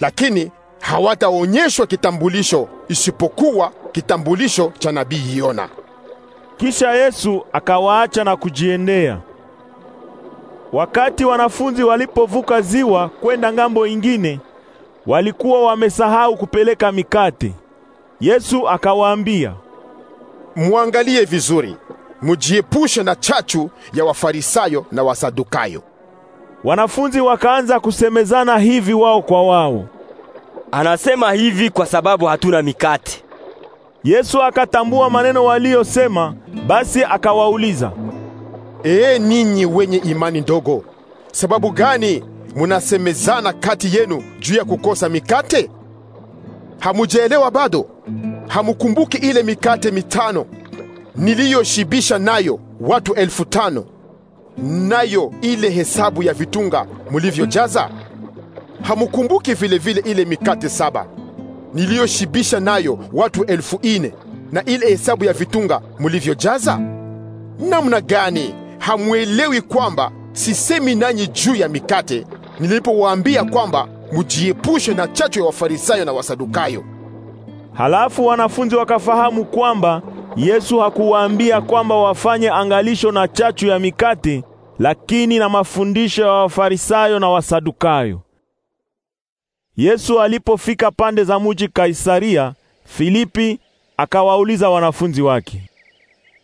lakini hawataonyeshwa kitambulisho isipokuwa kitambulisho cha nabii Yona. Kisha Yesu akawaacha na kujiendea. Wakati wanafunzi walipovuka ziwa kwenda ng'ambo ingine, walikuwa wamesahau kupeleka mikate. Yesu akawaambia, "Muangalie vizuri, mujiepushe na chachu ya Wafarisayo na Wasadukayo." Wanafunzi wakaanza kusemezana hivi wao kwa wao, anasema hivi kwa sababu hatuna mikate. Yesu akatambua maneno waliyosema, basi akawauliza, ee ninyi wenye imani ndogo, sababu gani munasemezana kati yenu juu ya kukosa mikate? Hamujaelewa bado? Hamukumbuki ile mikate mitano niliyoshibisha nayo watu elfu tano? nayo ile hesabu ya vitunga mulivyojaza? Hamukumbuki vile ile mikate saba niliyoshibisha nayo watu elfu ine na ile hesabu ya vitunga mulivyojaza? Namna gani hamwelewi kwamba sisemi nanyi juu ya mikate nilipowaambia kwamba mujiepushe na chachu ya Wafarisayo na Wasadukayo? Halafu wanafunzi wakafahamu kwamba Yesu hakuwaambia kwamba wafanye angalisho na chachu ya mikate lakini na mafundisho ya Wafarisayo na Wasadukayo. Yesu alipofika pande za muji Kaisaria Filipi, akawauliza wanafunzi wake,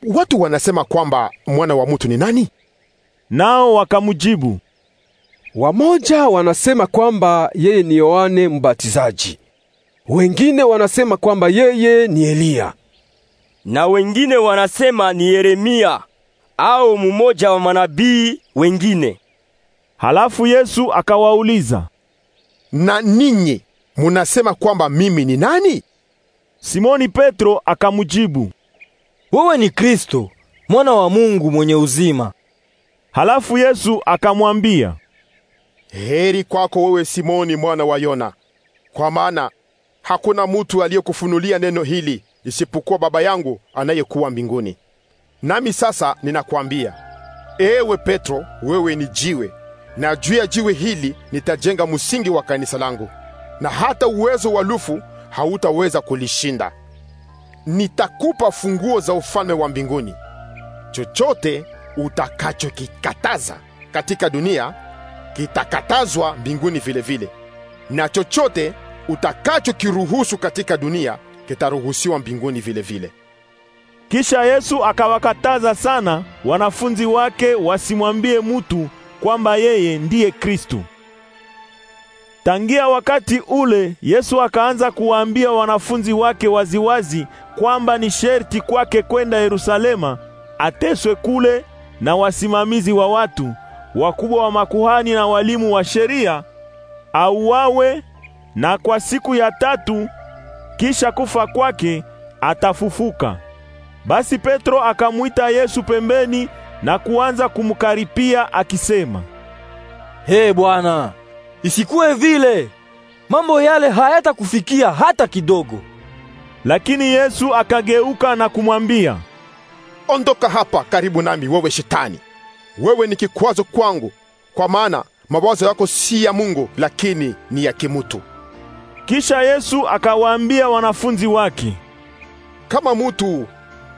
watu wanasema kwamba mwana wa mutu ni nani? Nao wakamjibu, wamoja wanasema kwamba yeye ni Yohane Mbatizaji, wengine wanasema kwamba yeye ni Eliya, na wengine wanasema ni Yeremia au mumoja wa manabii wengine? Halafu Yesu akawauliza, na ninyi munasema kwamba mimi ni nani? Simoni Petro akamjibu, wewe ni Kristo mwana wa Mungu mwenye uzima. Halafu Yesu akamwambia, heri kwako wewe Simoni mwana wa Yona, kwa maana hakuna mutu aliyekufunulia neno hili isipokuwa Baba yangu anayekuwa mbinguni. Nami sasa ninakwambia, ewe Petro, wewe ni jiwe, na juu ya jiwe hili nitajenga msingi wa kanisa langu, na hata uwezo wa lufu hautaweza kulishinda. Nitakupa funguo za ufalme wa mbinguni. Chochote utakachokikataza katika dunia kitakatazwa mbinguni vile vile, na chochote utakachokiruhusu katika dunia kitaruhusiwa mbinguni vile vile. Kisha Yesu akawakataza sana wanafunzi wake wasimwambie mutu kwamba yeye ndiye Kristo. Tangia wakati ule Yesu akaanza kuwaambia wanafunzi wake waziwazi kwamba ni sherti kwake kwenda Yerusalema, ateswe kule na wasimamizi wa watu, wakubwa wa makuhani na walimu wa sheria, auawe na kwa siku ya tatu kisha kufa kwake atafufuka. Basi Petro akamwita Yesu pembeni na kuanza kumkaripia akisema, He Bwana, isikuwe vile, mambo yale hayatakufikia hata kidogo. Lakini Yesu akageuka na kumwambia, Ondoka hapa karibu nami, wewe Shetani! Wewe ni kikwazo kwangu, kwa maana mawazo yako si ya Mungu, lakini ni ya kimutu. Kisha Yesu akawaambia wanafunzi wake, kama mutu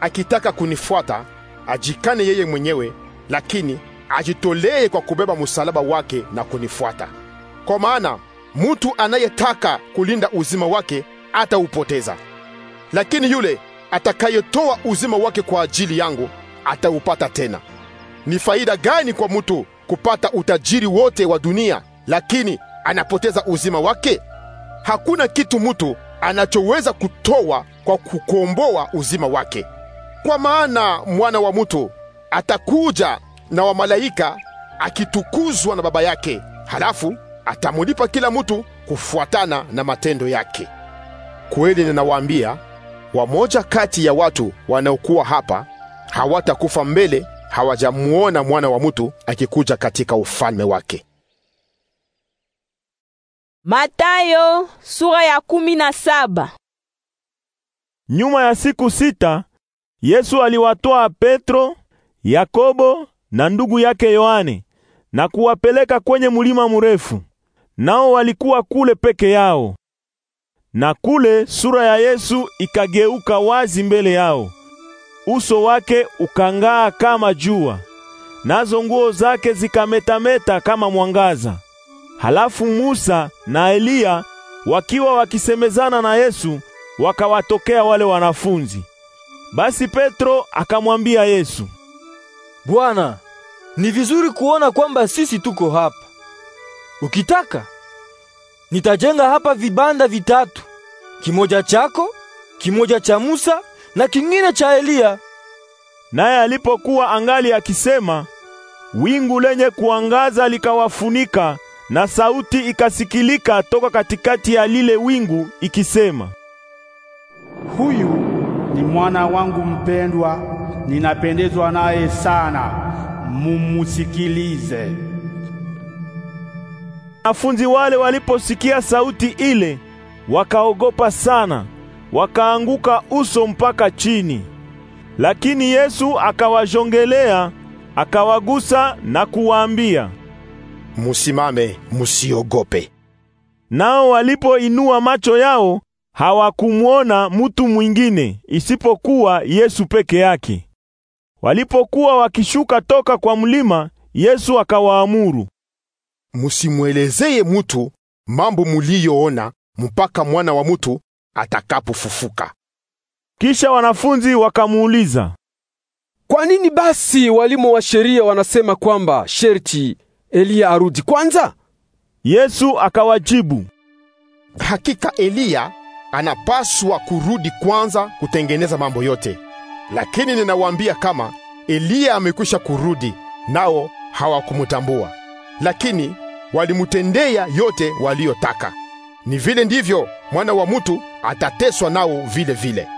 akitaka kunifuata ajikane yeye mwenyewe, lakini ajitolee kwa kubeba msalaba wake na kunifuata. Kwa maana mtu anayetaka kulinda uzima wake ataupoteza, lakini yule atakayetoa uzima wake kwa ajili yangu ataupata tena. Ni faida gani kwa mtu kupata utajiri wote wa dunia, lakini anapoteza uzima wake? Hakuna kitu mtu anachoweza kutoa kwa kukomboa uzima wake. Kwa maana mwana wa mtu atakuja na wamalaika akitukuzwa na Baba yake, halafu atamulipa kila mtu kufuatana na matendo yake. Kweli ninawaambia, wamoja kati ya watu wanaokuwa hapa hawatakufa mbele hawajamuona mwana wa mtu akikuja katika ufalme wake. Matayo sura ya kumi na saba. Nyuma ya siku sita Yesu aliwatoa Petro, Yakobo na ndugu yake Yohane na kuwapeleka kwenye mlima mrefu. Nao walikuwa kule peke yao. Na kule sura ya Yesu ikageuka wazi mbele yao. Uso wake ukang'aa kama jua, nazo nguo zake zikametameta kama mwangaza. Halafu Musa na Eliya wakiwa wakisemezana na Yesu wakawatokea wale wanafunzi. Basi Petro akamwambia Yesu, Bwana, ni vizuri kuona kwamba sisi tuko hapa. Ukitaka nitajenga hapa vibanda vitatu, kimoja chako, kimoja cha Musa na kingine cha Eliya. Naye alipokuwa angali akisema, wingu lenye kuangaza likawafunika na sauti ikasikilika toka katikati ya lile wingu ikisema, Huyu ni mwana wangu mpendwa, ninapendezwa naye sana, mumusikilize. Wanafunzi wale waliposikia sauti ile wakaogopa sana, wakaanguka uso mpaka chini. Lakini Yesu akawajongelea, akawagusa na kuwaambia, Musimame, musiogope. Nao walipoinua macho yao hawakumwona mutu mwingine isipokuwa Yesu peke yake. Walipokuwa wakishuka toka kwa mlima, Yesu akawaamuru, musimwelezeye mutu mambo muliyoona mpaka mwana wa mutu atakapofufuka. Kisha wanafunzi wakamuuliza, kwa nini basi walimu wa sheria wanasema kwamba sherti Eliya arudi kwanza? Yesu akawajibu, hakika Eliya anapaswa kurudi kwanza kutengeneza mambo yote. Lakini ninawaambia kama Eliya amekwisha kurudi, nao hawakumtambua, lakini walimtendea yote waliyotaka. Ni vile ndivyo mwana wa mtu atateswa nao vile vile.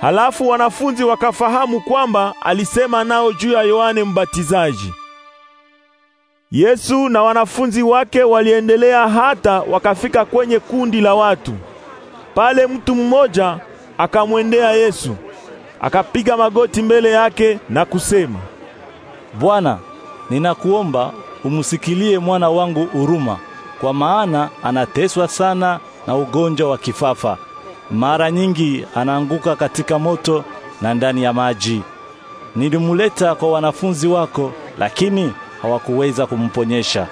Halafu wanafunzi wakafahamu kwamba alisema nao juu ya Yohane Mbatizaji. Yesu na wanafunzi wake waliendelea hata wakafika kwenye kundi la watu pale mtu mmoja akamwendea Yesu, akapiga magoti mbele yake na kusema, Bwana, ninakuomba umsikilie mwana wangu huruma, kwa maana anateswa sana na ugonjwa wa kifafa. Mara nyingi anaanguka katika moto na ndani ya maji. Nilimuleta kwa wanafunzi wako, lakini hawakuweza kumponyesha.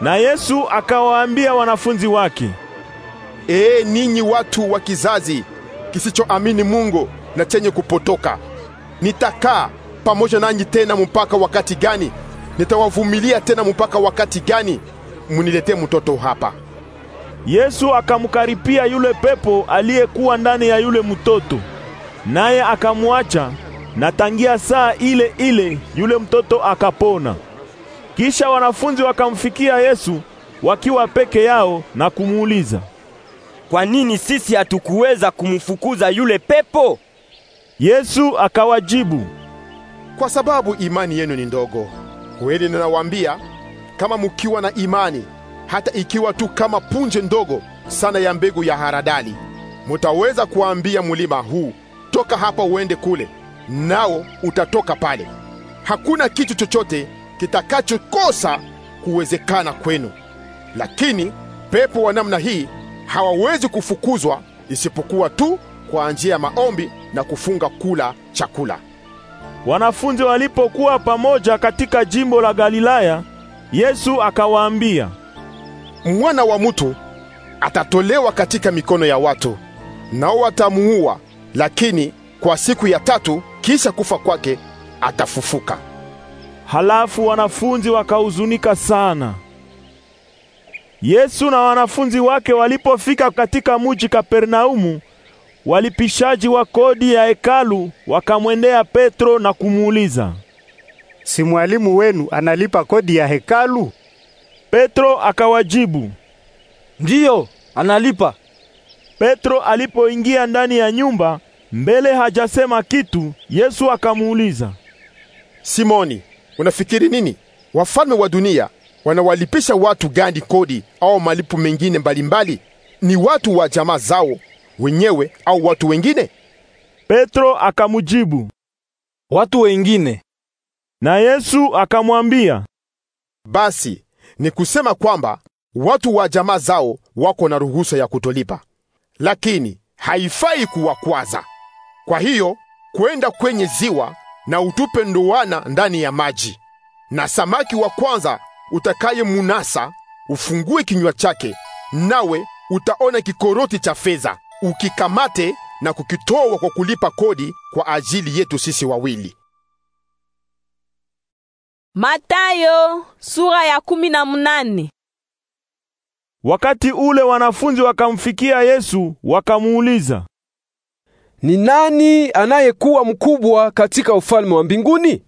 Na Yesu akawaambia wanafunzi wake, Ee ninyi watu wa kizazi kisichoamini Mungu na chenye kupotoka, nitakaa pamoja nanyi tena mpaka wakati gani? Nitawavumilia tena mpaka wakati gani? Muniletee mtoto hapa. Yesu akamkaripia yule pepo aliyekuwa ndani ya yule mtoto, naye akamwacha, na tangia saa ile ile yule mtoto akapona. Kisha wanafunzi wakamfikia Yesu wakiwa peke yao na kumuuliza, kwa nini sisi hatukuweza kumfukuza yule pepo? Yesu akawajibu, kwa sababu imani yenu ni ndogo. Kweli ninawaambia, kama mkiwa na imani hata ikiwa tu kama punje ndogo sana ya mbegu ya haradali, mutaweza kuambia mulima huu, toka hapa uende kule, nao utatoka pale. Hakuna kitu chochote kitakachokosa kuwezekana kwenu. Lakini pepo wa namna hii hawawezi kufukuzwa isipokuwa tu kwa njia ya maombi na kufunga kula chakula. Wanafunzi walipokuwa pamoja katika jimbo la Galilaya, Yesu akawaambia, mwana wa mtu atatolewa katika mikono ya watu, nao watamuua, lakini kwa siku ya tatu kisha kufa kwake atafufuka. Halafu wanafunzi wakahuzunika sana. Yesu na wanafunzi wake walipofika katika muji Kapernaumu, walipishaji wa kodi ya hekalu wakamwendea Petro na kumuuliza, si mwalimu wenu analipa kodi ya hekalu? Petro akawajibu, ndiyo analipa. Petro alipoingia ndani ya nyumba, mbele hajasema kitu, Yesu akamuuliza, Simoni, unafikiri nini? Wafalme wa dunia wanawalipisha watu gani kodi au malipo mengine mbalimbali? Ni watu wa jamaa zao wenyewe au watu wengine? Petro akamujibu, watu wengine. Na Yesu akamwambia, basi ni kusema kwamba watu wa jamaa zao wako na ruhusa ya kutolipa, lakini haifai kuwakwaza. Kwa hiyo kwenda kwenye ziwa na utupe ndoana ndani ya maji, na samaki wa kwanza utakayemunasa ufungue kinywa chake, nawe utaona kikoroti cha fedha, ukikamate na kukitoa kwa kulipa kodi kwa ajili yetu sisi wawili. Matayo, sura ya kumi na munane. Wakati ule wanafunzi wakamfikia Yesu wakamuuliza, ni nani anayekuwa mkubwa katika ufalme wa mbinguni?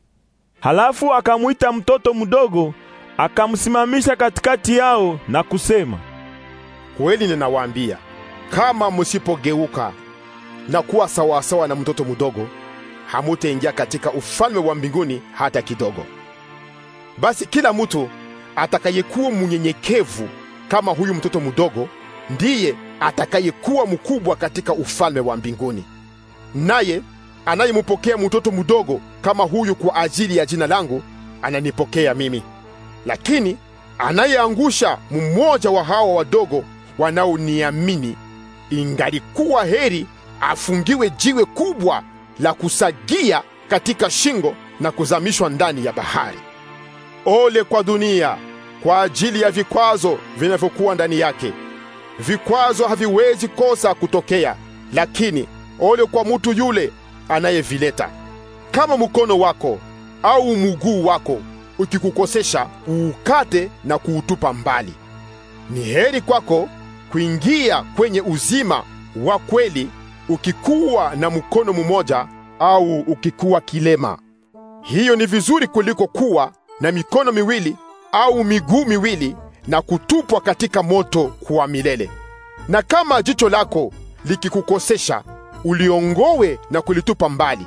Halafu akamwita mtoto mdogo akamsimamisha katikati yao na kusema, kweli ninawaambia, kama musipogeuka na kuwa sawasawa na mtoto mdogo, hamutaingia katika ufalme wa mbinguni hata kidogo. Basi kila mtu atakayekuwa munyenyekevu kama huyu mtoto mdogo ndiye atakayekuwa mkubwa katika ufalme wa mbinguni. Naye anayemupokea mtoto mdogo kama huyu kwa ajili ya jina langu ananipokea mimi lakini anayeangusha mmoja wa hawa wadogo wanaoniamini, ingalikuwa heri afungiwe jiwe kubwa la kusagia katika shingo na kuzamishwa ndani ya bahari. Ole kwa dunia kwa ajili ya vikwazo vinavyokuwa ndani yake! Vikwazo haviwezi kosa kutokea, lakini ole kwa mtu yule anayevileta. Kama mkono wako au mguu wako ukikukosesha uukate na kuutupa mbali. Ni heri kwako kuingia kwenye uzima wa kweli ukikuwa na mkono mmoja au ukikuwa kilema. Hiyo ni vizuri kuliko kuwa na mikono miwili au miguu miwili na kutupwa katika moto kwa milele. Na kama jicho lako likikukosesha, uliongowe na kulitupa mbali.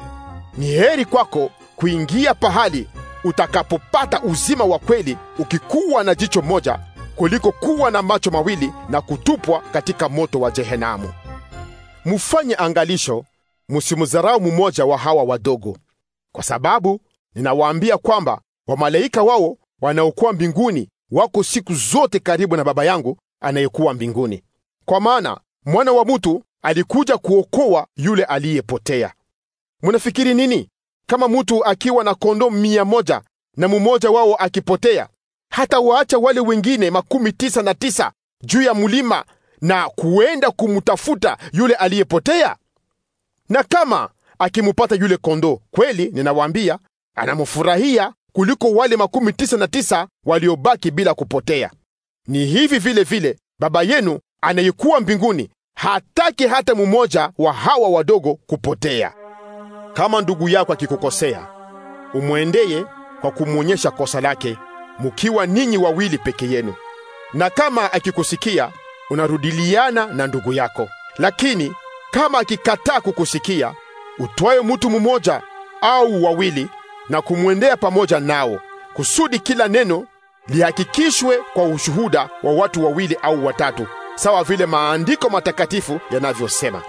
Ni heri kwako kuingia pahali utakapopata uzima wa kweli, ukikuwa na jicho moja kuliko kuwa na macho mawili na kutupwa katika moto wa Jehenamu. Mufanye angalisho, musimudharau mmoja wa hawa wadogo, kwa sababu ninawaambia kwamba wamalaika wao wanaokuwa mbinguni wako siku zote karibu na Baba yangu anayekuwa mbinguni. Kwa maana mwana wa mutu alikuja kuokoa yule aliyepotea. Munafikiri nini? Kama mtu akiwa na kondoo mia moja na mmoja wao akipotea, hata waacha wale wengine makumi tisa na tisa juu ya mlima na kuenda kumtafuta yule aliyepotea? Na kama akimupata yule kondoo, kweli ninawaambia, anamfurahia kuliko wale makumi tisa na tisa waliobaki bila kupotea. Ni hivi vile vile Baba yenu anayekuwa mbinguni hataki hata mmoja wa hawa wadogo kupotea. Kama ndugu yako akikukosea, umwendeye kwa kumwonyesha kosa lake, mukiwa ninyi wawili peke yenu. Na kama akikusikia, unarudiliana na ndugu yako. Lakini kama akikataa kukusikia, utwaye mtu mmoja au wawili na kumwendea pamoja nao, kusudi kila neno lihakikishwe kwa ushuhuda wa watu wawili au watatu, sawa vile maandiko matakatifu yanavyosema.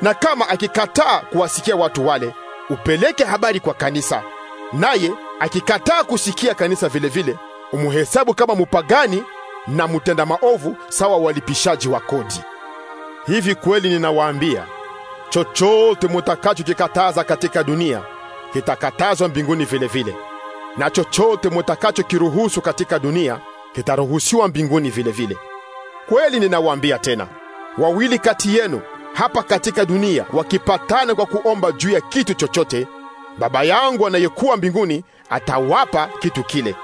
Na kama akikataa kuwasikia watu wale upeleke habari kwa kanisa, naye akikataa kusikia kanisa vilevile umuhesabu kama mupagani na mtenda maovu sawa walipishaji wa kodi. Hivi kweli ninawaambia, chochote mutakachokikataza katika dunia kitakatazwa mbinguni vilevile vile. Na chochote mutakachokiruhusu katika dunia kitaruhusiwa mbinguni vilevile vile. Kweli ninawaambia tena, wawili kati yenu hapa katika dunia wakipatana kwa kuomba juu ya kitu chochote, Baba yangu anayekuwa mbinguni atawapa kitu kile.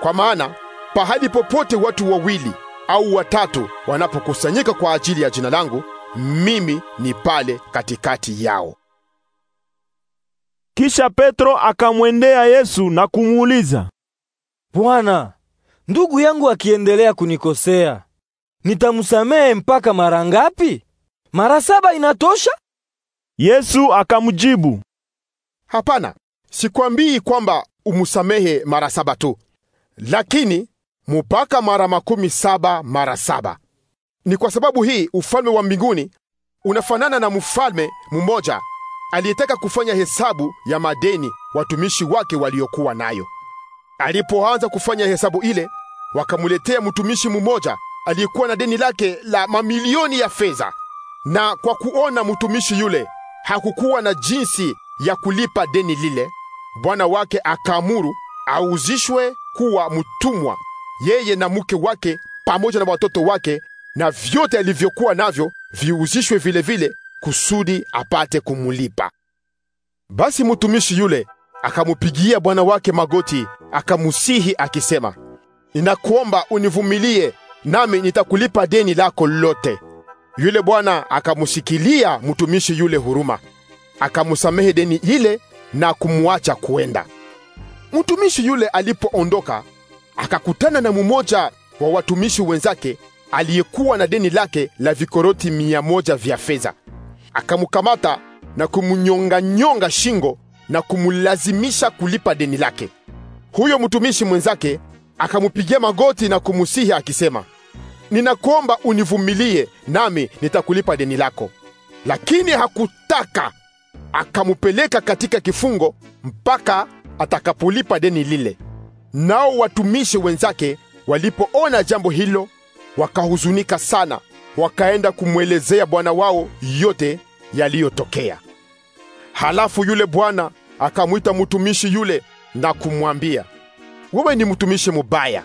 Kwa maana pahali popote watu wawili au watatu wanapokusanyika kwa ajili ya jina langu, mimi ni pale katikati yao. Kisha Petro akamwendea Yesu na kumuuliza, Bwana, ndugu yangu akiendelea kunikosea, nitamsamehe mpaka mara ngapi? mara saba inatosha? Yesu akamjibu, hapana, sikwambii kwamba umusamehe mara saba tu, lakini mupaka mara makumi saba mara saba. Ni kwa sababu hii ufalme wa mbinguni unafanana na mfalme mmoja aliyetaka kufanya hesabu ya madeni watumishi wake waliokuwa nayo. Alipoanza kufanya hesabu ile, wakamuletea mtumishi mmoja aliyekuwa na deni lake la mamilioni ya fedha. Na kwa kuona mtumishi yule hakukuwa na jinsi ya kulipa deni lile, bwana wake akaamuru auzishwe kuwa mtumwa, yeye na mke wake pamoja na watoto wake na vyote alivyokuwa navyo viuzishwe vile vile, kusudi apate kumulipa. Basi mtumishi yule akamupigia bwana wake magoti, akamusihi akisema, ninakuomba univumilie, nami nitakulipa deni lako lote. Yule bwana akamushikilia mtumishi yule huruma, akamsamehe deni ile na kumwacha kuenda. Mtumishi yule alipoondoka, akakutana na mmoja wa watumishi wenzake aliyekuwa na deni lake la vikoroti mia moja vya fedha. Akamkamata na kumunyonga-nyonga shingo na kumlazimisha kulipa deni lake. Huyo mtumishi mwenzake akamupigia magoti na kumusihi akisema, ninakuomba univumilie, nami nitakulipa deni lako. Lakini hakutaka, akamupeleka katika kifungo mpaka atakapolipa deni lile. Nao watumishi wenzake walipoona jambo hilo, wakahuzunika sana, wakaenda kumwelezea bwana wao yote yaliyotokea. Halafu yule bwana akamwita mtumishi yule na kumwambia, wewe ni mtumishi mubaya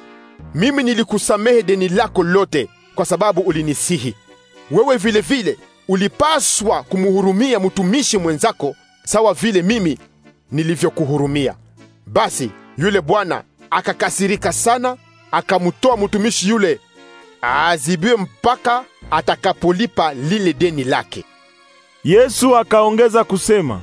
mimi nilikusamehe deni lako lote kwa sababu ulinisihi. Wewe vile vile ulipaswa kumhurumia mtumishi mwenzako sawa vile mimi nilivyokuhurumia. Basi yule bwana akakasirika sana, akamtoa mtumishi yule aadhibiwe mpaka atakapolipa lile deni lake. Yesu akaongeza kusema,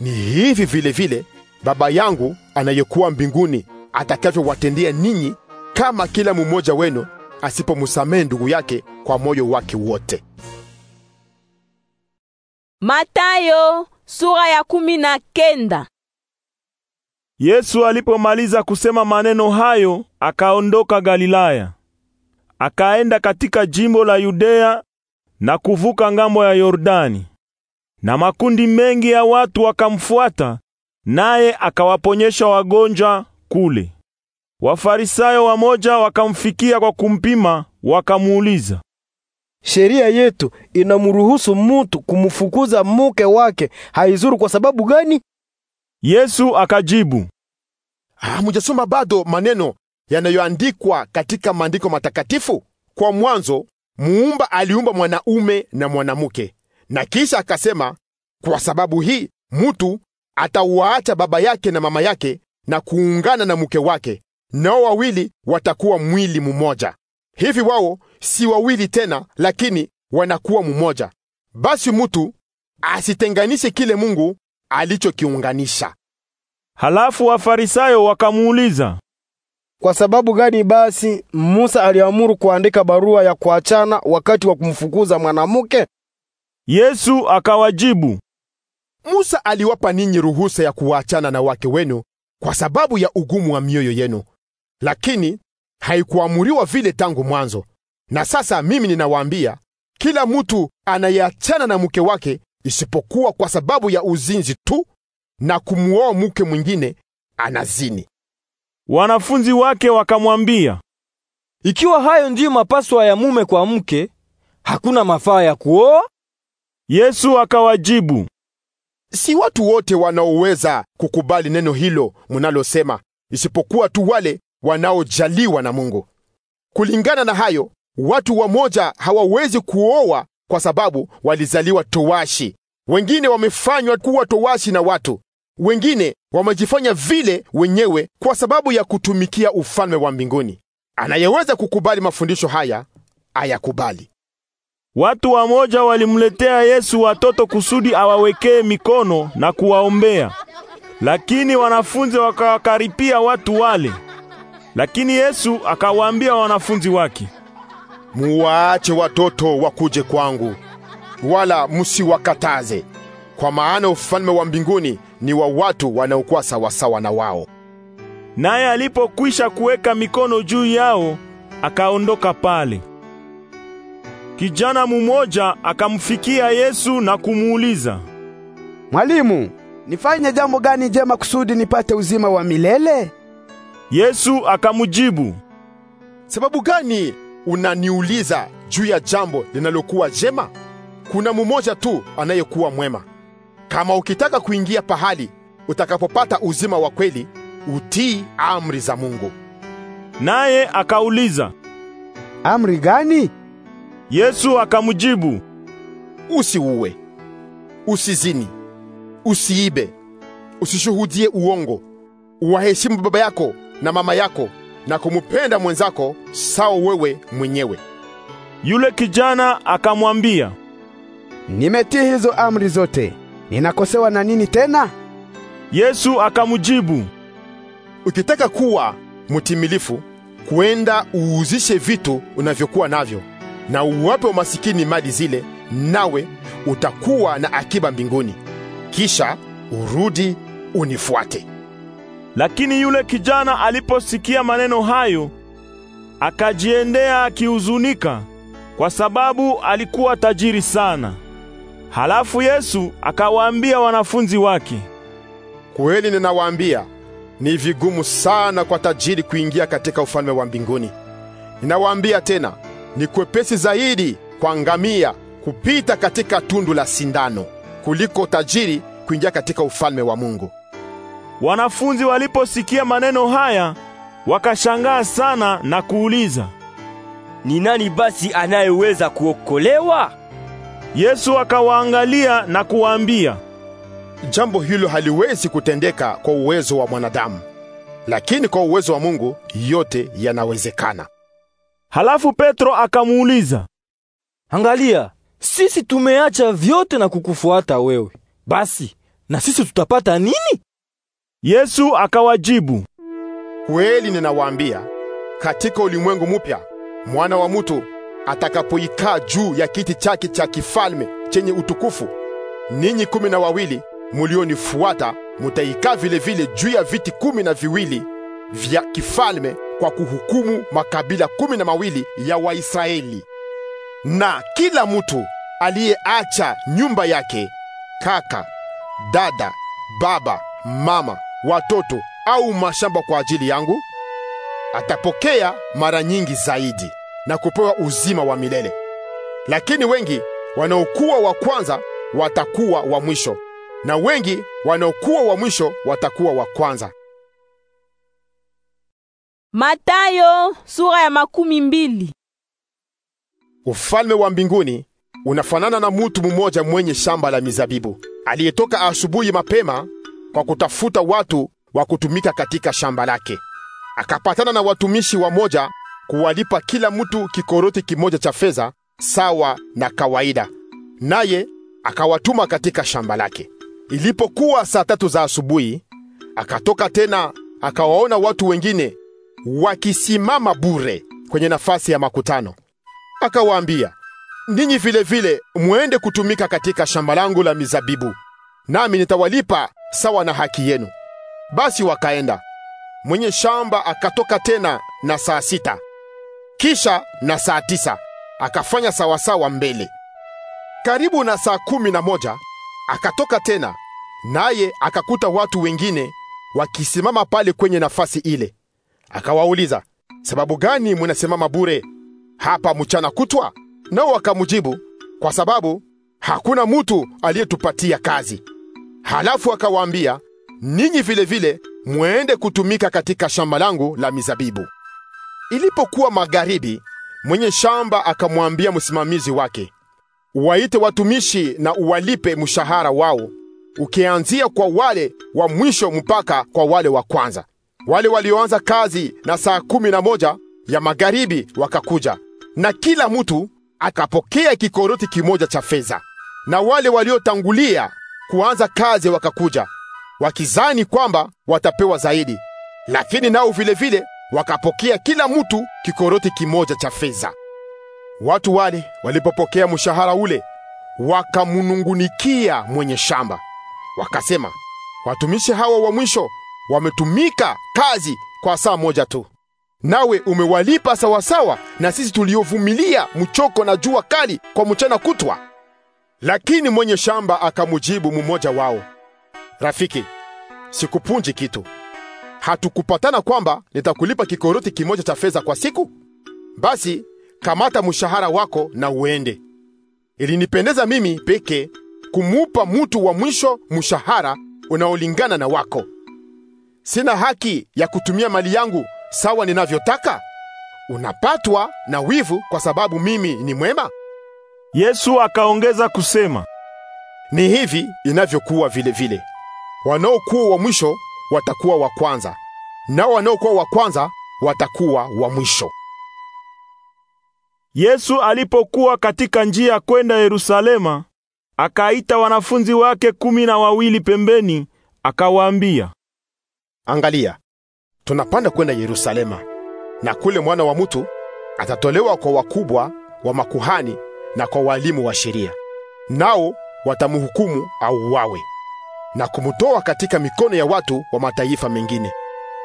ni hivi vile vile Baba yangu anayekuwa mbinguni atakavyowatendea ninyi kama kila mumoja wenu asipomsamehe ndugu yake kwa moyo wake wote. Matayo sura ya kumi na kenda. Yesu alipomaliza kusema maneno hayo akaondoka Galilaya akaenda katika jimbo la Yudea na kuvuka ngambo ya Yordani, na makundi mengi ya watu wakamfuata, naye akawaponyesha wagonjwa kule. Wafarisayo wamoja wakamfikia kwa kumpima, wakamuuliza, sheria yetu inamruhusu mutu kumfukuza muke wake haizuru kwa sababu gani? Yesu akajibu, hamujasoma ah, bado maneno yanayoandikwa katika maandiko matakatifu? Kwa mwanzo muumba aliumba mwanaume na mwanamke, na kisha akasema, kwa sababu hii mutu atauacha baba yake na mama yake na kuungana na mke wake, nao wawili watakuwa mwili mmoja. Hivi wao si wawili tena, lakini wanakuwa mmoja. Basi mtu asitenganishe kile Mungu alichokiunganisha. Halafu Wafarisayo wakamuuliza, kwa sababu gani basi Musa aliamuru kuandika barua ya kuachana wakati wa kumfukuza mwanamke? Yesu akawajibu, Musa aliwapa ninyi ruhusa ya kuachana na wake wenu kwa sababu ya ugumu wa mioyo yenu, lakini haikuamuriwa vile tangu mwanzo. Na sasa mimi ninawaambia, kila mtu anayeachana na mke wake, isipokuwa kwa sababu ya uzinzi tu, na kumwoa mke mwingine, anazini. Wanafunzi wake wakamwambia, ikiwa hayo ndiyo mapaswa ya mume kwa mke, hakuna mafaa ya kuoa. Yesu akawajibu, si watu wote wanaoweza kukubali neno hilo munalosema, isipokuwa tu wale wanaojaliwa na Mungu. Kulingana na hayo, watu wamoja hawawezi kuoa kwa sababu walizaliwa towashi, wengine wamefanywa kuwa towashi na watu, wengine wamejifanya vile wenyewe kwa sababu ya kutumikia ufalme wa mbinguni. Anayeweza kukubali mafundisho haya ayakubali. Watu wamoja walimletea Yesu watoto kusudi awawekee mikono na kuwaombea, lakini wanafunzi wakawakaripia watu wale lakini Yesu akawaambia wanafunzi wake, muwaache watoto wakuje kwangu, wala musiwakataze, kwa maana ufalme wa mbinguni ni wa watu wanaokuwa sawasawa na wao. Naye alipokwisha kuweka mikono juu yao, akaondoka pale. Kijana mumoja akamfikia Yesu na kumuuliza, Mwalimu, nifanye jambo gani jema kusudi nipate uzima wa milele? Yesu akamujibu, sababu gani unaniuliza juu ya jambo linalokuwa jema? Kuna mumoja tu anayekuwa mwema. Kama ukitaka kuingia pahali utakapopata uzima wa kweli, utii amri za Mungu. Naye akauliza, amri gani? Yesu akamjibu, usiuwe, usizini, usiibe, usishuhudie uongo, uwaheshimu baba yako na mama yako na kumupenda mwenzako sawa wewe mwenyewe. Yule kijana akamwambia, nimetii hizo amri zote, ninakosewa na nini tena? Yesu akamjibu, ukitaka kuwa mtimilifu, kwenda uuzishe vitu unavyokuwa navyo na uwape umasikini mali zile, nawe utakuwa na akiba mbinguni, kisha urudi unifuate. Lakini yule kijana aliposikia maneno hayo, akajiendea akihuzunika, kwa sababu alikuwa tajiri sana. Halafu Yesu akawaambia wanafunzi wake, kweli ninawaambia, ni vigumu sana kwa tajiri kuingia katika ufalme wa mbinguni. Ninawaambia tena, ni kwepesi zaidi kwa ngamia kupita katika tundu la sindano kuliko tajiri kuingia katika ufalme wa Mungu. Wanafunzi waliposikia maneno haya wakashangaa sana na kuuliza, ni nani basi anayeweza kuokolewa? Yesu akawaangalia na kuwaambia, jambo hilo haliwezi kutendeka kwa uwezo wa mwanadamu, lakini kwa uwezo wa Mungu yote yanawezekana. Halafu Petro akamuuliza, angalia, sisi tumeacha vyote na kukufuata wewe, basi na sisi tutapata nini? Yesu akawajibu, kweli ninawaambia, katika ulimwengu mpya mwana wa mtu atakapoikaa juu ya kiti chake cha kifalme chenye utukufu, ninyi kumi na wawili mulionifuata mutaikaa vilevile juu ya viti kumi na viwili vya kifalme kwa kuhukumu makabila kumi na mawili ya Waisraeli. Na kila mtu aliyeacha nyumba yake, kaka, dada, baba, mama watoto au mashamba kwa ajili yangu, atapokea mara nyingi zaidi na kupewa uzima wa milele. Lakini wengi wanaokuwa wa kwanza watakuwa wa mwisho, na wengi wanaokuwa wa mwisho watakuwa wa kwanza. Matayo sura ya makumi mbili. Ufalme wa mbinguni unafanana na mutu mmoja mwenye shamba la mizabibu aliyetoka asubuhi mapema kwa kutafuta watu wa kutumika katika shamba lake. Akapatana na watumishi wamoja kuwalipa kila mtu kikoroti kimoja cha fedha sawa na kawaida, naye akawatuma katika shamba lake. Ilipokuwa saa tatu za asubuhi, akatoka tena akawaona watu wengine wakisimama bure kwenye nafasi ya makutano. Akawaambia, ninyi vile vile mwende kutumika katika shamba langu la mizabibu, nami nitawalipa sawa na haki yenu. Basi wakaenda. Mwenye shamba akatoka tena na saa sita, kisha na saa tisa akafanya sawasawa mbele. Karibu na saa kumi na moja akatoka tena, naye akakuta watu wengine wakisimama pale kwenye nafasi ile. Akawauliza, sababu gani munasimama bure hapa mchana kutwa? Nao wakamjibu, kwa sababu hakuna mutu aliyetupatia kazi. Halafu akawaambia, ninyi vile vile mwende kutumika katika shamba langu la mizabibu. Ilipokuwa magharibi, mwenye shamba akamwambia msimamizi wake, waite watumishi na uwalipe mshahara wao, ukianzia kwa wale wa mwisho mpaka kwa wale wa kwanza. Wale walioanza kazi na saa kumi na moja ya magharibi wakakuja, na kila mtu akapokea kikoroti kimoja cha fedha, na wale waliotangulia kuanza kazi wakakuja wakizani kwamba watapewa zaidi, lakini nao vilevile wakapokea kila mtu kikoroti kimoja cha fedha. Watu wale walipopokea mshahara ule, wakamunungunikia mwenye shamba, wakasema, watumishi hawa wa mwisho wametumika kazi kwa saa moja tu, nawe umewalipa sawasawa na sisi tuliovumilia mchoko na jua kali kwa mchana kutwa. Lakini mwenye shamba akamujibu mmoja wao, rafiki, sikupunji kitu. Hatukupatana kwamba nitakulipa kikoroti kimoja cha fedha kwa siku? Basi kamata mshahara wako na uende. Ilinipendeza mimi peke kumupa mutu wa mwisho mshahara unaolingana na wako. Sina haki ya kutumia mali yangu sawa ninavyotaka. Unapatwa na wivu kwa sababu mimi ni mwema? Yesu akaongeza kusema, ni hivi inavyokuwa vile vile, wanaokuwa wa mwisho watakuwa wa kwanza, nao wanaokuwa wa kwanza watakuwa wa mwisho. Yesu alipokuwa katika njia kwenda Yerusalema, akaita wanafunzi wake kumi na wawili pembeni, akawaambia, angalia, tunapanda kwenda Yerusalema, na kule mwana wa mtu atatolewa kwa wakubwa wa makuhani na kwa walimu wa sheria, nao watamhukumu auawe na kumtoa katika mikono ya watu wa mataifa mengine.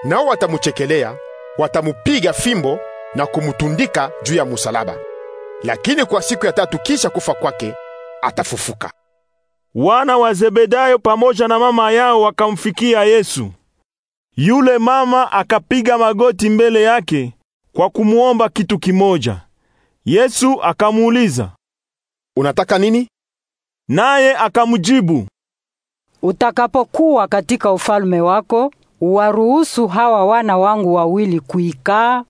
Nao watamuchekelea, watamupiga fimbo na kumtundika juu ya musalaba, lakini kwa siku ya tatu kisha kufa kwake atafufuka. Wana wa Zebedayo pamoja na mama yao wakamfikia Yesu. Yule mama akapiga magoti mbele yake kwa kumwomba kitu kimoja. Yesu akamuuliza, unataka nini? Naye akamjibu, utakapokuwa katika ufalme wako, uwaruhusu hawa wana wangu wawili kuikaa,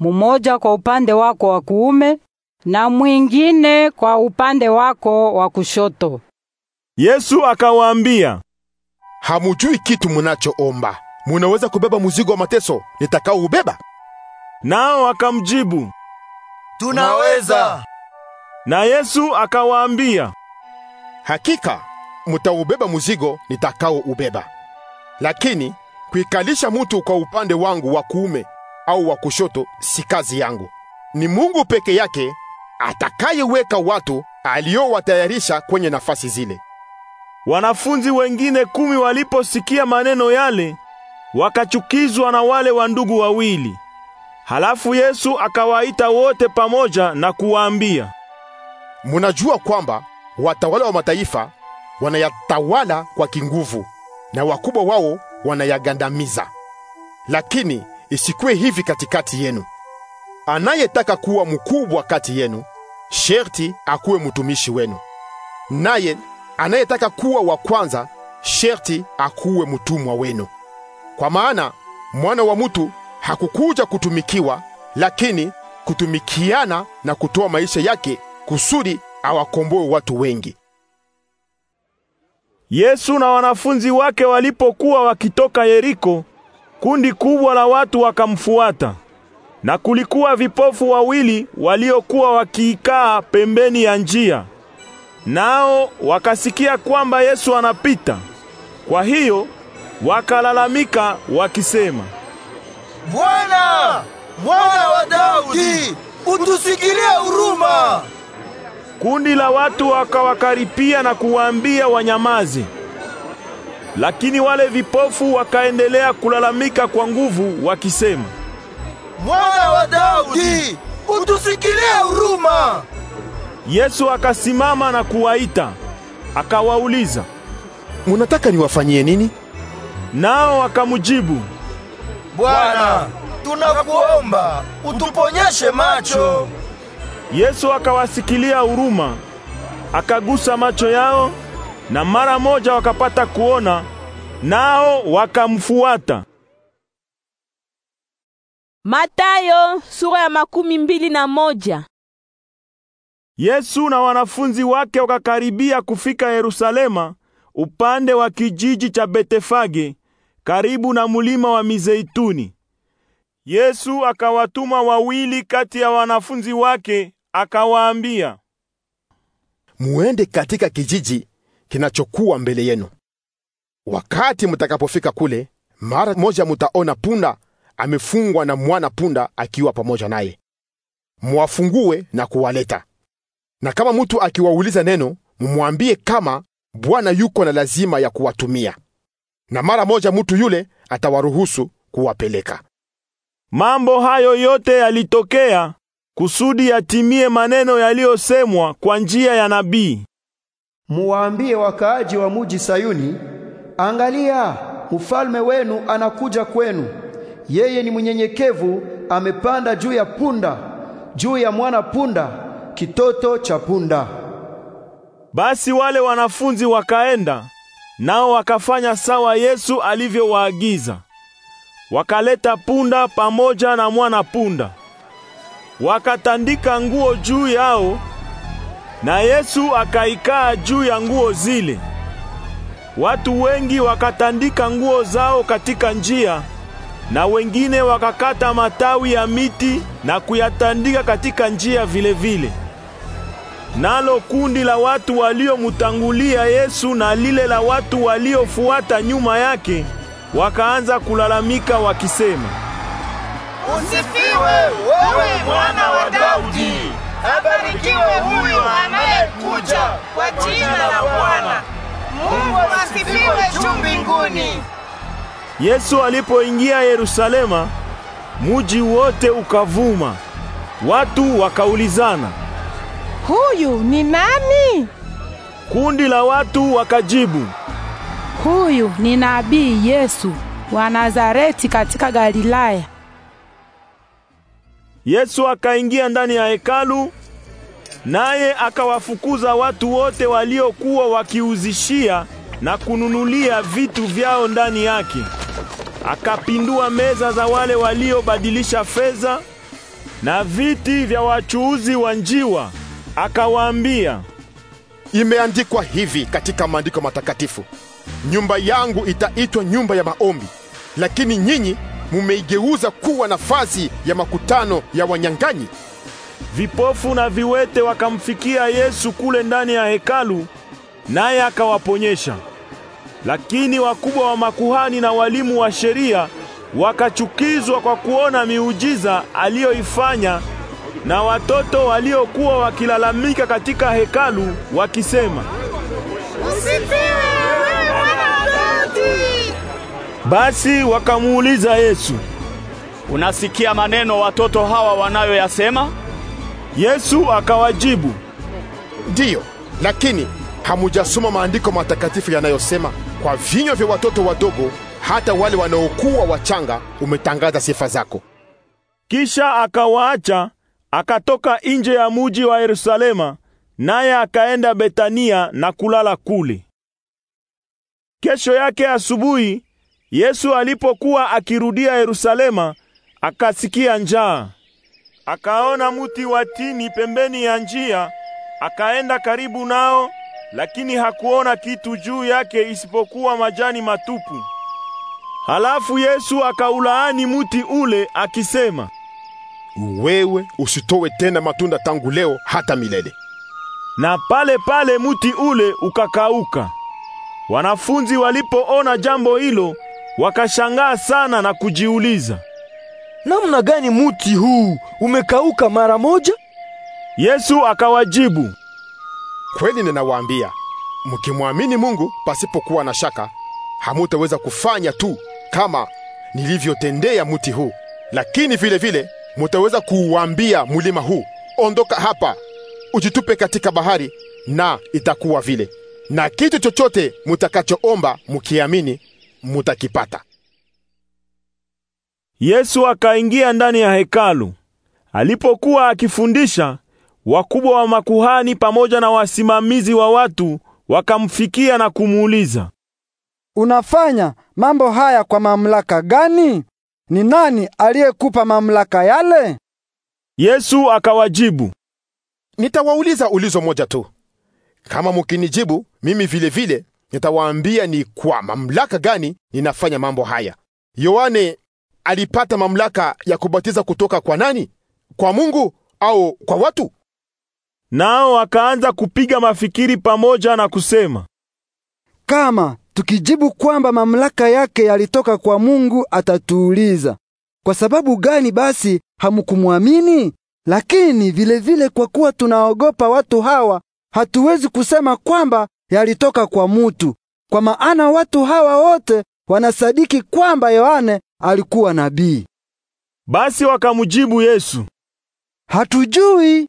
mmoja kwa upande wako wa kuume na mwingine kwa upande wako wa kushoto. Yesu akawaambia, hamujui kitu munachoomba. Munaweza kubeba muzigo wa mateso nitakaoubeba? Nao akamjibu tunaweza. Na Yesu akawaambia, hakika mutaubeba muzigo nitakaoubeba, lakini kuikalisha mutu kwa upande wangu wa kuume au wa kushoto si kazi yangu. Ni Mungu peke yake atakayeweka watu aliyowatayarisha kwenye nafasi zile. Wanafunzi wengine kumi waliposikia maneno yale wakachukizwa na wale wandugu wawili. Halafu Yesu akawaita wote pamoja na kuwaambia, munajua kwamba watawala wa mataifa wanayatawala kwa kinguvu na wakubwa wao wanayagandamiza, lakini isikuwe hivi katikati yenu. Anayetaka kuwa mkubwa kati yenu sherti akuwe mtumishi wenu, naye anayetaka kuwa wa kwanza sherti akuwe mtumwa wenu, kwa maana mwana wa mutu hakukuja kutumikiwa, lakini kutumikiana na kutoa maisha yake kusudi awakomboe watu wengi. Yesu na wanafunzi wake walipokuwa wakitoka Yeriko, kundi kubwa la watu wakamfuata. Na kulikuwa vipofu wawili waliokuwa wakiikaa pembeni ya njia. Nao wakasikia kwamba Yesu anapita. Kwa hiyo wakalalamika wakisema, Bwana, mwana wa Daudi, utusikilie huruma. Kundi la watu wakawakaripia na kuwaambia wanyamaze. Lakini wale vipofu wakaendelea kulalamika kwa nguvu wakisema, Mwana wa Daudi, utusikilie huruma. Yesu akasimama na kuwaita, akawauliza, Munataka niwafanyie nini? Nao wakamjibu, Bwana, tunakuomba utuponyeshe macho. Yesu akawasikilia huruma, akagusa macho yao, na mara moja wakapata kuona, nao wakamfuata. Matayo sura ya makumi mbili na moja. Yesu na wanafunzi wake wakakaribia kufika Yerusalema upande wa kijiji cha Betefage karibu na mulima wa Mizeituni. Yesu akawatuma wawili kati ya wanafunzi wake, akawaambia, muende katika kijiji kinachokuwa mbele yenu. Wakati mtakapofika kule, mara moja mutaona punda amefungwa na mwana punda akiwa pamoja naye, mwafungue na kuwaleta. Na kama mtu akiwauliza neno, mumwambie kama Bwana yuko na lazima ya kuwatumia na mara moja mtu yule atawaruhusu kuwapeleka. Mambo hayo yote yalitokea kusudi yatimie maneno yaliyosemwa kwa njia ya nabii: muwaambie wakaaji wa muji Sayuni, angalia, mfalme wenu anakuja kwenu. Yeye ni mnyenyekevu, amepanda juu ya punda, juu ya mwana punda, kitoto cha punda. Basi wale wanafunzi wakaenda Nao wakafanya sawa Yesu alivyowaagiza. Wakaleta punda pamoja na mwana punda, wakatandika nguo juu yao, na Yesu akaikaa juu ya nguo zile. Watu wengi wakatandika nguo zao katika njia, na wengine wakakata matawi ya miti na kuyatandika katika njia vilevile vile nalo kundi la watu waliomtangulia Yesu na lile la watu waliofuata nyuma yake wakaanza kulalamika wakisema, Usifiwe wewe mwana wa Daudi, abarikiwe huyu anayekuja kwa jina la Bwana. Mungu asifiwe juu mbinguni. Yesu alipoingia Yerusalema, muji wote ukavuma, watu wakaulizana huyu ni nani? Kundi la watu wakajibu, huyu ni nabii Yesu wa Nazareti katika Galilaya. Yesu akaingia ndani ya hekalu naye akawafukuza watu wote waliokuwa wakiuzishia na kununulia vitu vyao ndani yake. Akapindua meza za wale waliobadilisha fedha na viti vya wachuuzi wa njiwa akawaambia, imeandikwa hivi katika maandiko matakatifu, nyumba yangu itaitwa nyumba ya maombi, lakini nyinyi mumeigeuza kuwa nafasi ya makutano ya wanyang'anyi. Vipofu na viwete wakamfikia Yesu kule ndani ya hekalu, naye akawaponyesha. Lakini wakubwa wa makuhani na walimu wa sheria wakachukizwa kwa kuona miujiza aliyoifanya na watoto waliokuwa wakilalamika katika hekalu wakisema, Usifiwe wewe mwana wa Daudi. Basi wakamuuliza Yesu, unasikia maneno watoto hawa wanayoyasema? Yesu akawajibu, ndiyo, lakini hamujasoma maandiko matakatifu yanayosema, kwa vinywa vya watoto wadogo hata wale wanaokuwa wachanga umetangaza sifa zako. Kisha akawaacha Akatoka nje ya muji wa Yerusalema, naye akaenda Betania na kulala kule. Kesho yake asubuhi, Yesu alipokuwa akirudia Yerusalema, akasikia njaa. Akaona muti wa tini pembeni ya njia, akaenda karibu nao, lakini hakuona kitu juu yake isipokuwa majani matupu. Halafu Yesu akaulaani muti ule akisema, wewe usitowe tena matunda tangu leo hata milele. Na pale pale muti ule ukakauka. Wanafunzi walipoona jambo hilo wakashangaa sana na kujiuliza, namna gani muti huu umekauka mara moja? Yesu akawajibu, kweli ninawaambia, mkimwamini Mungu pasipokuwa na shaka, hamutaweza kufanya tu kama nilivyotendea muti huu, lakini vile vile mutaweza kuuambia mulima huu, ondoka hapa, ujitupe katika bahari, na itakuwa vile. Na kitu chochote mutakachoomba mukiamini, mutakipata. Yesu akaingia ndani ya hekalu. Alipokuwa akifundisha, wakubwa wa makuhani pamoja na wasimamizi wa watu wakamfikia na kumuuliza, unafanya mambo haya kwa mamlaka gani? Ni nani aliyekupa mamlaka yale? Yesu akawajibu, nitawauliza ulizo moja tu. Kama mukinijibu mimi vile vile, nitawaambia ni kwa mamlaka gani ninafanya mambo haya. Yohane alipata mamlaka ya kubatiza kutoka kwa nani? Kwa Mungu au kwa watu? Nao akaanza kupiga mafikiri pamoja na kusema, kama Tukijibu kwamba mamlaka yake yalitoka kwa Mungu, atatuuliza kwa sababu gani basi hamkumwamini? Lakini vilevile vile kwa kuwa tunaogopa watu hawa, hatuwezi kusema kwamba yalitoka kwa mutu, kwa maana watu hawa wote wanasadiki kwamba Yohane alikuwa nabii. Basi wakamjibu Yesu, hatujui.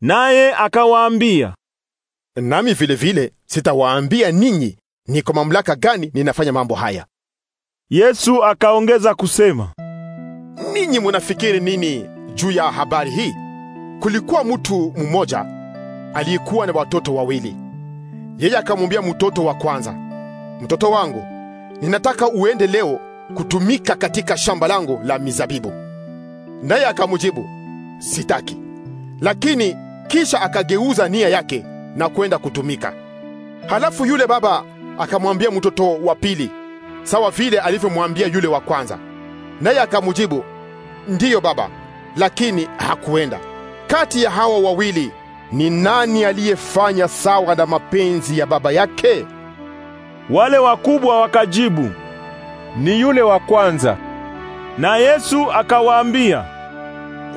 Naye akawaambia, nami vilevile sitawaambia ninyi ni kwa mamlaka gani ninafanya mambo haya? Yesu akaongeza kusema, ninyi munafikiri nini juu ya habari hii? Kulikuwa mtu mmoja aliyekuwa na watoto wawili. Yeye akamwambia mtoto wa kwanza, mtoto wangu, ninataka uende leo kutumika katika shamba langu la mizabibu. Naye akamjibu, sitaki. Lakini kisha akageuza nia yake na kwenda kutumika. Halafu yule baba akamwambia mtoto wa pili sawa vile alivyomwambia yule wa kwanza. Naye akamjibu, ndiyo baba, lakini hakuenda. Kati ya hawa wawili ni nani aliyefanya sawa na mapenzi ya baba yake? Wale wakubwa wakajibu, ni yule wa kwanza. Na Yesu akawaambia,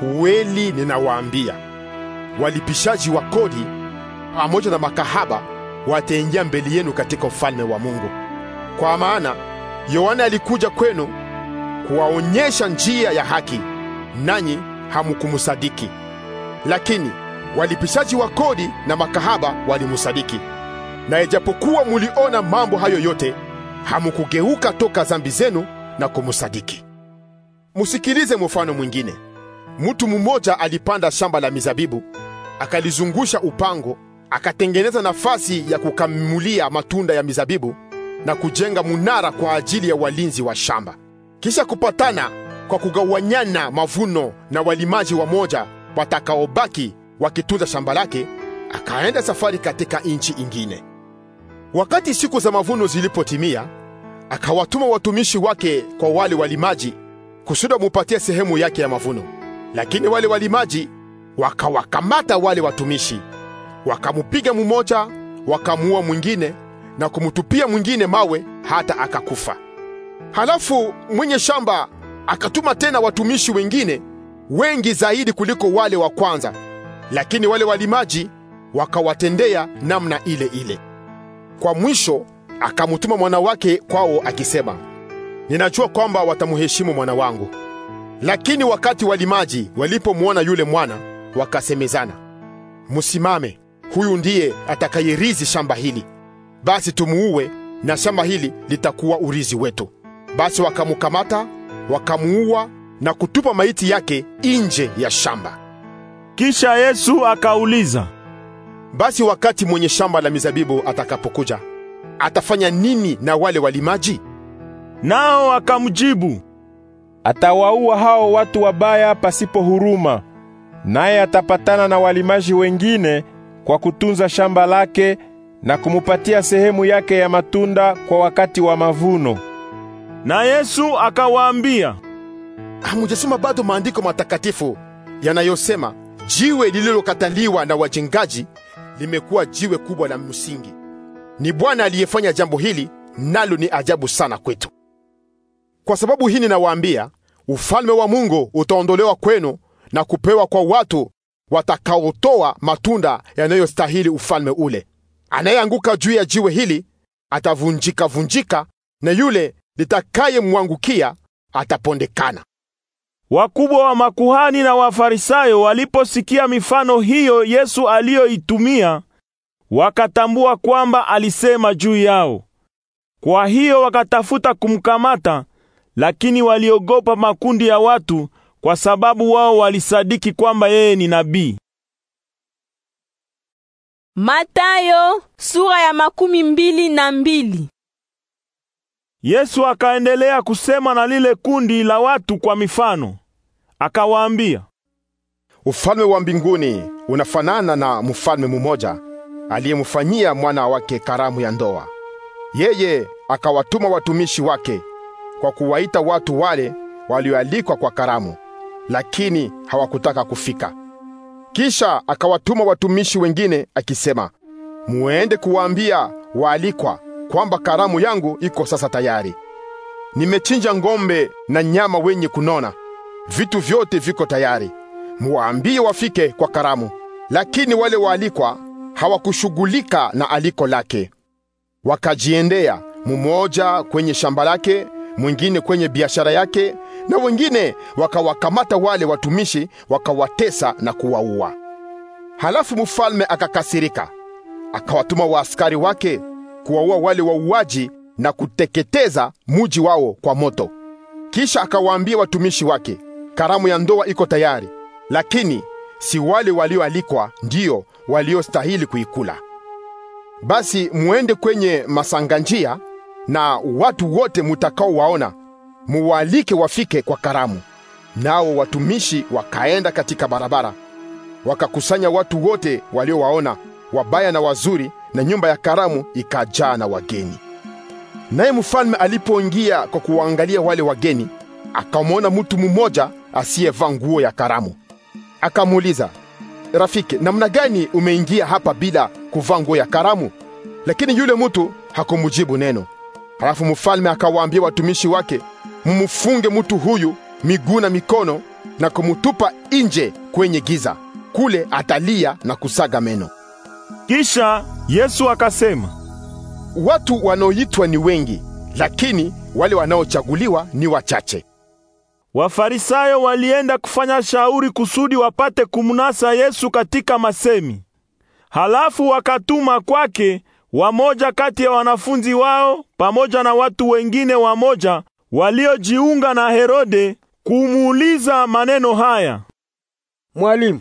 kweli ninawaambia, walipishaji wa kodi pamoja na makahaba wataingia mbele yenu katika ufalme wa Mungu. Kwa maana Yohana alikuja kwenu kuwaonyesha njia ya haki, nanyi hamkumsadiki, lakini walipishaji wa kodi na makahaba walimsadiki. Na ijapokuwa muliona mambo hayo yote, hamukugeuka toka zambi zenu na kumsadiki. Musikilize mfano mwingine. Mtu mmoja alipanda shamba la mizabibu, akalizungusha upango akatengeneza nafasi ya kukamulia matunda ya mizabibu na kujenga munara kwa ajili ya walinzi wa shamba. Kisha kupatana kwa kugawanyana mavuno na walimaji wamoja watakaobaki wakitunza shamba lake, akaenda safari katika nchi ingine. Wakati siku za mavuno zilipotimia, akawatuma watumishi wake kwa wale walimaji kusudi mupatie sehemu yake ya mavuno, lakini wale walimaji wakawakamata wale watumishi Wakamupiga mmoja, wakamuua mwingine na kumutupia mwingine mawe hata akakufa. Halafu mwenye shamba akatuma tena watumishi wengine wengi zaidi kuliko wale wa kwanza, lakini wale walimaji wakawatendea namna ile ile. Kwa mwisho akamutuma mwanawake kwao akisema, ninajua kwamba watamheshimu mwana wangu. Lakini wakati walimaji walipomwona yule mwana, wakasemezana, msimame, huyu ndiye atakayerizi shamba hili. Basi tumuue na shamba hili litakuwa urizi wetu. Basi wakamukamata wakamuua na kutupa maiti yake nje ya shamba. Kisha Yesu akauliza, basi wakati mwenye shamba la mizabibu atakapokuja atafanya nini na wale walimaji? Nao akamjibu, atawaua hao watu wabaya pasipo huruma, naye atapatana na walimaji wengine kwa kutunza shamba lake na kumupatia sehemu yake ya matunda kwa wakati wa mavuno. Na Yesu akawaambia, hamujasoma bado maandiko matakatifu yanayosema, jiwe lililokataliwa na wajengaji limekuwa jiwe kubwa la msingi? Ni Bwana aliyefanya jambo hili, nalo ni ajabu sana kwetu. Kwa sababu hii ninawaambia, ufalme wa Mungu utaondolewa kwenu na kupewa kwa watu watakaotoa matunda yanayostahili ufalme ule. Anayeanguka juu ya jiwe hili atavunjika vunjika, na yule litakayemwangukia atapondekana. Wakubwa wa makuhani na Wafarisayo waliposikia mifano hiyo Yesu aliyoitumia, wakatambua kwamba alisema juu yao. Kwa hiyo wakatafuta kumkamata, lakini waliogopa makundi ya watu kwa sababu wao walisadiki kwamba yeye ni nabii. Matayo sura ya makumi mbili na mbili. Yesu akaendelea kusema na lile kundi la watu kwa mifano, akawaambia, ufalme wa mbinguni unafanana na mfalme mmoja aliyemfanyia mwana wake karamu ya ndoa. Yeye akawatuma watumishi wake kwa kuwaita watu wale walioalikwa kwa karamu, lakini hawakutaka kufika. Kisha akawatuma watumishi wengine akisema, muende kuwaambia waalikwa kwamba karamu yangu iko sasa tayari. Nimechinja ng'ombe na nyama wenye kunona, vitu vyote viko tayari. Muwaambie wafike kwa karamu. Lakini wale waalikwa hawakushughulika na aliko lake, wakajiendea mmoja kwenye shamba lake, mwingine kwenye biashara yake, na wengine wakawakamata wale watumishi wakawatesa na kuwaua. Halafu mfalme akakasirika, akawatuma waaskari wake kuwaua wale wauaji na kuteketeza muji wao kwa moto. Kisha akawaambia watumishi wake, karamu ya ndoa iko tayari, lakini si wale walioalikwa ndiyo waliostahili kuikula. Basi muende kwenye masanganjia na watu wote mutakaowaona muwaalike wafike kwa karamu. Nao watumishi wakaenda katika barabara, wakakusanya watu wote waliowaona, wabaya na wazuri, na nyumba ya karamu ikajaa na wageni. Naye mfalme alipoingia kwa kuwaangalia wale wageni, akamwona mtu mmoja asiyevaa nguo ya karamu. Akamuuliza, rafiki, namna gani umeingia hapa bila kuvaa nguo ya karamu? Lakini yule mtu hakumujibu neno. Halafu mfalme akawaambia watumishi wake, mmufunge mutu huyu miguu na mikono na kumutupa nje kwenye giza, kule atalia na kusaga meno. Kisha Yesu akasema, watu wanaoitwa ni wengi, lakini wale wanaochaguliwa ni wachache. Wafarisayo walienda kufanya shauri kusudi wapate kumnasa Yesu katika masemi. Halafu wakatuma kwake wamoja kati ya wanafunzi wao pamoja na watu wengine wamoja waliojiunga na Herode kumuuliza maneno haya, Mwalimu,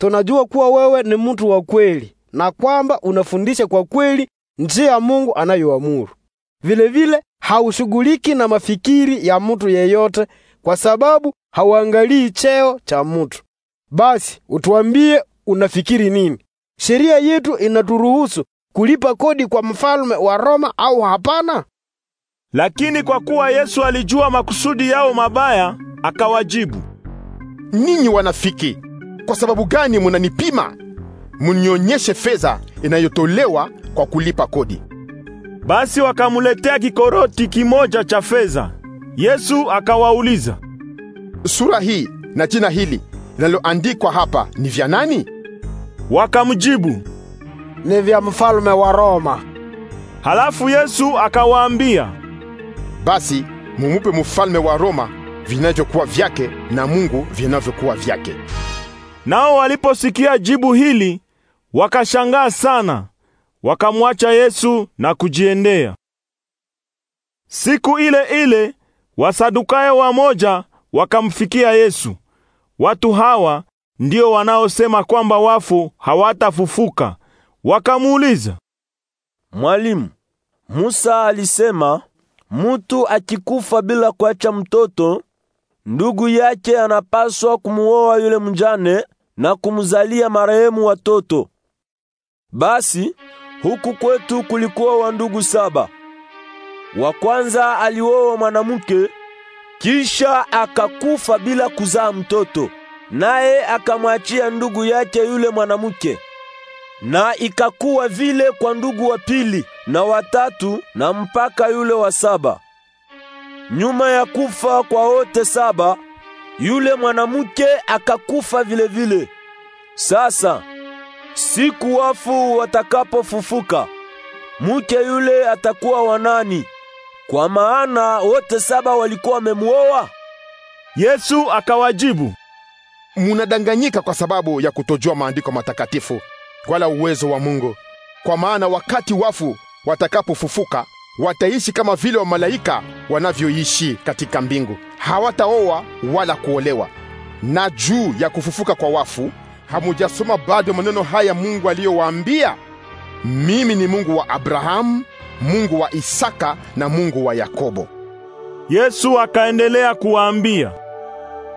tunajua kuwa wewe ni mtu wa kweli na kwamba unafundisha kwa kweli njia ya Mungu anayoamuru. Vilevile haushughuliki na mafikiri ya mtu yeyote, kwa sababu hauangalii cheo cha mtu. Basi utuambie unafikiri nini? Sheria yetu inaturuhusu kulipa kodi kwa mfalme wa Roma au hapana? Lakini kwa kuwa Yesu alijua makusudi yao mabaya, akawajibu, ninyi wanafiki, kwa sababu gani munanipima? Munionyeshe fedha inayotolewa kwa kulipa kodi. Basi wakamletea kikoroti kimoja cha fedha. Yesu akawauliza, sura hii na jina hili linaloandikwa hapa ni vya nani? Wakamjibu, ni vya mfalme wa Roma. Halafu Yesu akawaambia basi mumupe mfalme wa Roma vinavyokuwa vyake na Mungu vinavyokuwa vyake. Nao waliposikia jibu hili wakashangaa sana, wakamwacha Yesu na kujiendea. Siku ile ile Wasadukayo wamoja wakamfikia Yesu. Watu hawa ndio wanaosema kwamba wafu hawatafufuka. Wakamuuliza, Mwalimu, Musa alisema Mutu akikufa bila kuacha mtoto, ndugu yake anapaswa kumuoa yule mjane na kumzalia marehemu watoto. Basi huku kwetu kulikuwa ndugu saba. Wa kwanza alioa mwanamke, kisha akakufa bila kuzaa mtoto, naye akamwachia ndugu yake yule mwanamke. Na ikakuwa vile kwa ndugu wa pili na watatu na mpaka yule wa saba. Nyuma ya kufa kwa wote saba, yule mwanamke akakufa vile vile. Sasa siku wafu watakapofufuka, mke yule atakuwa wanani? Kwa maana wote saba walikuwa wamemuoa. Yesu akawajibu, munadanganyika kwa sababu ya kutojua maandiko matakatifu wala uwezo wa Mungu, kwa maana wakati wafu watakapofufuka wataishi kama vile wamalaika wanavyoishi katika mbingu. Hawataoa wala kuolewa. Na juu ya kufufuka kwa wafu, hamujasoma bado maneno haya Mungu aliyowaambia, mimi ni Mungu wa Abrahamu, Mungu wa Isaka na Mungu wa Yakobo. Yesu akaendelea kuwaambia,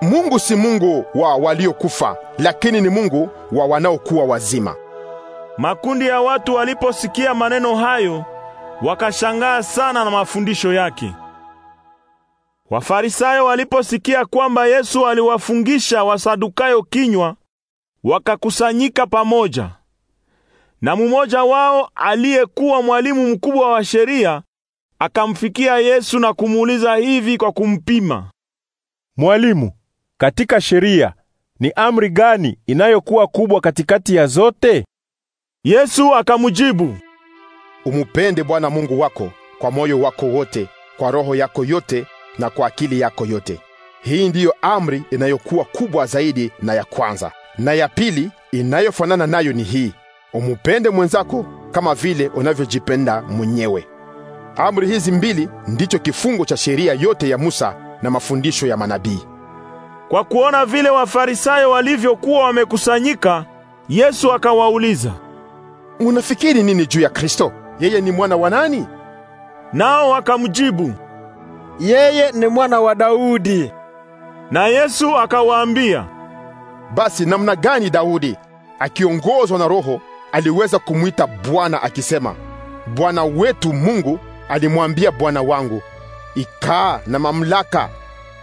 Mungu si Mungu wa waliokufa, lakini ni Mungu wa wanaokuwa wazima. Makundi ya watu waliposikia maneno hayo wakashangaa sana na mafundisho yake. Wafarisayo waliposikia kwamba Yesu aliwafungisha Wasadukayo kinywa, wakakusanyika pamoja. Na mmoja wao aliyekuwa mwalimu mkubwa wa sheria akamfikia Yesu na kumuuliza hivi kwa kumpima, Mwalimu, katika sheria ni amri gani inayokuwa kubwa katikati ya zote? Yesu akamujibu, umupende Bwana Mungu wako kwa moyo wako wote, kwa roho yako yote na kwa akili yako yote. Hii ndiyo amri inayokuwa kubwa zaidi na ya kwanza. Na ya pili inayofanana nayo ni hii, umupende mwenzako kama vile unavyojipenda mwenyewe. Amri hizi mbili ndicho kifungo cha sheria yote ya Musa na mafundisho ya manabii. Kwa kuona vile Wafarisayo walivyokuwa wamekusanyika, Yesu akawauliza, unafikiri nini juu ya Kristo? Yeye ni mwana wa nani? Nao akamjibu, yeye ni mwana wa Daudi. Na Yesu akawaambia, basi namna gani Daudi akiongozwa na Roho aliweza kumwita Bwana akisema, Bwana wetu Mungu alimwambia Bwana wangu, ikaa na mamlaka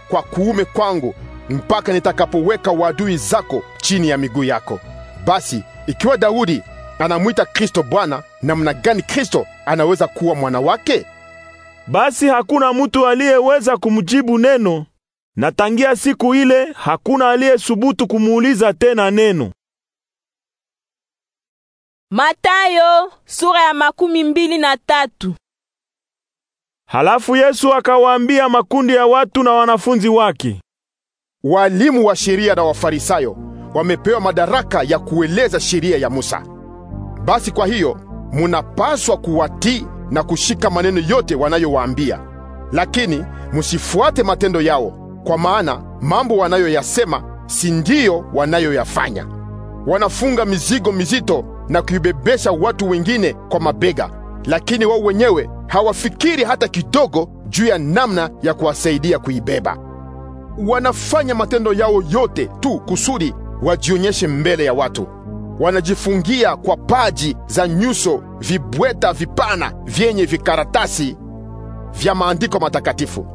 kwa kuume kwangu mpaka nitakapoweka wadui zako chini ya miguu yako. Basi ikiwa Daudi anamwita Kristo Bwana, namna gani Kristo anaweza kuwa mwana wake? Basi hakuna mtu aliyeweza kumjibu neno, na tangia siku ile hakuna aliyesubutu kumuuliza tena neno. Matayo sura ya makumi mbili na tatu. Halafu Yesu akawaambia makundi ya watu na wanafunzi wake, walimu wa sheria na Wafarisayo wamepewa madaraka ya kueleza sheria ya Musa basi kwa hiyo munapaswa kuwatii na kushika maneno yote wanayowaambia, lakini musifuate matendo yao, kwa maana mambo wanayoyasema si ndiyo wanayoyafanya. Wanafunga mizigo mizito na kuibebesha watu wengine kwa mabega, lakini wao wenyewe hawafikiri hata kidogo juu ya namna ya kuwasaidia kuibeba. Wanafanya matendo yao yote tu kusudi wajionyeshe mbele ya watu wanajifungia kwa paji za nyuso vibweta vipana vyenye vikaratasi vya maandiko matakatifu,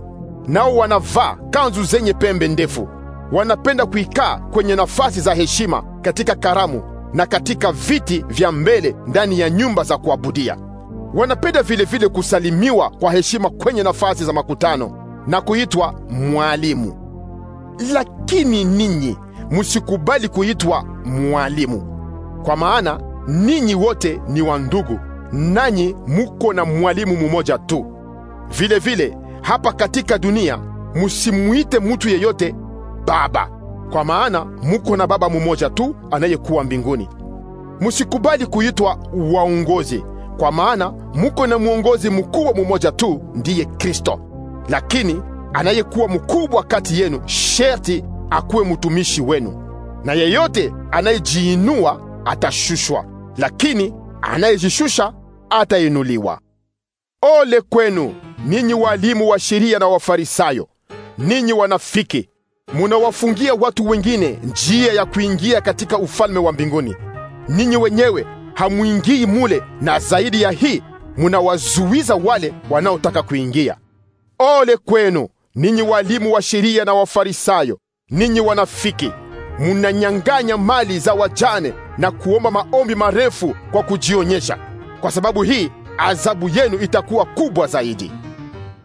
nao wanavaa kanzu zenye pembe ndefu. Wanapenda kuikaa kwenye nafasi za heshima katika karamu na katika viti vya mbele ndani ya nyumba za kuabudia. Wanapenda vile vile kusalimiwa kwa heshima kwenye nafasi za makutano na kuitwa mwalimu. Lakini ninyi msikubali kuitwa mwalimu, kwa maana ninyi wote ni wandugu, nanyi muko na mwalimu mmoja tu. Vile vile hapa katika dunia musimuite mutu yeyote baba, kwa maana muko na baba mmoja tu anayekuwa mbinguni. Musikubali kuitwa waongozi, kwa maana muko na mwongozi mkubwa mmoja tu, ndiye Kristo. Lakini anayekuwa mkubwa kati yenu sherti akuwe mtumishi wenu, na yeyote anayejiinua atashushwa, lakini anayejishusha atainuliwa. Ole kwenu ninyi walimu wa sheria na Wafarisayo, ninyi wanafiki! Munawafungia watu wengine njia ya kuingia katika ufalme wa mbinguni, ninyi wenyewe hamwingii mule, na zaidi ya hii munawazuiza wale wanaotaka kuingia. Ole kwenu ninyi walimu wa sheria na Wafarisayo, ninyi wanafiki! Munanyang'anya mali za wajane na kuomba maombi marefu kwa kujionyesha, kwa sababu hii adhabu yenu itakuwa kubwa zaidi.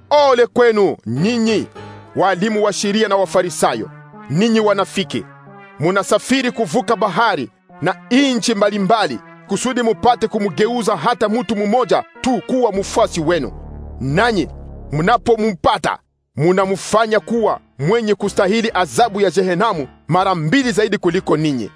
Ole kwenu nyinyi waalimu wa sheria na Wafarisayo, ninyi wanafiki! Munasafiri kuvuka bahari na inchi mbalimbali kusudi mupate kumgeuza hata mutu mumoja tu kuwa mfuasi wenu. Nanyi munapomupata munamufanya kuwa mwenye kustahili adhabu ya jehenamu mara mbili zaidi kuliko ninyi.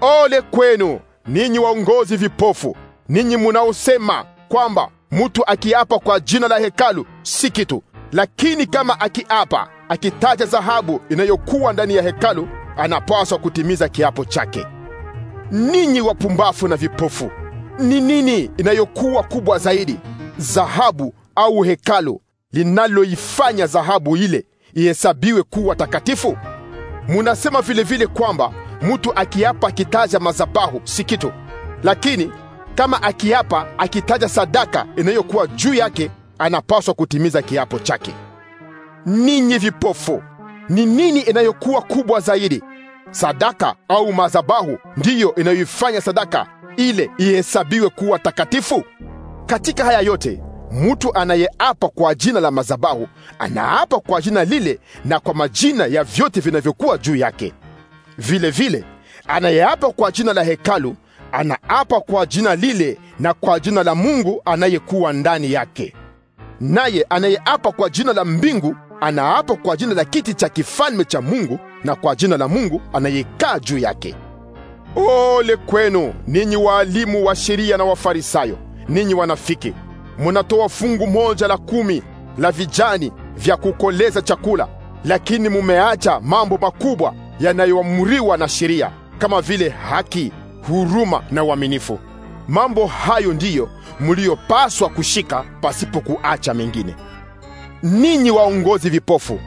Ole kwenu ninyi waongozi vipofu, ninyi munaosema kwamba mtu akiapa kwa jina la hekalu si kitu, lakini kama akiapa akitaja dhahabu inayokuwa ndani ya hekalu, anapaswa kutimiza kiapo chake. Ninyi wapumbafu na vipofu, ni nini inayokuwa kubwa zaidi, dhahabu au hekalu linaloifanya dhahabu ile ihesabiwe kuwa takatifu? Munasema vilevile vile kwamba mtu akiapa akitaja mazabahu si kitu, lakini kama akiapa akitaja sadaka inayokuwa juu yake, anapaswa kutimiza kiapo chake. Ninyi vipofu, ni nini inayokuwa kubwa zaidi, sadaka au mazabahu? Ndiyo inayoifanya sadaka ile ihesabiwe kuwa takatifu? Katika haya yote mtu anayeapa kwa jina la mazabahu anaapa kwa jina lile na kwa majina ya vyote vinavyokuwa juu yake. Vile vile anayeapa kwa jina la hekalu anaapa kwa jina lile na kwa jina la Mungu anayekuwa ndani yake. Naye anayeapa kwa jina la mbingu anaapa kwa jina la kiti cha kifalme cha Mungu na kwa jina la Mungu anayekaa juu yake. Ole kwenu ninyi waalimu wa sheria na Wafarisayo, ninyi wanafiki! Munatoa fungu moja la kumi la vijani vya kukoleza chakula, lakini mumeacha mambo makubwa yanayoamriwa na sheria kama vile haki, huruma na uaminifu. Mambo hayo ndiyo mliyopaswa kushika pasipo kuacha mengine. Ninyi waongozi vipofu,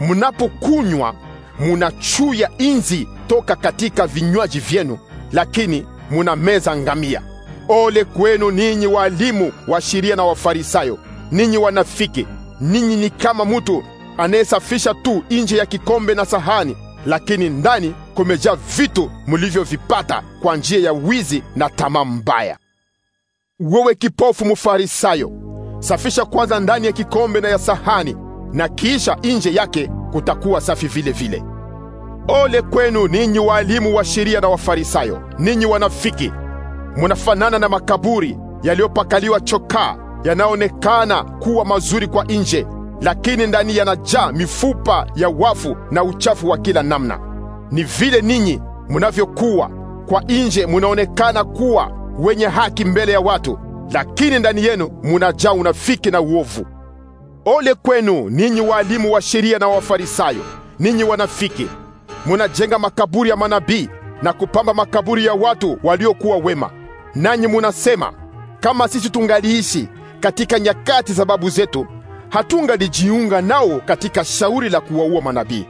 mnapokunywa munachuya inzi toka katika vinywaji vyenu, lakini munameza ngamia. Ole kwenu ninyi waalimu wa sheria na Wafarisayo, ninyi wanafiki! Ninyi ni kama mtu anayesafisha tu nje ya kikombe na sahani, lakini ndani kumejaa vitu mlivyovipata kwa njia ya wizi na tamaa mbaya. Wewe kipofu Mfarisayo, safisha kwanza ndani ya kikombe na ya sahani, na kisha nje yake kutakuwa safi vile vile. Ole kwenu ninyi waalimu wa sheria na Wafarisayo, ninyi wanafiki! Munafanana na makaburi yaliyopakaliwa chokaa, yanaonekana kuwa mazuri kwa nje, lakini ndani yanajaa mifupa ya wafu na uchafu wa kila namna. Ni vile ninyi munavyokuwa kwa nje, munaonekana kuwa wenye haki mbele ya watu, lakini ndani yenu munajaa unafiki na uovu. Ole kwenu ninyi waalimu wa sheria na Wafarisayo, ninyi wanafiki! Munajenga makaburi ya manabii na kupamba makaburi ya watu waliokuwa wema, nanyi munasema, kama sisi tungaliishi katika nyakati za babu zetu hatungalijiunga nao katika shauri la kuwaua manabii.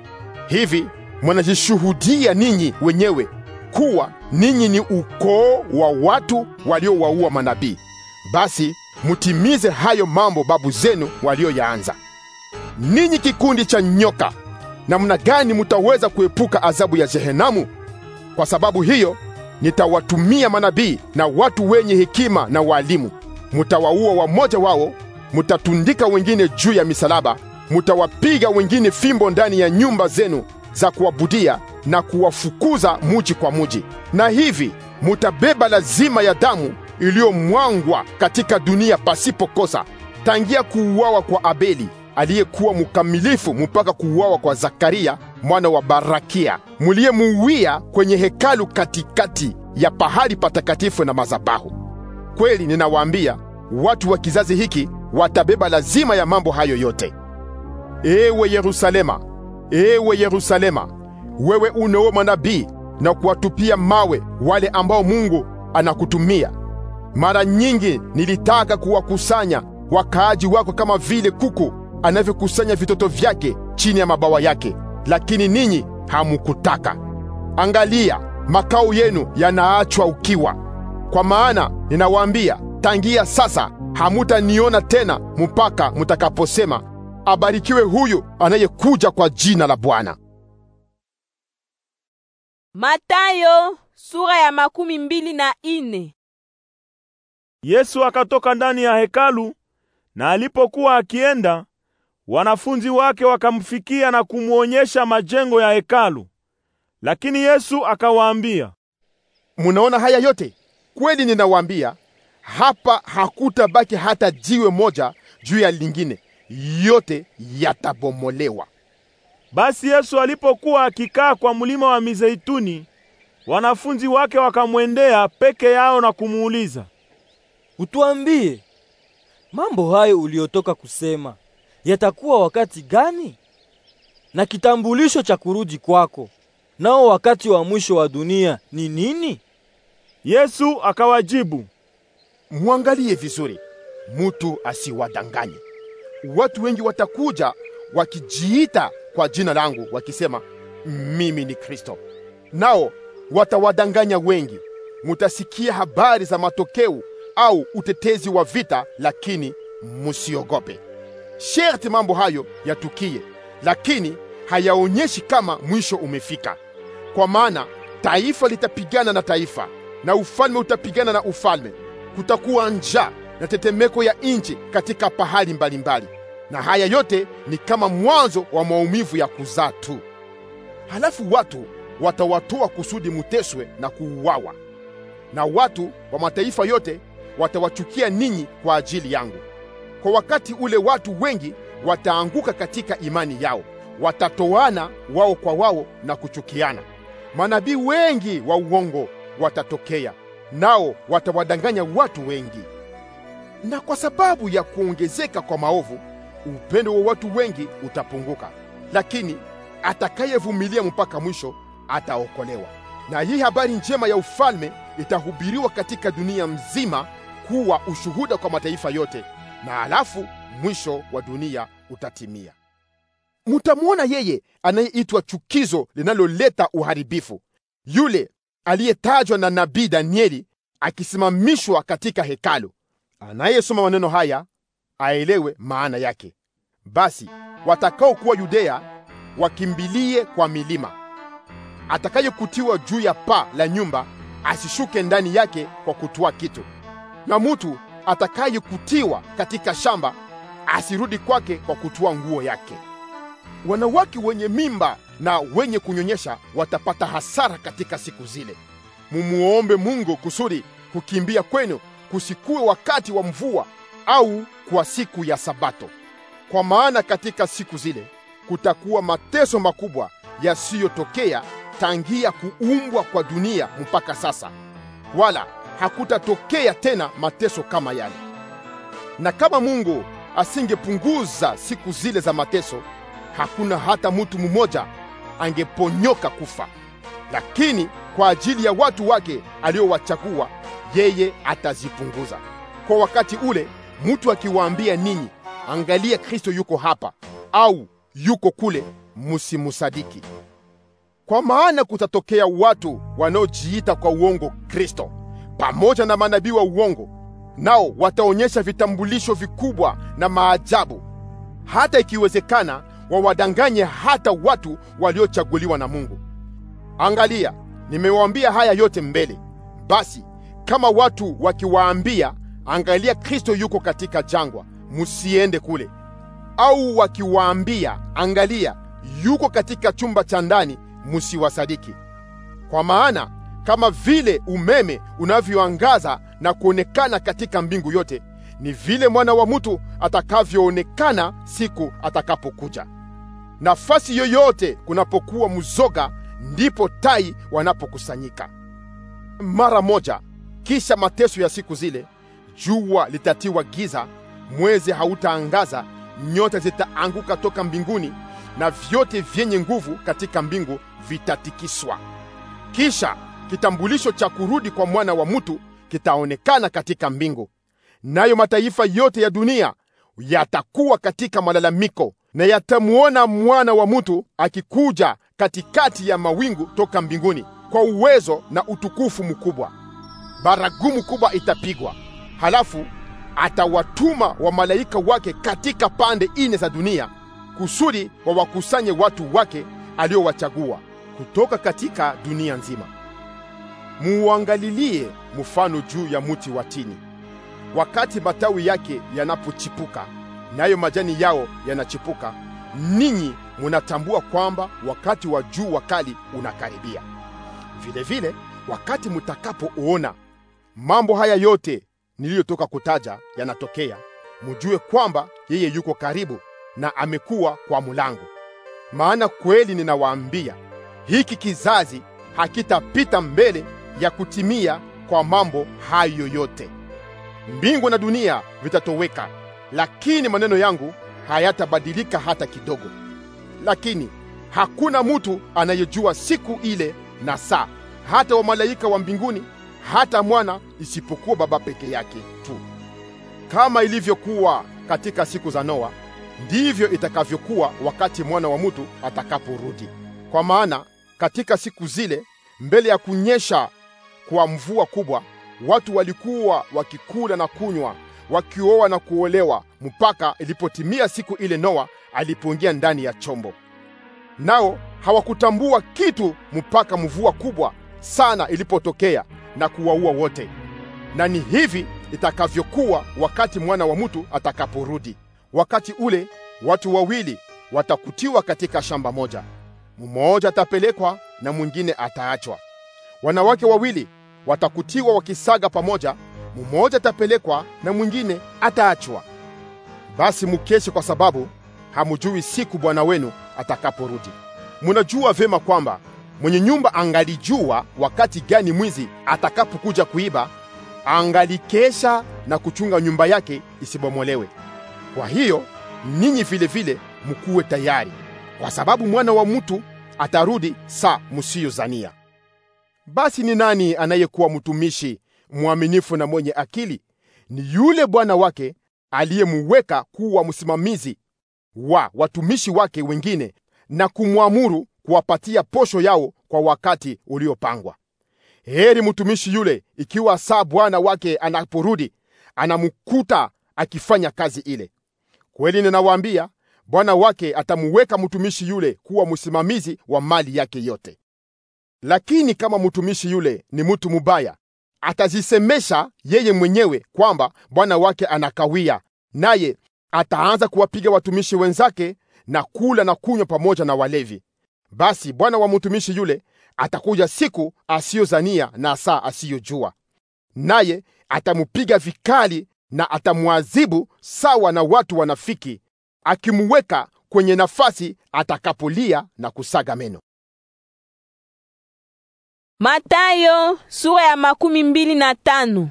Hivi mnajishuhudia ninyi wenyewe kuwa ninyi ni ukoo wa watu waliowaua manabii. Basi mutimize hayo mambo babu zenu walioyaanza. Ninyi kikundi cha nyoka, namna gani mutaweza kuepuka adhabu ya Jehenamu? Kwa sababu hiyo nitawatumia manabii na watu wenye hekima na walimu, mutawaua wamoja wao mutatundika wengine juu ya misalaba, mutawapiga wengine fimbo ndani ya nyumba zenu za kuabudia na kuwafukuza muji kwa muji. Na hivi mutabeba lazima ya damu iliyomwangwa katika dunia pasipo kosa, tangia kuuawa kwa Abeli aliyekuwa mkamilifu mpaka kuuawa kwa Zakaria mwana wa Barakia muliyemuwia kwenye hekalu katikati ya pahali patakatifu na mazabahu. Kweli ninawaambia watu wa kizazi hiki watabeba lazima ya mambo hayo yote. Ewe Yerusalema, ewe Yerusalema, wewe unaua manabii na kuwatupia mawe wale ambao Mungu anakutumia. Mara nyingi nilitaka kuwakusanya wakaaji wako kama vile kuku anavyokusanya vitoto vyake chini ya mabawa yake, lakini ninyi hamukutaka. Angalia, makao yenu yanaachwa ukiwa. Kwa maana ninawaambia tangia sasa hamutaniona tena mpaka mutakaposema abarikiwe huyu anayekuja kwa jina la Bwana. Matayo sura ya makumi mbili na ine. Yesu akatoka ndani ya hekalu na alipokuwa akienda, wanafunzi wake wakamfikia na kumwonyesha majengo ya hekalu. Lakini Yesu akawaambia, munaona haya yote? Kweli ninawaambia hapa hakutabaki hata jiwe moja juu ya lingine, yote yatabomolewa. Basi Yesu alipokuwa akikaa kwa mlima wa Mizeituni, wanafunzi wake wakamwendea peke yao na kumuuliza, utuambie mambo hayo uliyotoka kusema yatakuwa wakati gani, na kitambulisho cha kurudi kwako, nao wakati wa mwisho wa dunia ni nini? Yesu akawajibu, Mwangalie vizuri, mutu asiwadanganye. Watu wengi watakuja wakijiita kwa jina langu wakisema mimi ni Kristo, nao watawadanganya wengi. Mutasikia habari za matokeo au utetezi wa vita, lakini musiogope. Sherti mambo hayo yatukie, lakini hayaonyeshi kama mwisho umefika. Kwa maana taifa litapigana na taifa na ufalme utapigana na ufalme kutakuwa njaa na tetemeko ya nchi katika pahali mbalimbali mbali. Na haya yote ni kama mwanzo wa maumivu ya kuzaa tu. Halafu watu watawatoa kusudi muteswe na kuuawa, na watu wa mataifa yote watawachukia ninyi kwa ajili yangu. Kwa wakati ule watu wengi wataanguka katika imani yao, watatoana wao kwa wao na kuchukiana. Manabii wengi wa uongo watatokea nao watawadanganya watu wengi. Na kwa sababu ya kuongezeka kwa maovu, upendo wa watu wengi utapunguka, lakini atakayevumilia mpaka mwisho ataokolewa. Na hii habari njema ya ufalme itahubiriwa katika dunia mzima kuwa ushuhuda kwa mataifa yote, na alafu mwisho wa dunia utatimia. Mutamwona yeye anayeitwa chukizo linaloleta uharibifu, yule aliyetajwa na nabii Danieli akisimamishwa katika hekalu. Anayesoma maneno haya aelewe maana yake. Basi watakaokuwa Yudea wakimbilie kwa milima. Atakayekutiwa juu ya paa la nyumba asishuke ndani yake kwa kutua kitu, na mutu atakayekutiwa katika shamba asirudi kwake kwa kutua nguo yake wanawake wenye mimba na wenye kunyonyesha watapata hasara katika siku zile. Mumuombe Mungu kusudi kukimbia kwenu kusikuwe wakati wa mvua au kwa siku ya Sabato, kwa maana katika siku zile kutakuwa mateso makubwa yasiyotokea tangia kuumbwa kwa dunia mpaka sasa, wala hakutatokea tena mateso kama yale. Na kama Mungu asingepunguza siku zile za mateso hakuna hata mtu mmoja angeponyoka kufa, lakini kwa ajili ya watu wake aliowachagua yeye atazipunguza. Kwa wakati ule mtu akiwaambia ninyi, angalia Kristo yuko hapa au yuko kule, musimusadiki. Kwa maana kutatokea watu wanaojiita kwa uongo Kristo pamoja na manabii wa uongo, nao wataonyesha vitambulisho vikubwa na maajabu, hata ikiwezekana wawadanganye hata watu waliochaguliwa na Mungu. Angalia, nimewaambia haya yote mbele. Basi kama watu wakiwaambia, angalia Kristo yuko katika jangwa, musiende kule, au wakiwaambia, angalia yuko katika chumba cha ndani, musiwasadiki. Kwa maana kama vile umeme unavyoangaza na kuonekana katika mbingu yote, ni vile mwana wa mtu atakavyoonekana siku atakapokuja. Nafasi yoyote kunapokuwa mzoga, ndipo tai wanapokusanyika. Mara moja kisha mateso ya siku zile, jua litatiwa giza, mwezi hautaangaza, nyota zitaanguka toka mbinguni, na vyote vyenye nguvu katika mbingu vitatikiswa. Kisha kitambulisho cha kurudi kwa mwana wa mtu kitaonekana katika mbingu, nayo mataifa yote ya dunia yatakuwa katika malalamiko, na yatamwona mwana wa mtu akikuja katikati ya mawingu toka mbinguni kwa uwezo na utukufu mkubwa. Baragumu kubwa itapigwa, halafu atawatuma wa malaika wake katika pande ine za dunia kusudi wawakusanye watu wake aliowachagua kutoka katika dunia nzima. Muuangalilie mfano juu ya muti wa tini, wakati matawi yake yanapochipuka nayo majani yao yanachipuka, ninyi munatambua kwamba wakati wa jua kali unakaribia. vile vile, wakati mutakapoona mambo haya yote niliyotoka kutaja yanatokea, mujue kwamba yeye yuko karibu na amekuwa kwa mulango. Maana kweli ninawaambia, hiki kizazi hakitapita mbele ya kutimia kwa mambo hayo yote. Mbingu na dunia vitatoweka lakini maneno yangu hayatabadilika hata kidogo. Lakini hakuna mtu anayejua siku ile na saa, hata wamalaika wa mbinguni, hata mwana, isipokuwa Baba peke yake tu. Kama ilivyokuwa katika siku za Noa, ndivyo itakavyokuwa wakati mwana wa mtu atakaporudi. Kwa maana katika siku zile, mbele ya kunyesha kwa mvua kubwa, watu walikuwa wakikula na kunywa wakioa na kuolewa mpaka ilipotimia siku ile Noa alipoingia ndani ya chombo. Nao hawakutambua kitu mpaka mvua kubwa sana ilipotokea na kuwaua wote. Na ni hivi itakavyokuwa wakati mwana wa mtu atakaporudi. Wakati ule watu wawili watakutiwa katika shamba moja, mmoja atapelekwa na mwingine ataachwa. Wanawake wawili watakutiwa wakisaga pamoja mumoja atapelekwa na mwingine ataachwa. Basi mukeshe, kwa sababu hamujui siku Bwana wenu atakaporudi. Munajua vema kwamba mwenye nyumba angalijua wakati gani mwizi atakapokuja kuiba, angalikesha na kuchunga nyumba yake isibomolewe. Kwa hiyo ninyi vile vile mukuwe tayari, kwa sababu mwana wa mtu atarudi saa musiyozania. Basi ni nani anayekuwa mtumishi mwaminifu na mwenye akili ni yule bwana wake aliyemuweka kuwa msimamizi wa watumishi wake wengine na kumwamuru kuwapatia posho yao kwa wakati uliopangwa. Heri mtumishi yule ikiwa saa bwana wake anaporudi anamkuta akifanya kazi ile. Kweli ninawaambia, bwana wake atamuweka mtumishi yule kuwa msimamizi wa mali yake yote. Lakini kama mtumishi yule ni mtu mubaya atazisemesha yeye mwenyewe kwamba bwana wake anakawia, naye ataanza kuwapiga watumishi wenzake na kula na kunywa pamoja na walevi. Basi bwana wa mtumishi yule atakuja siku asiyozania na saa asiyojua, naye atamupiga vikali na atamwadhibu sawa na watu wanafiki, akimuweka kwenye nafasi atakapolia na kusaga meno. Matayo sura ya makumi mbili na tano.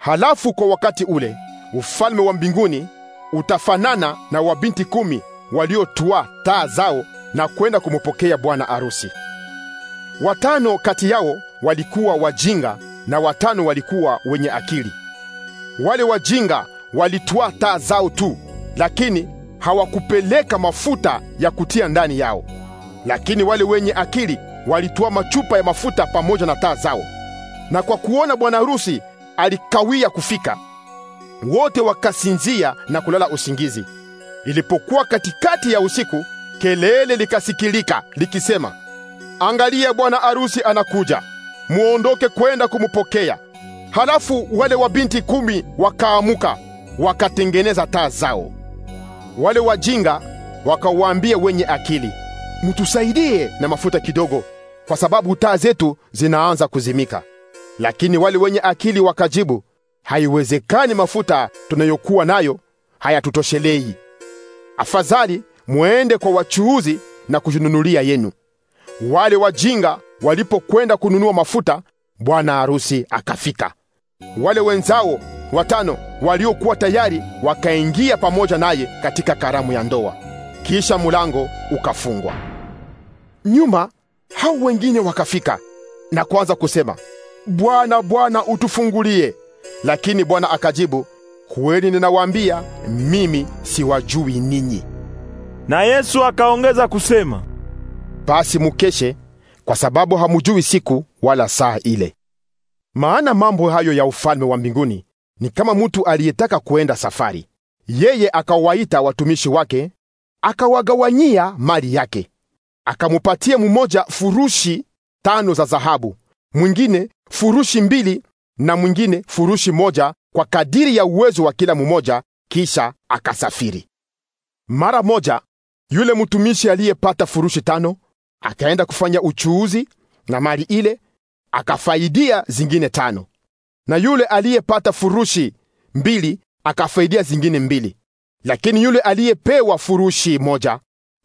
Halafu kwa wakati ule ufalme wa mbinguni utafanana na wabinti kumi waliotua taa zao na kwenda kumupokea bwana arusi. Watano kati yao walikuwa wajinga na watano walikuwa wenye akili. Wale wajinga walitua taa zao tu, lakini hawakupeleka mafuta ya kutia ndani yao, lakini wale wenye akili walitoa machupa ya mafuta pamoja na taa zao, na kwa kuona bwana harusi alikawia kufika, wote wakasinzia na kulala usingizi. Ilipokuwa katikati ya usiku, kelele likasikilika likisema, angalia, bwana harusi anakuja, muondoke kwenda kumupokea. Halafu wale wabinti kumi wakaamuka wakatengeneza taa zao. Wale wajinga wakawaambia wenye akili, mtusaidie na mafuta kidogo kwa sababu taa zetu zinaanza kuzimika. Lakini wale wenye akili wakajibu, haiwezekani, mafuta tunayokuwa nayo hayatutoshelei. Afadhali muende kwa wachuuzi na kujinunulia yenu. Wale wajinga walipokwenda kununua mafuta, bwana harusi akafika. Wale wenzao watano waliokuwa tayari wakaingia pamoja naye katika karamu ya ndoa, kisha mulango ukafungwa nyuma hao wengine wakafika na kuanza kusema, Bwana, Bwana, utufungulie. Lakini Bwana akajibu, kweli ninawaambia, mimi siwajui ninyi. Na Yesu akaongeza kusema, basi mukeshe, kwa sababu hamujui siku wala saa ile. Maana mambo hayo ya ufalme wa mbinguni ni kama mtu aliyetaka kuenda safari. Yeye akawaita watumishi wake, akawagawanyia mali yake. Akamupatia mmoja furushi tano za dhahabu, mwingine furushi mbili, na mwingine furushi moja, kwa kadiri ya uwezo wa kila mmoja. Kisha akasafiri. Mara moja yule mtumishi aliyepata furushi tano akaenda kufanya uchuuzi na mali ile, akafaidia zingine tano. Na yule aliyepata furushi mbili akafaidia zingine mbili. Lakini yule aliyepewa furushi moja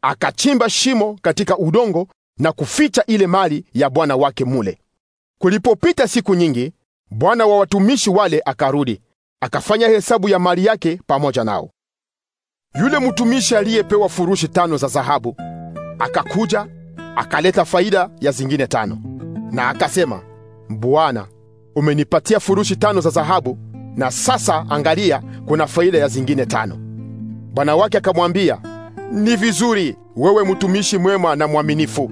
akachimba shimo katika udongo na kuficha ile mali ya bwana wake mule. Kulipopita siku nyingi, bwana wa watumishi wale akarudi, akafanya hesabu ya mali yake pamoja nao. Yule mtumishi aliyepewa furushi tano za dhahabu akakuja akaleta faida ya zingine tano, na akasema, Bwana, umenipatia furushi tano za dhahabu, na sasa angalia, kuna faida ya zingine tano. Bwana wake akamwambia ni vizuri wewe, mtumishi mwema na mwaminifu.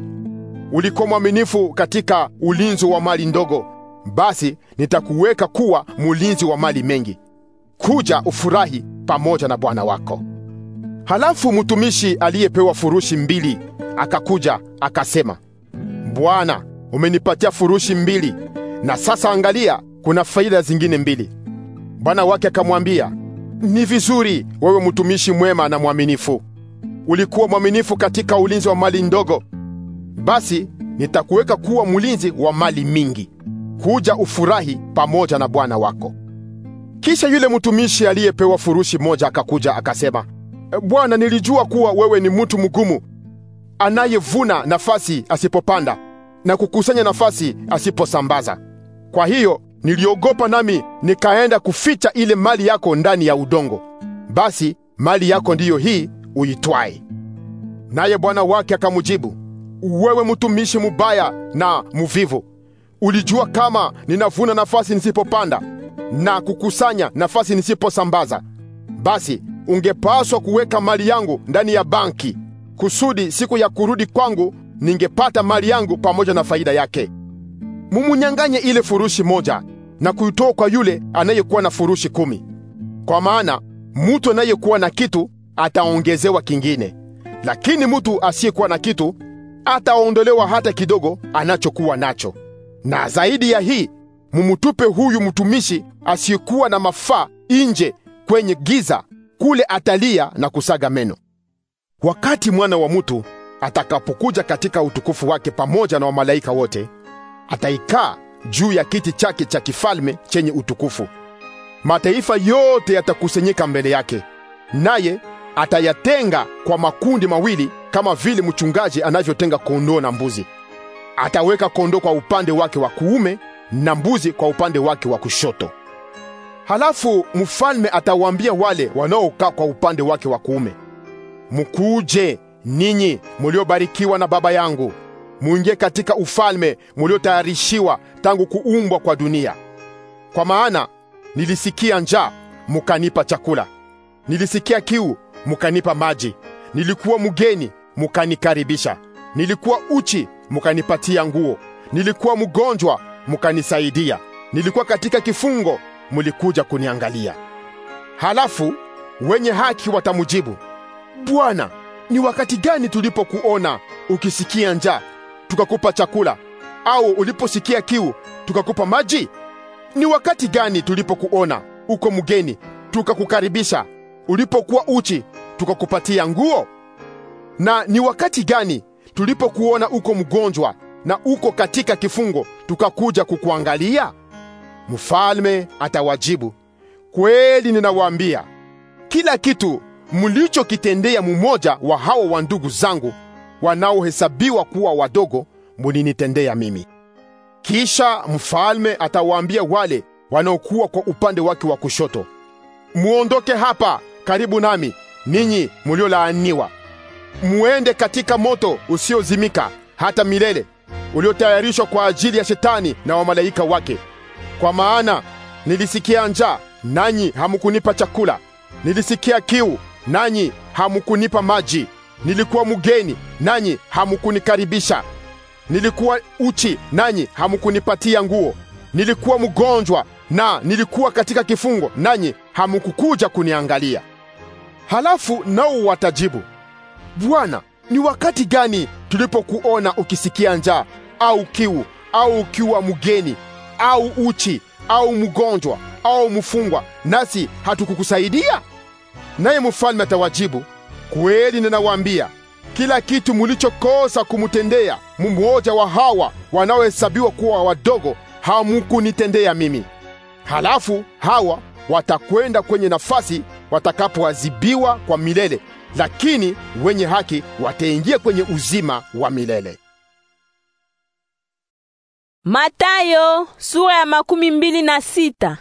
Ulikuwa mwaminifu katika ulinzi wa mali ndogo, basi nitakuweka kuwa mulinzi wa mali mengi. Kuja ufurahi pamoja na bwana wako. Halafu mtumishi aliyepewa furushi mbili akakuja akasema, Bwana, umenipatia furushi mbili, na sasa angalia, kuna faida zingine mbili. Bwana wake akamwambia, ni vizuri wewe mtumishi mwema na mwaminifu ulikuwa mwaminifu katika ulinzi wa mali ndogo, basi nitakuweka kuwa mlinzi wa mali mingi. Huja ufurahi pamoja na bwana wako. Kisha yule mtumishi aliyepewa furushi moja akakuja akasema, Bwana, nilijua kuwa wewe ni mtu mgumu, anayevuna nafasi asipopanda na kukusanya nafasi asiposambaza. Kwa hiyo niliogopa, nami nikaenda kuficha ile mali yako ndani ya udongo. Basi mali yako ndiyo hii uitwaye. Naye bwana wake akamujibu wewe mtumishi mubaya na muvivu, ulijua kama ninavuna nafasi nisipopanda na kukusanya nafasi nisiposambaza, basi ungepaswa kuweka mali yangu ndani ya banki, kusudi siku ya kurudi kwangu ningepata mali yangu pamoja na faida yake. Mumunyang'anye ile furushi moja na kuitoa kwa yule anayekuwa na furushi kumi, kwa maana mutu anayekuwa na kitu ataongezewa kingine, lakini mtu asiyekuwa na kitu ataondolewa hata kidogo anachokuwa nacho. Na zaidi ya hii, mumutupe huyu mtumishi asiyekuwa na mafaa nje kwenye giza, kule atalia na kusaga meno, wakati mwana wa mtu atakapokuja katika utukufu wake pamoja na wamalaika wote. Ataikaa juu ya kiti chake cha kifalme chenye utukufu. Mataifa yote yatakusanyika mbele yake, naye atayatenga kwa makundi mawili, kama vile mchungaji anavyotenga kondoo na mbuzi. Ataweka kondoo kwa upande wake wa kuume na mbuzi kwa upande wake wa kushoto. Halafu mfalme atawaambia wale wanaokaa kwa upande wake wa kuume, mkuje ninyi muliobarikiwa na Baba yangu, muingie katika ufalme muliotayarishiwa tangu kuumbwa kwa dunia. Kwa maana nilisikia njaa mukanipa chakula, nilisikia kiu mukanipa maji, nilikuwa mgeni mukanikaribisha, nilikuwa uchi mukanipatia nguo, nilikuwa mgonjwa mukanisaidia, nilikuwa katika kifungo mulikuja kuniangalia. Halafu wenye haki watamujibu, Bwana, ni wakati gani tulipokuona ukisikia njaa tukakupa chakula, au uliposikia kiu tukakupa maji? Ni wakati gani tulipokuona uko mgeni tukakukaribisha, ulipokuwa uchi tukakupatia nguo? Na ni wakati gani tulipokuona uko mgonjwa na uko katika kifungo tukakuja kukuangalia? Mfalme atawajibu, kweli ninawaambia, kila kitu mlichokitendea mmoja wa hao wa ndugu zangu wanaohesabiwa kuwa wadogo, mulinitendea mimi. Kisha mfalme atawaambia wale wanaokuwa kwa upande wake wa kushoto, muondoke hapa karibu nami ninyi muliolaaniwa, muende katika moto usiozimika hata milele, uliotayarishwa kwa ajili ya shetani na wamalaika wake. Kwa maana nilisikia njaa, nanyi hamukunipa chakula; nilisikia kiu, nanyi hamukunipa maji; nilikuwa mgeni, nanyi hamukunikaribisha; nilikuwa uchi, nanyi hamukunipatia nguo; nilikuwa mgonjwa na nilikuwa katika kifungo, nanyi hamukukuja kuniangalia. Halafu nao watajibu, Bwana, ni wakati gani tulipokuona ukisikia njaa au kiu au ukiwa mgeni au uchi au mgonjwa au mfungwa nasi hatukukusaidia? Naye mfalme atawajibu, kweli ninawaambia, kila kitu mulichokosa kumutendea mmoja wa hawa wanaohesabiwa kuwa wadogo hamukunitendea mimi. Halafu hawa watakwenda kwenye nafasi watakapoadhibiwa kwa milele, lakini wenye haki wataingia kwenye uzima wa milele. Matayo sura ya makumi mbili na sita.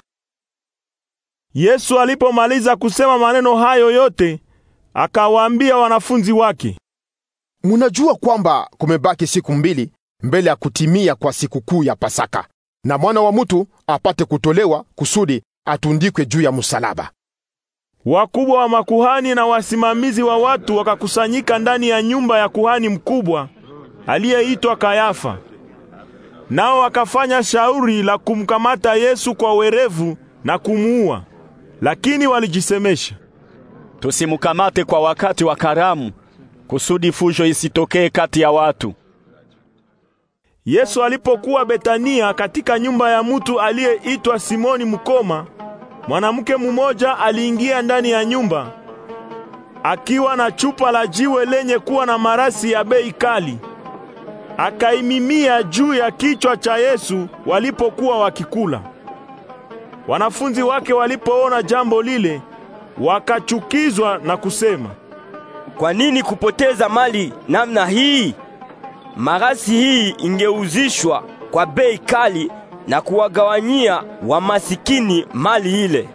Yesu alipomaliza kusema maneno hayo yote akawaambia wanafunzi wake, munajua kwamba kumebaki siku mbili mbele ya kutimia kwa sikukuu ya Pasaka, na mwana wa mtu apate kutolewa kusudi atundikwe juu ya msalaba. Wakubwa wa makuhani na wasimamizi wa watu wakakusanyika ndani ya nyumba ya kuhani mkubwa aliyeitwa Kayafa. Nao wakafanya shauri la kumkamata Yesu kwa werevu na kumuua. Lakini walijisemesha, tusimkamate kwa wakati wa karamu kusudi fujo isitokee kati ya watu. Yesu alipokuwa Betania katika nyumba ya mutu aliyeitwa Simoni mkoma, mwanamke mmoja aliingia ndani ya nyumba akiwa na chupa la jiwe lenye kuwa na marasi ya bei kali. Akaimimia juu ya kichwa cha Yesu walipokuwa wakikula. Wanafunzi wake walipoona jambo lile, wakachukizwa na kusema, "Kwa nini kupoteza mali namna hii?" marasi hii ingeuzishwa kwa bei kali na kuwagawanyia wamasikini mali ile.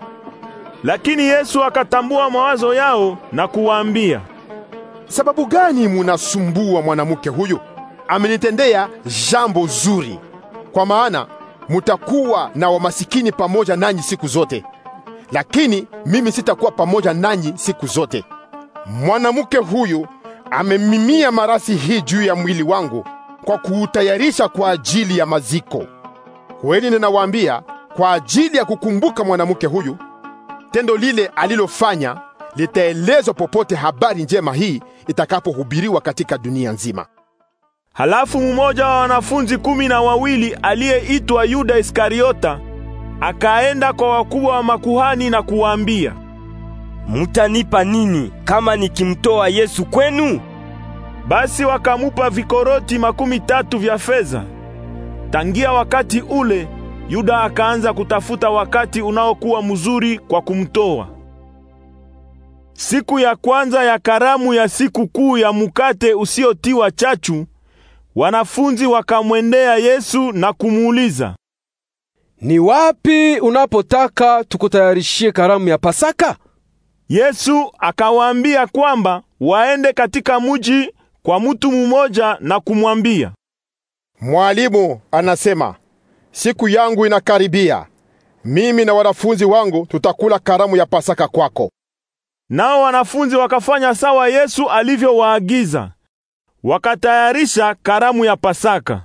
Lakini Yesu akatambua mawazo yao na kuwaambia, sababu gani munasumbua mwanamke huyu? Amenitendea jambo zuri, kwa maana mutakuwa na wamasikini pamoja nanyi siku zote, lakini mimi sitakuwa pamoja nanyi siku zote. Mwanamke huyu amemimia marasi hii juu ya mwili wangu kwa kuutayarisha kwa ajili ya maziko. Kweli ninawaambia, kwa ajili ya kukumbuka mwanamke huyu, tendo lile alilofanya litaelezwa popote habari njema hii itakapohubiriwa katika dunia nzima. Halafu mmoja wa wanafunzi kumi na wawili aliyeitwa Yuda Iskariota akaenda kwa wakubwa wa makuhani na kuwaambia mutanipa nini kama nikimtoa Yesu kwenu? Basi wakamupa vikoroti makumi tatu vya fedha. Tangia wakati ule Yuda akaanza kutafuta wakati unaokuwa mzuri kwa kumtoa. Siku ya kwanza ya karamu ya siku kuu ya mukate usiotiwa chachu, wanafunzi wakamwendea Yesu na kumuuliza, ni wapi unapotaka tukutayarishie karamu ya Pasaka? Yesu akawaambia kwamba waende katika mji kwa mtu mmoja na kumwambia, Mwalimu anasema, siku yangu inakaribia. Mimi na wanafunzi wangu tutakula karamu ya Pasaka kwako. Nao wanafunzi wakafanya sawa Yesu alivyowaagiza. Wakatayarisha karamu ya Pasaka.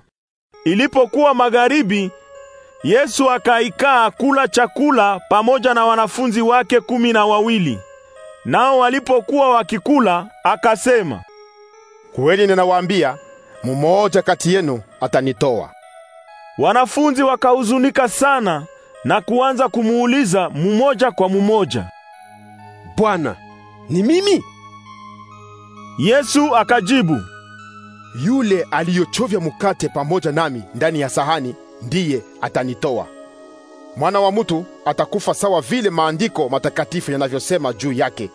Ilipokuwa magharibi, Yesu akaikaa kula chakula pamoja na wanafunzi wake kumi na wawili. Nao walipokuwa wakikula, akasema, kweli ninawaambia, mmoja kati yenu atanitoa. Wanafunzi wakahuzunika sana na kuanza kumuuliza mmoja kwa mmoja, Bwana, ni mimi? Yesu akajibu, yule aliyochovya mkate pamoja nami ndani ya sahani ndiye atanitoa. Mwana wa mutu atakufa sawa vile maandiko matakatifu yanavyosema juu yake,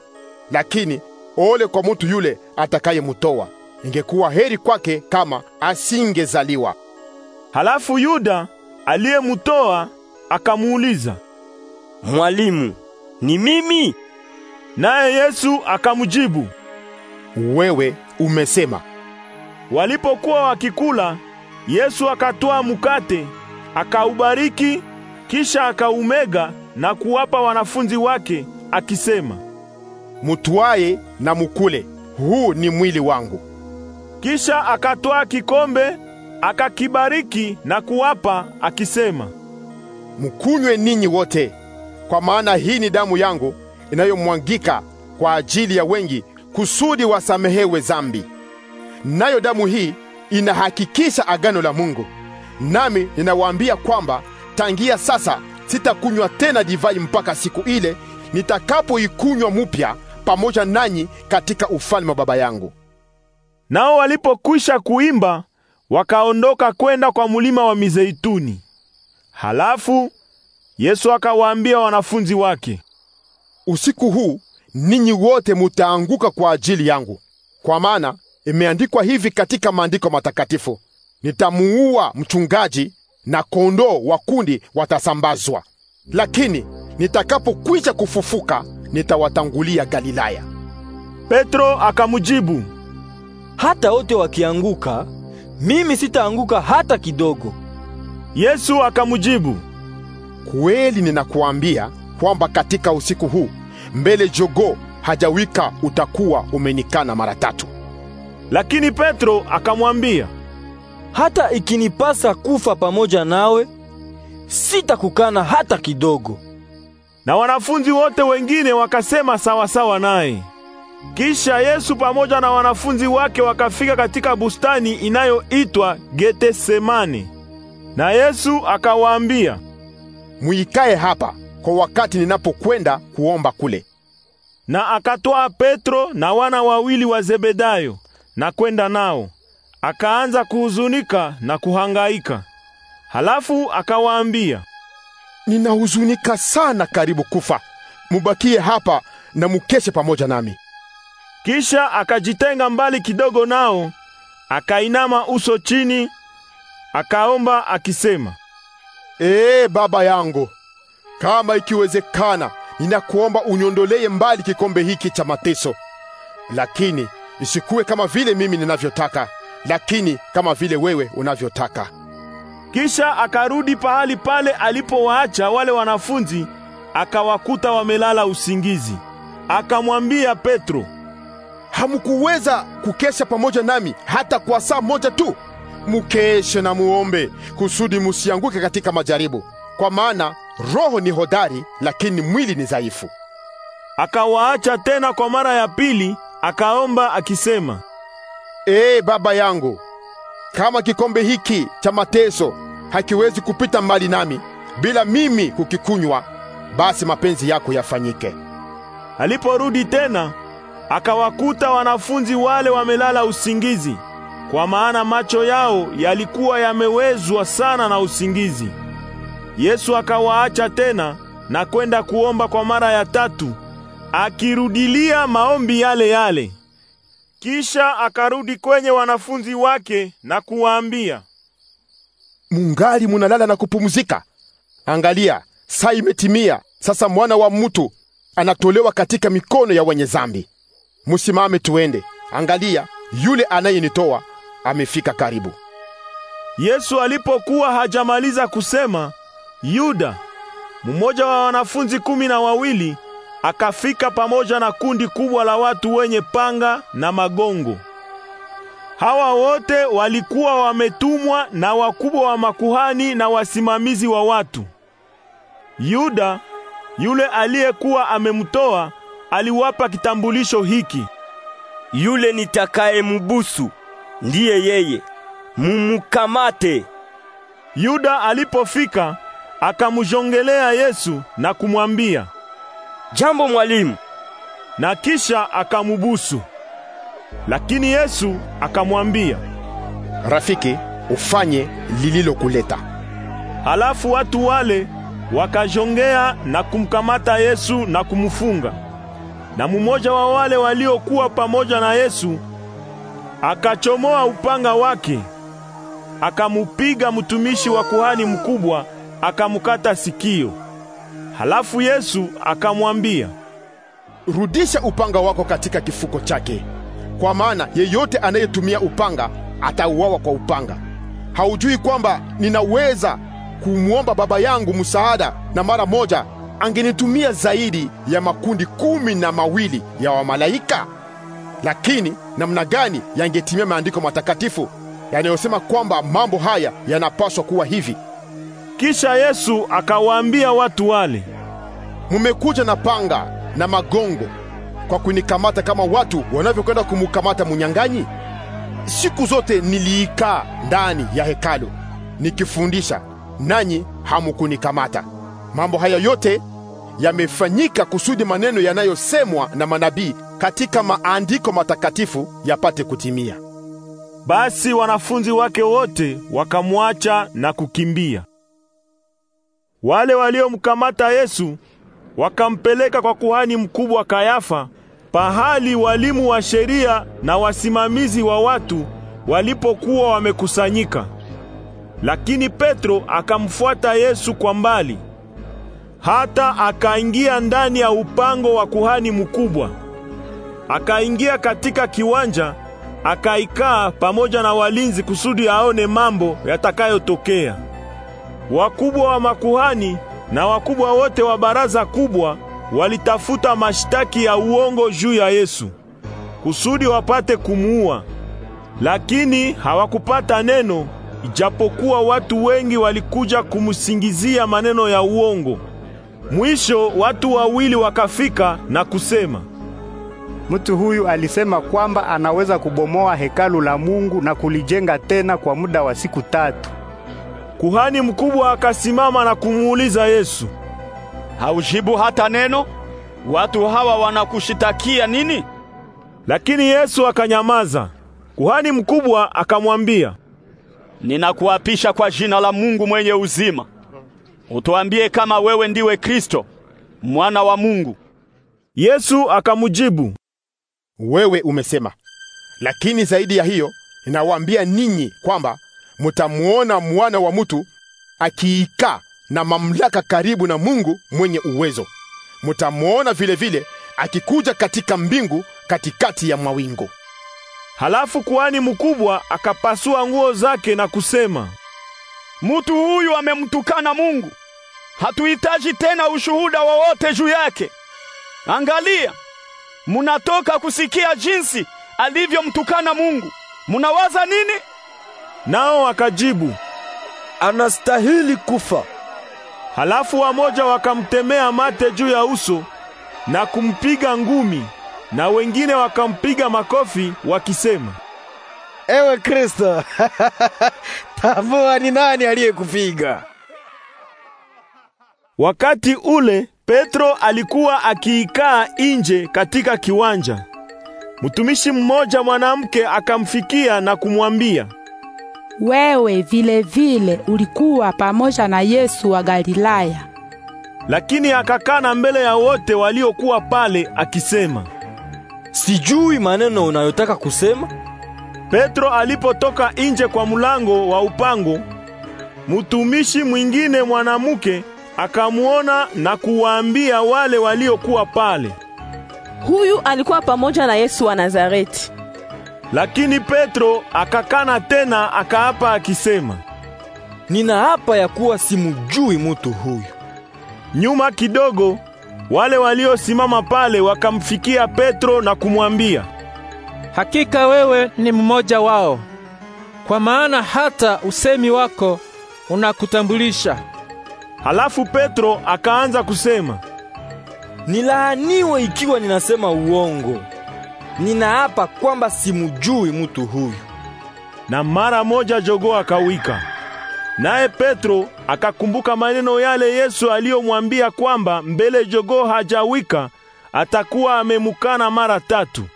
lakini ole kwa mutu yule atakayemutoa. Ingekuwa heri kwake kama asingezaliwa. Halafu Yuda aliyemutoa akamuuliza, Mwalimu, ni mimi? Naye Yesu akamjibu, wewe umesema. Walipokuwa wakikula, Yesu akatoa mkate, akaubariki kisha akaumega na kuwapa wanafunzi wake akisema, mutwaye na mukule, huu ni mwili wangu. Kisha akatwaa kikombe akakibariki na kuwapa akisema, mkunywe ninyi wote, kwa maana hii ni damu yangu inayomwangika kwa ajili ya wengi, kusudi wasamehewe zambi. Nayo damu hii inahakikisha agano la Mungu. Nami ninawaambia kwamba tangia sasa sitakunywa tena divai mpaka siku ile nitakapoikunywa mupya pamoja nanyi katika ufalme wa Baba yangu. Nao walipokwisha kuimba, wakaondoka kwenda kwa mulima wa Mizeituni. Halafu Yesu akawaambia wanafunzi wake, usiku huu ninyi wote mutaanguka kwa ajili yangu, kwa maana imeandikwa hivi katika maandiko matakatifu, nitamuua mchungaji na kondoo wa kundi watasambazwa. Lakini nitakapokwisha kufufuka, nitawatangulia Galilaya. Petro akamjibu, hata wote wakianguka, mimi sitaanguka hata kidogo. Yesu akamjibu, kweli ninakuambia kwamba katika usiku huu mbele jogoo hajawika utakuwa umenikana mara tatu. Lakini Petro akamwambia, hata ikinipasa kufa pamoja nawe, sitakukana hata kidogo. Na wanafunzi wote wengine wakasema sawasawa naye. Kisha Yesu pamoja na wanafunzi wake wakafika katika bustani inayoitwa Getsemani. Na Yesu akawaambia, "Muikae hapa kwa wakati ninapokwenda kuomba kule." Na akatoa Petro na wana wawili wa Zebedayo na kwenda nao akaanza kuhuzunika na kuhangaika. Halafu akawaambia, ninahuzunika sana, karibu kufa. Mubakie hapa na mukeshe pamoja nami. Kisha akajitenga mbali kidogo nao, akainama uso chini, akaomba akisema, Ee Baba yangu, kama ikiwezekana, ninakuomba uniondolee mbali kikombe hiki cha mateso, lakini isikuwe kama vile mimi ninavyotaka, lakini kama vile wewe unavyotaka. Kisha akarudi pahali pale alipowaacha wale wanafunzi, akawakuta wamelala usingizi. Akamwambia Petro, hamkuweza kukesha pamoja nami hata kwa saa moja tu? Mukeshe na muombe kusudi musianguke katika majaribu, kwa maana roho ni hodari, lakini mwili ni dhaifu. Akawaacha tena kwa mara ya pili, akaomba akisema Ee Baba yangu, kama kikombe hiki cha mateso hakiwezi kupita mbali nami bila mimi kukikunywa, basi mapenzi yako yafanyike. Aliporudi tena akawakuta wanafunzi wale wamelala usingizi, kwa maana macho yao yalikuwa yamewezwa sana na usingizi. Yesu akawaacha tena na kwenda kuomba kwa mara ya tatu, akirudilia maombi yale yale. Kisha akarudi kwenye wanafunzi wake na kuwaambia, mungali munalala na kupumzika? Angalia, saa imetimia sasa. Mwana wa mtu anatolewa katika mikono ya wenye zambi. Musimame tuende, angalia, yule anayenitoa amefika karibu. Yesu alipokuwa hajamaliza kusema, Yuda, mmoja wa wanafunzi kumi na wawili akafika pamoja na kundi kubwa la watu wenye panga na magongo. Hawa wote walikuwa wametumwa na wakubwa wa makuhani na wasimamizi wa watu. Yuda yule aliyekuwa amemtoa aliwapa kitambulisho hiki: yule nitakaye ndiye yeye, mumukamate. Yuda alipofika akamjongelea Yesu na kumwambia jambo mwalimu, na kisha akamubusu. Lakini Yesu akamwambia, rafiki, ufanye lililokuleta. Halafu watu wale wakajongea na kumkamata Yesu na kumfunga. Na mmoja wa wale waliokuwa pamoja na Yesu akachomoa upanga wake akamupiga mtumishi wa kuhani mkubwa akamukata sikio. Halafu Yesu akamwambia, rudisha upanga wako katika kifuko chake, kwa maana yeyote anayetumia upanga atauawa kwa upanga. Haujui kwamba ninaweza kumwomba Baba yangu msaada, na mara moja angenitumia zaidi ya makundi kumi na mawili ya wamalaika? Lakini namna gani yangetimia maandiko matakatifu yanayosema kwamba mambo haya yanapaswa kuwa hivi? Kisha Yesu akawaambia watu wale, mumekuja na panga na magongo kwa kunikamata kama watu wanavyokwenda kumukamata munyang'anyi. Siku zote niliikaa ndani ya hekalu nikifundisha, nanyi hamukunikamata. Mambo haya yote yamefanyika kusudi maneno yanayosemwa na manabii katika maandiko matakatifu yapate kutimia. Basi wanafunzi wake wote wakamwacha na kukimbia. Wale waliomkamata Yesu wakampeleka kwa kuhani mkubwa Kayafa, pahali walimu wa sheria na wasimamizi wa watu walipokuwa wamekusanyika. Lakini Petro akamfuata Yesu kwa mbali, hata akaingia ndani ya upango wa kuhani mkubwa. Akaingia katika kiwanja, akaikaa pamoja na walinzi kusudi aone mambo yatakayotokea wakubwa wa makuhani na wakubwa wote wa baraza kubwa walitafuta mashtaki ya uongo juu ya Yesu kusudi wapate kumuua, lakini hawakupata neno, ijapokuwa watu wengi walikuja kumsingizia maneno ya uongo. Mwisho watu wawili wakafika na kusema, mtu huyu alisema kwamba anaweza kubomoa hekalu la Mungu na kulijenga tena kwa muda wa siku tatu. Kuhani mkubwa akasimama na kumuuliza Yesu, haujibu hata neno? Watu hawa wanakushitakia nini? Lakini Yesu akanyamaza. Kuhani mkubwa akamwambia, ninakuapisha kwa jina la Mungu mwenye uzima, utuambie kama wewe ndiwe Kristo mwana wa Mungu. Yesu akamjibu, wewe umesema. Lakini zaidi ya hiyo, ninawaambia ninyi kwamba mutamwona mwana wa mtu akiikaa na mamlaka karibu na Mungu mwenye uwezo. mutamwona vile vile akikuja katika mbingu katikati ya mawingu. Halafu kuhani mkubwa akapasua nguo zake na kusema, mutu huyu amemtukana Mungu, hatuhitaji tena ushuhuda wowote juu yake. Angalia, munatoka kusikia jinsi alivyomtukana Mungu. Munawaza nini? Nao akajibu, anastahili kufa. Halafu wamoja wakamtemea mate juu ya uso na kumpiga ngumi, na wengine wakampiga makofi wakisema, ewe Kristo, [LAUGHS] tambua ni nani aliyekupiga. Wakati ule Petro alikuwa akiikaa nje katika kiwanja. Mtumishi mmoja mwanamke akamfikia na kumwambia, wewe vile vile ulikuwa pamoja na Yesu wa Galilaya. Lakini akakana mbele ya wote waliokuwa pale akisema, sijui maneno unayotaka kusema. Petro alipotoka nje kwa mulango wa upango, mtumishi mwingine mwanamke akamuona na kuwaambia wale waliokuwa pale, huyu alikuwa pamoja na Yesu wa Nazareti. Lakini Petro akakana tena akaapa akisema, ninaapa ya kuwa simujui mutu huyu. Nyuma kidogo wale waliosimama pale wakamfikia Petro na kumwambia, hakika wewe ni mmoja wao, kwa maana hata usemi wako unakutambulisha. Halafu Petro akaanza kusema, nilaaniwe ikiwa ninasema uongo ninaapa kwamba simujui mtu huyu. Na mara moja jogoo akawika. Naye Petro akakumbuka maneno yale Yesu aliyomwambia kwamba mbele jogoo hajawika atakuwa amemukana mara tatu.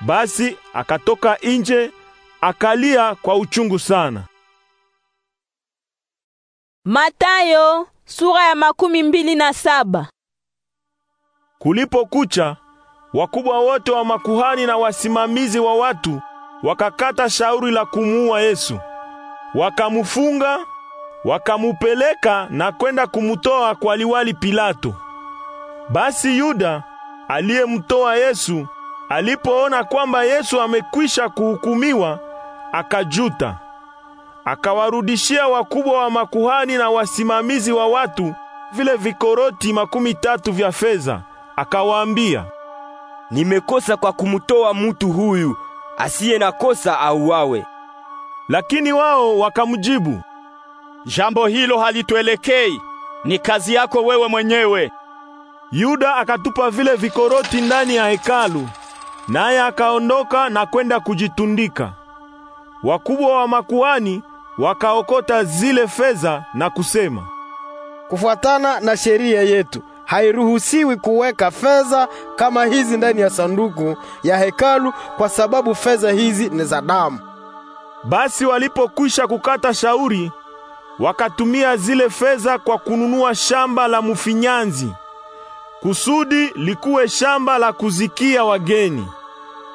Basi akatoka nje akalia kwa uchungu sana. Matayo sura ya makumi mbili na saba. Kulipokucha wakubwa wote wa makuhani na wasimamizi wa watu wakakata shauri la kumuua Yesu. Wakamfunga, wakamupeleka na kwenda kumtoa kwa liwali Pilato. Basi Yuda aliyemtoa Yesu alipoona kwamba Yesu amekwisha kuhukumiwa, akajuta. Akawarudishia wakubwa wa makuhani na wasimamizi wa watu vile vikoroti makumi tatu vya fedha, akawaambia nimekosa kwa kumtoa mtu huyu asiye na kosa auawe. Lakini wao wakamjibu, jambo hilo halituelekei, ni kazi yako wewe mwenyewe. Yuda akatupa vile vikoroti ndani ya hekalu, naye akaondoka na kwenda kujitundika. Wakubwa wa makuhani wakaokota zile fedha na kusema, kufuatana na sheria yetu hairuhusiwi kuweka fedha kama hizi ndani ya sanduku ya hekalu, kwa sababu fedha hizi ni za damu. Basi walipokwisha kukata shauri, wakatumia zile fedha kwa kununua shamba la mfinyanzi, kusudi likuwe shamba la kuzikia wageni.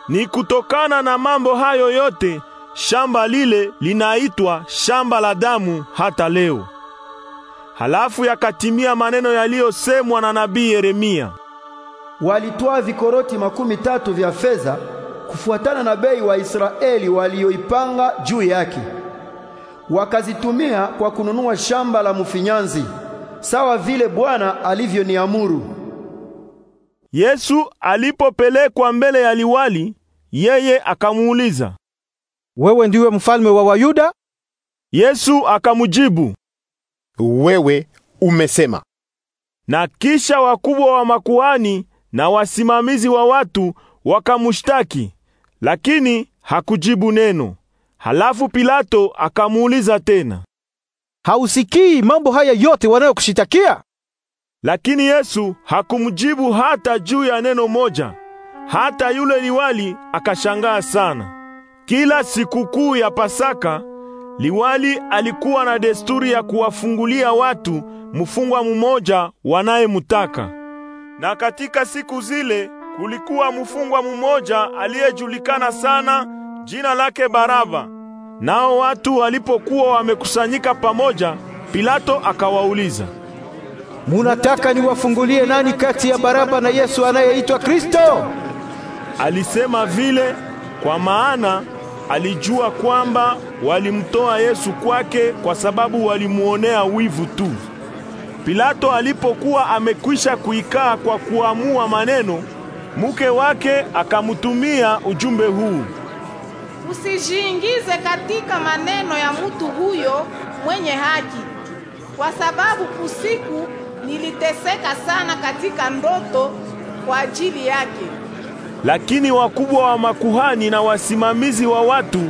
Ni kutokana na mambo hayo yote shamba lile linaitwa shamba la damu hata leo. Halafu yakatimia maneno yaliyosemwa na nabii Yeremia. Walitwaa vikoroti makumi tatu vya fedha kufuatana na bei wa Israeli walioipanga juu yake, wakazitumia kwa kununua shamba la mfinyanzi sawa vile Bwana alivyoniamuru. Yesu alipopelekwa mbele ya liwali, yeye akamuuliza, wewe ndiwe mfalme wa Wayuda? Yesu akamujibu wewe umesema. Na kisha wakubwa wa makuhani na wasimamizi wa watu wakamshtaki, lakini hakujibu neno. Halafu Pilato akamuuliza tena, hausikii mambo haya yote wanayokushitakia? Lakini Yesu hakumjibu hata juu ya neno moja. Hata yule liwali akashangaa sana. Kila sikukuu ya Pasaka Liwali alikuwa na desturi ya kuwafungulia watu mfungwa mmoja wanayemutaka na katika siku zile kulikuwa mfungwa mmoja aliyejulikana sana, jina lake Baraba. Nao watu walipokuwa wamekusanyika pamoja, Pilato akawauliza, munataka niwafungulie nani kati ya Baraba na Yesu anayeitwa Kristo? Alisema vile kwa maana alijua kwamba walimtoa Yesu kwake kwa sababu walimuonea wivu tu. Pilato alipokuwa amekwisha kuikaa kwa kuamua maneno, mke wake akamtumia ujumbe huu: usijiingize katika maneno ya mtu huyo mwenye haki, kwa sababu usiku niliteseka sana katika ndoto kwa ajili yake. Lakini wakubwa wa makuhani na wasimamizi wa watu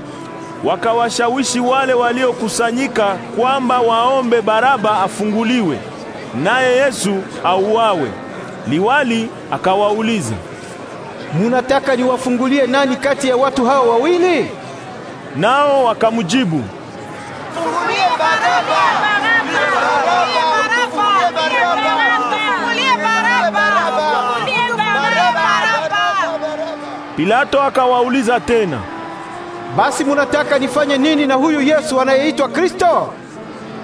wakawashawishi wale waliokusanyika kwamba waombe Baraba afunguliwe naye Yesu auawe. Liwali akawauliza, munataka niwafungulie nani kati ya watu hao wawili? Nao wakamjibu, fungulie Baraba. Pilato akawauliza tena, basi munataka nifanye nini na huyu Yesu anayeitwa Kristo?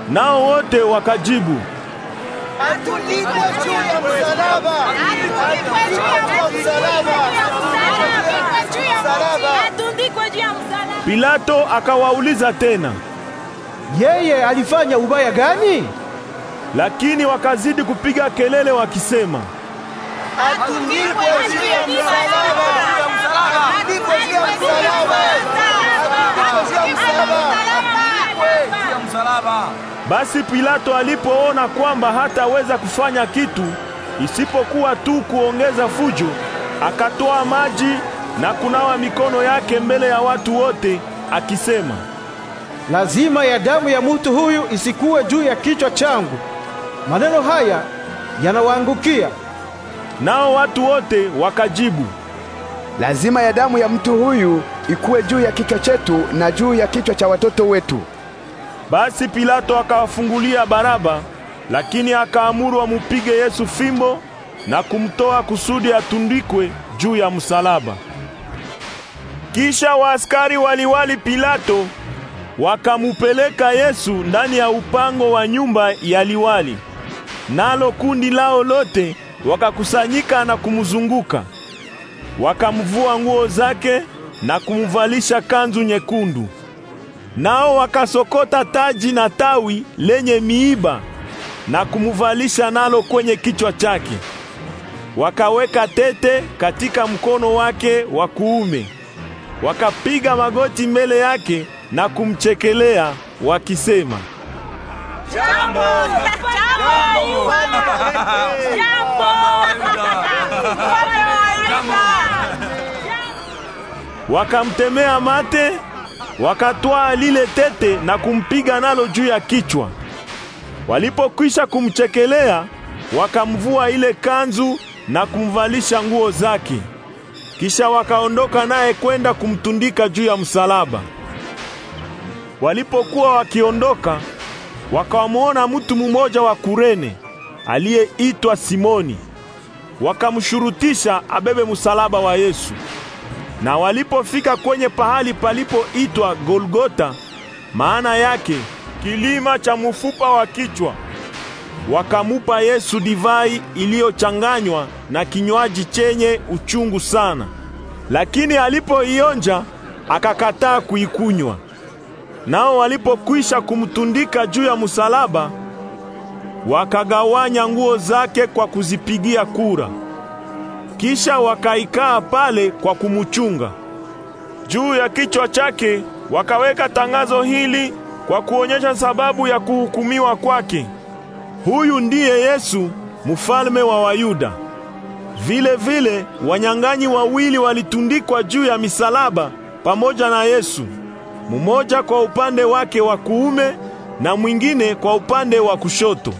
Nao wote wakajibu, juu ya msalaba, atundikwe juu ya msalaba. Pilato akawauliza tena, yeye alifanya ubaya gani? Lakini wakazidi kupiga kelele wakisema, atundikwe juu ya msalaba. Basi Pilato alipoona kwamba hataweza kufanya kitu isipokuwa tu kuongeza fujo, akatoa maji na kunawa mikono yake mbele ya watu wote akisema, lazima ya damu ya mutu huyu isikuwe juu ya kichwa changu. Maneno haya yanawaangukia. Nao watu wote wakajibu Lazima ya damu ya mtu huyu ikuwe juu ya kichwa chetu na juu ya kichwa cha watoto wetu. Basi Pilato akawafungulia Baraba, lakini akaamuru amupige Yesu fimbo na kumtoa kusudi atundikwe juu ya msalaba. Kisha waaskari waliwali Pilato wakamupeleka Yesu ndani ya upango wa nyumba ya liwali, nalo kundi lao lote wakakusanyika na kumzunguka wakamvua nguo zake na kumvalisha kanzu nyekundu. Nao wakasokota taji na tawi lenye miiba na kumvalisha nalo kwenye kichwa chake. Wakaweka tete katika mkono wake wa kuume, wakapiga magoti mbele yake na kumchekelea wakisema, Jambo! Jambo! [LAUGHS] Jambo! Jambo! Jambo! wakamtemea mate, wakatwaa lile tete na kumpiga nalo juu ya kichwa. Walipokwisha kumchekelea, wakamvua ile kanzu na kumvalisha nguo zake. Kisha wakaondoka naye kwenda kumtundika juu ya msalaba. Walipokuwa wakiondoka, wakamwona mtu mmoja wa Kurene aliyeitwa Simoni, wakamshurutisha abebe msalaba wa Yesu. Na walipofika kwenye pahali palipoitwa Golgota, maana yake kilima cha mfupa wa kichwa, wakamupa Yesu divai iliyochanganywa na kinywaji chenye uchungu sana, lakini alipoionja akakataa kuikunywa. Nao walipokwisha kumtundika juu ya msalaba, wakagawanya nguo zake kwa kuzipigia kura. Kisha wakaikaa pale kwa kumchunga. Juu ya kichwa chake wakaweka tangazo hili kwa kuonyesha sababu ya kuhukumiwa kwake: huyu ndiye Yesu, mfalme wa Wayuda. Vile vile wanyang'anyi wawili walitundikwa juu ya misalaba pamoja na Yesu, mmoja kwa upande wake wa kuume na mwingine kwa upande wa kushoto.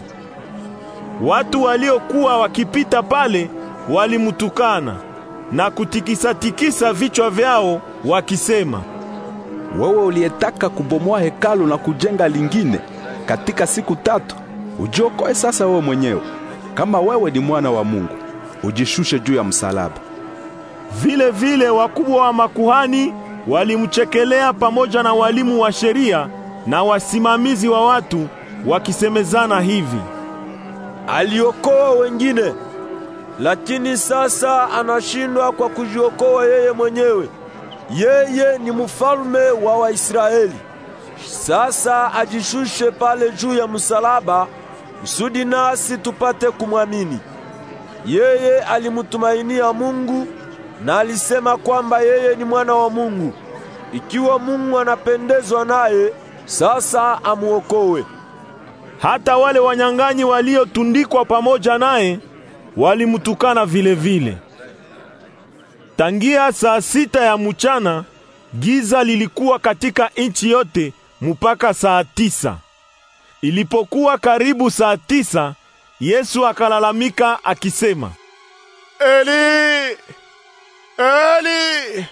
Watu waliokuwa wakipita pale walimutukana na kutikisa-tikisa vichwa vyao wakisema, wewe uliyetaka kubomoa hekalu na kujenga lingine katika siku tatu, ujiokoe sasa wewe mwenyewe. Kama wewe ni mwana wa Mungu, ujishushe juu ya msalaba. Vile vile wakubwa wa makuhani walimchekelea pamoja na walimu wa sheria na wasimamizi wa watu wakisemezana hivi, aliokoa wengine lakini sasa anashindwa kwa kujiokoa yeye mwenyewe. Yeye ni mfalme wa Waisraeli. Sasa ajishushe pale juu ya msalaba kusudi nasi tupate kumwamini. Yeye alimtumainia Mungu na alisema kwamba yeye ni mwana wa Mungu. Ikiwa Mungu anapendezwa naye, sasa amuokoe. Hata wale wanyang'anyi waliotundikwa pamoja naye walimtukana vilevile. Tangia saa sita ya mchana giza lilikuwa katika nchi yote mpaka saa tisa. Ilipokuwa karibu saa tisa, Yesu akalalamika akisema, Eli, Eli,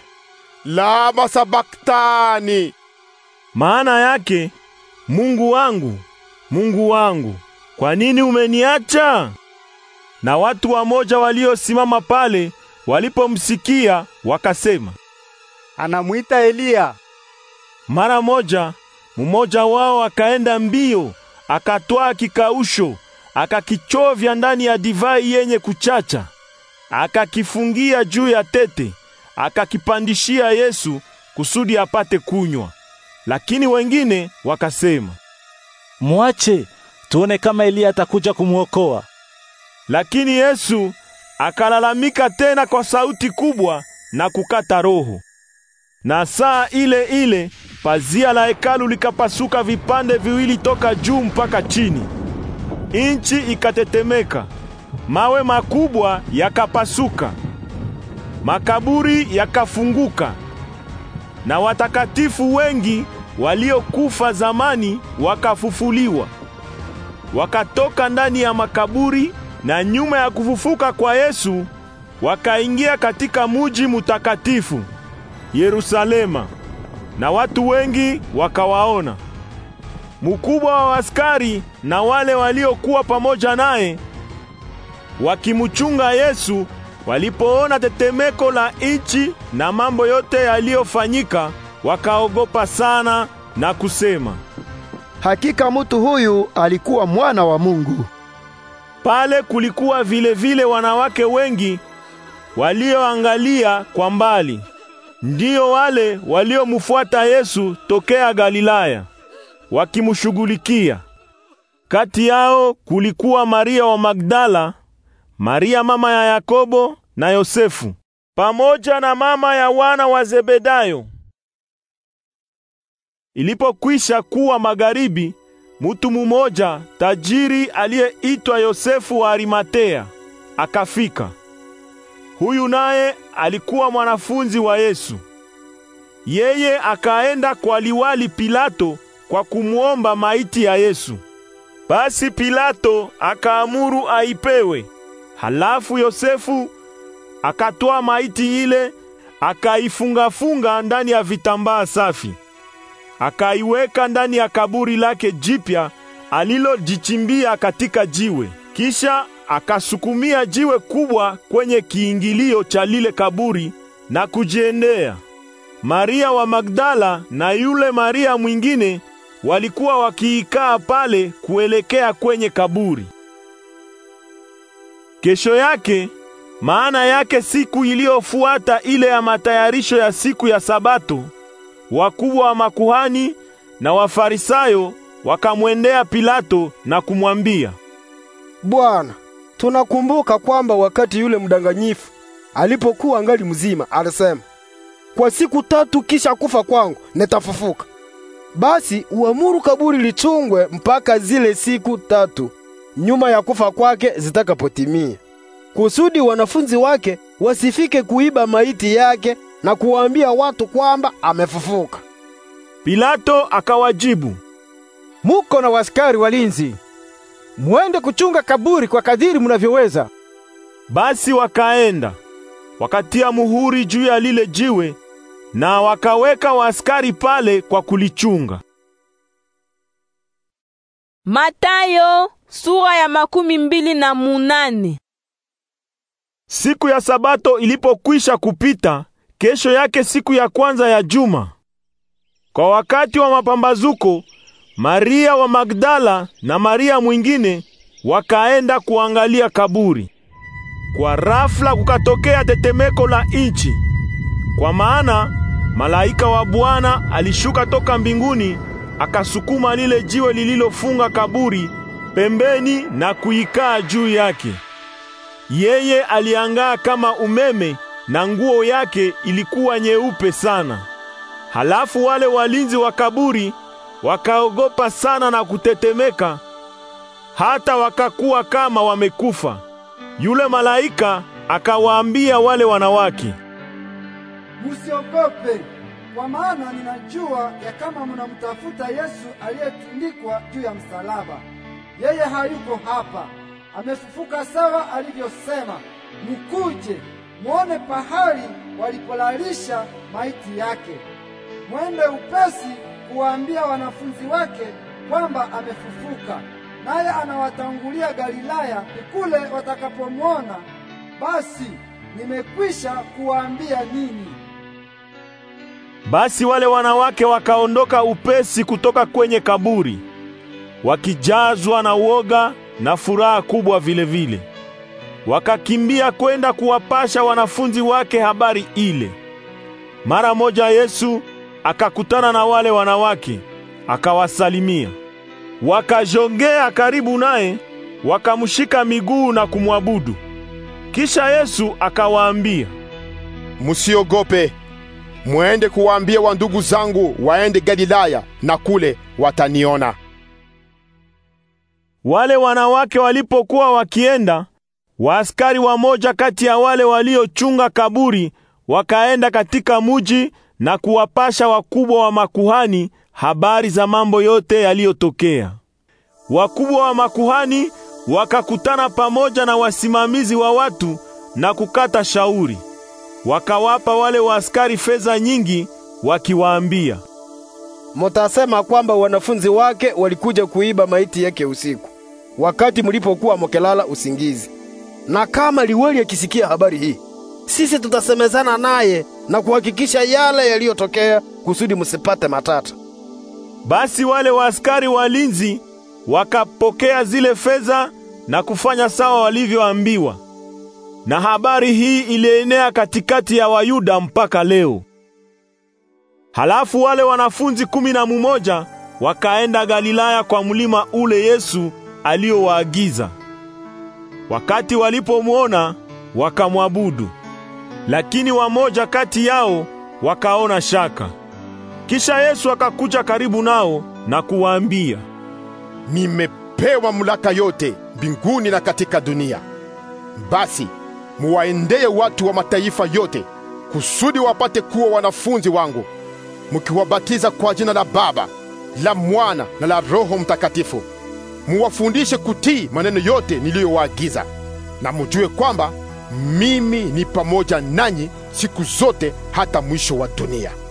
lama sabaktani, maana yake Mungu wangu, Mungu wangu, kwa nini umeniacha? na watu wamoja waliosimama pale walipomsikia wakasema, anamwita Eliya. Mara moja mmoja wao akaenda mbio, akatwaa kikausho, akakichovya ndani ya divai yenye kuchacha, akakifungia juu ya tete, akakipandishia Yesu kusudi apate kunywa. Lakini wengine wakasema, mwache tuone kama Eliya atakuja kumwokoa. Lakini Yesu akalalamika tena kwa sauti kubwa na kukata roho. Na saa ile ile pazia la hekalu likapasuka vipande viwili toka juu mpaka chini. Inchi ikatetemeka, mawe makubwa yakapasuka, makaburi yakafunguka, na watakatifu wengi waliokufa zamani wakafufuliwa, wakatoka ndani ya makaburi na nyuma ya kufufuka kwa Yesu wakaingia katika muji mutakatifu Yerusalema, na watu wengi wakawaona. Mkubwa wa askari na wale waliokuwa pamoja naye wakimchunga Yesu walipoona tetemeko la nchi na mambo yote yaliyofanyika, wakaogopa sana na kusema, hakika mtu huyu alikuwa mwana wa Mungu. Pale kulikuwa vile vile wanawake wengi walioangalia kwa mbali, ndio wale waliomfuata Yesu tokea Galilaya wakimshughulikia. Kati yao kulikuwa Maria wa Magdala, Maria mama ya Yakobo na Yosefu, pamoja na mama ya wana wa Zebedayo. Ilipokwisha kuwa magharibi, Mutu mumoja tajiri aliyeitwa Yosefu wa Arimatea akafika. Huyu naye alikuwa mwanafunzi wa Yesu. Yeye akaenda kwa liwali Pilato kwa kumwomba maiti ya Yesu. Basi Pilato akaamuru aipewe. Halafu Yosefu akatoa maiti ile akaifunga-funga ndani ya vitambaa safi akaiweka ndani ya kaburi lake jipya alilojichimbia katika jiwe. Kisha akasukumia jiwe kubwa kwenye kiingilio cha lile kaburi na kujiendea. Maria wa Magdala na yule Maria mwingine walikuwa wakiikaa pale kuelekea kwenye kaburi. Kesho yake, maana yake siku iliyofuata ile ya matayarisho ya siku ya Sabato wakubwa wa makuhani na Wafarisayo wakamwendea Pilato na kumwambia, Bwana, tunakumbuka kwamba wakati yule mdanganyifu alipokuwa angali mzima alisema, kwa siku tatu kisha kufa kwangu nitafufuka. Basi uamuru kaburi lichungwe mpaka zile siku tatu nyuma ya kufa kwake zitakapotimia, kusudi wanafunzi wake wasifike kuiba maiti yake na kuwaambia watu kwamba amefufuka. Pilato akawajibu, muko na waskari walinzi, muende kuchunga kaburi kwa kadiri munavyoweza. Basi wakaenda wakatia muhuri juu ya lile jiwe na wakaweka waaskari pale kwa kulichunga. Matayo sura ya makumi mbili na munane. Siku ya Sabato ilipokwisha kupita, kesho yake siku ya kwanza ya juma, kwa wakati wa mapambazuko, Maria wa Magdala na Maria mwingine wakaenda kuangalia kaburi. Kwa rafla kukatokea tetemeko la nchi, kwa maana malaika wa Bwana alishuka toka mbinguni akasukuma lile jiwe lililofunga kaburi pembeni na kuikaa juu yake. Yeye aliangaa kama umeme na nguo yake ilikuwa nyeupe sana. Halafu wale walinzi wa kaburi wakaogopa sana na kutetemeka, hata wakakuwa kama wamekufa. Yule malaika akawaambia wale wanawake, musiogope, kwa maana ninajua ya kama mnamtafuta Yesu aliyetundikwa juu ya msalaba. Yeye hayuko hapa amefufuka sawa alivyosema, mukuje muone pahali walipolalisha maiti yake. Mwende upesi kuwaambia wanafunzi wake kwamba amefufuka, naye anawatangulia Galilaya, kule watakapomwona. Basi nimekwisha kuwaambia nini Basi wale wanawake wakaondoka upesi kutoka kwenye kaburi wakijazwa na woga na furaha kubwa vilevile vile. Wakakimbia kwenda kuwapasha wanafunzi wake habari ile. Mara moja Yesu akakutana na wale wanawake, akawasalimia. Wakajongea karibu naye, wakamshika miguu na kumwabudu. Kisha Yesu akawaambia, "Msiogope. Muende kuwaambia wandugu zangu waende Galilaya na kule wataniona." Wale wanawake walipokuwa wakienda, waaskari wamoja kati ya wale waliochunga kaburi wakaenda katika muji na kuwapasha wakubwa wa makuhani habari za mambo yote yaliyotokea. Wakubwa wa makuhani wakakutana pamoja na wasimamizi wa watu na kukata shauri. Wakawapa wale waaskari fedha nyingi, wakiwaambia, mutasema kwamba wanafunzi wake walikuja kuiba maiti yake usiku wakati mlipokuwa mkelala usingizi. Na kama Liweli akisikia habari hii, sisi tutasemezana naye na kuhakikisha yale yaliyotokea, kusudi msipate matata. Basi wale waaskari walinzi wakapokea zile fedha na kufanya sawa walivyoambiwa, na habari hii ilienea katikati ya Wayuda mpaka leo. Halafu wale wanafunzi kumi na mumoja wakaenda Galilaya kwa mlima ule Yesu aliyowaagiza. Wakati walipomwona wakamwabudu, lakini wamoja kati yao wakaona shaka. Kisha Yesu akakuja karibu nao na kuwaambia, nimepewa mulaka yote mbinguni na katika dunia. Basi muwaendeye watu wa mataifa yote kusudi wapate kuwa wanafunzi wangu, mukiwabatiza kwa jina la Baba, la Mwana na la Roho Mtakatifu muwafundishe kutii maneno yote niliyowaagiza, na mujue kwamba mimi ni pamoja nanyi siku zote hata mwisho wa dunia.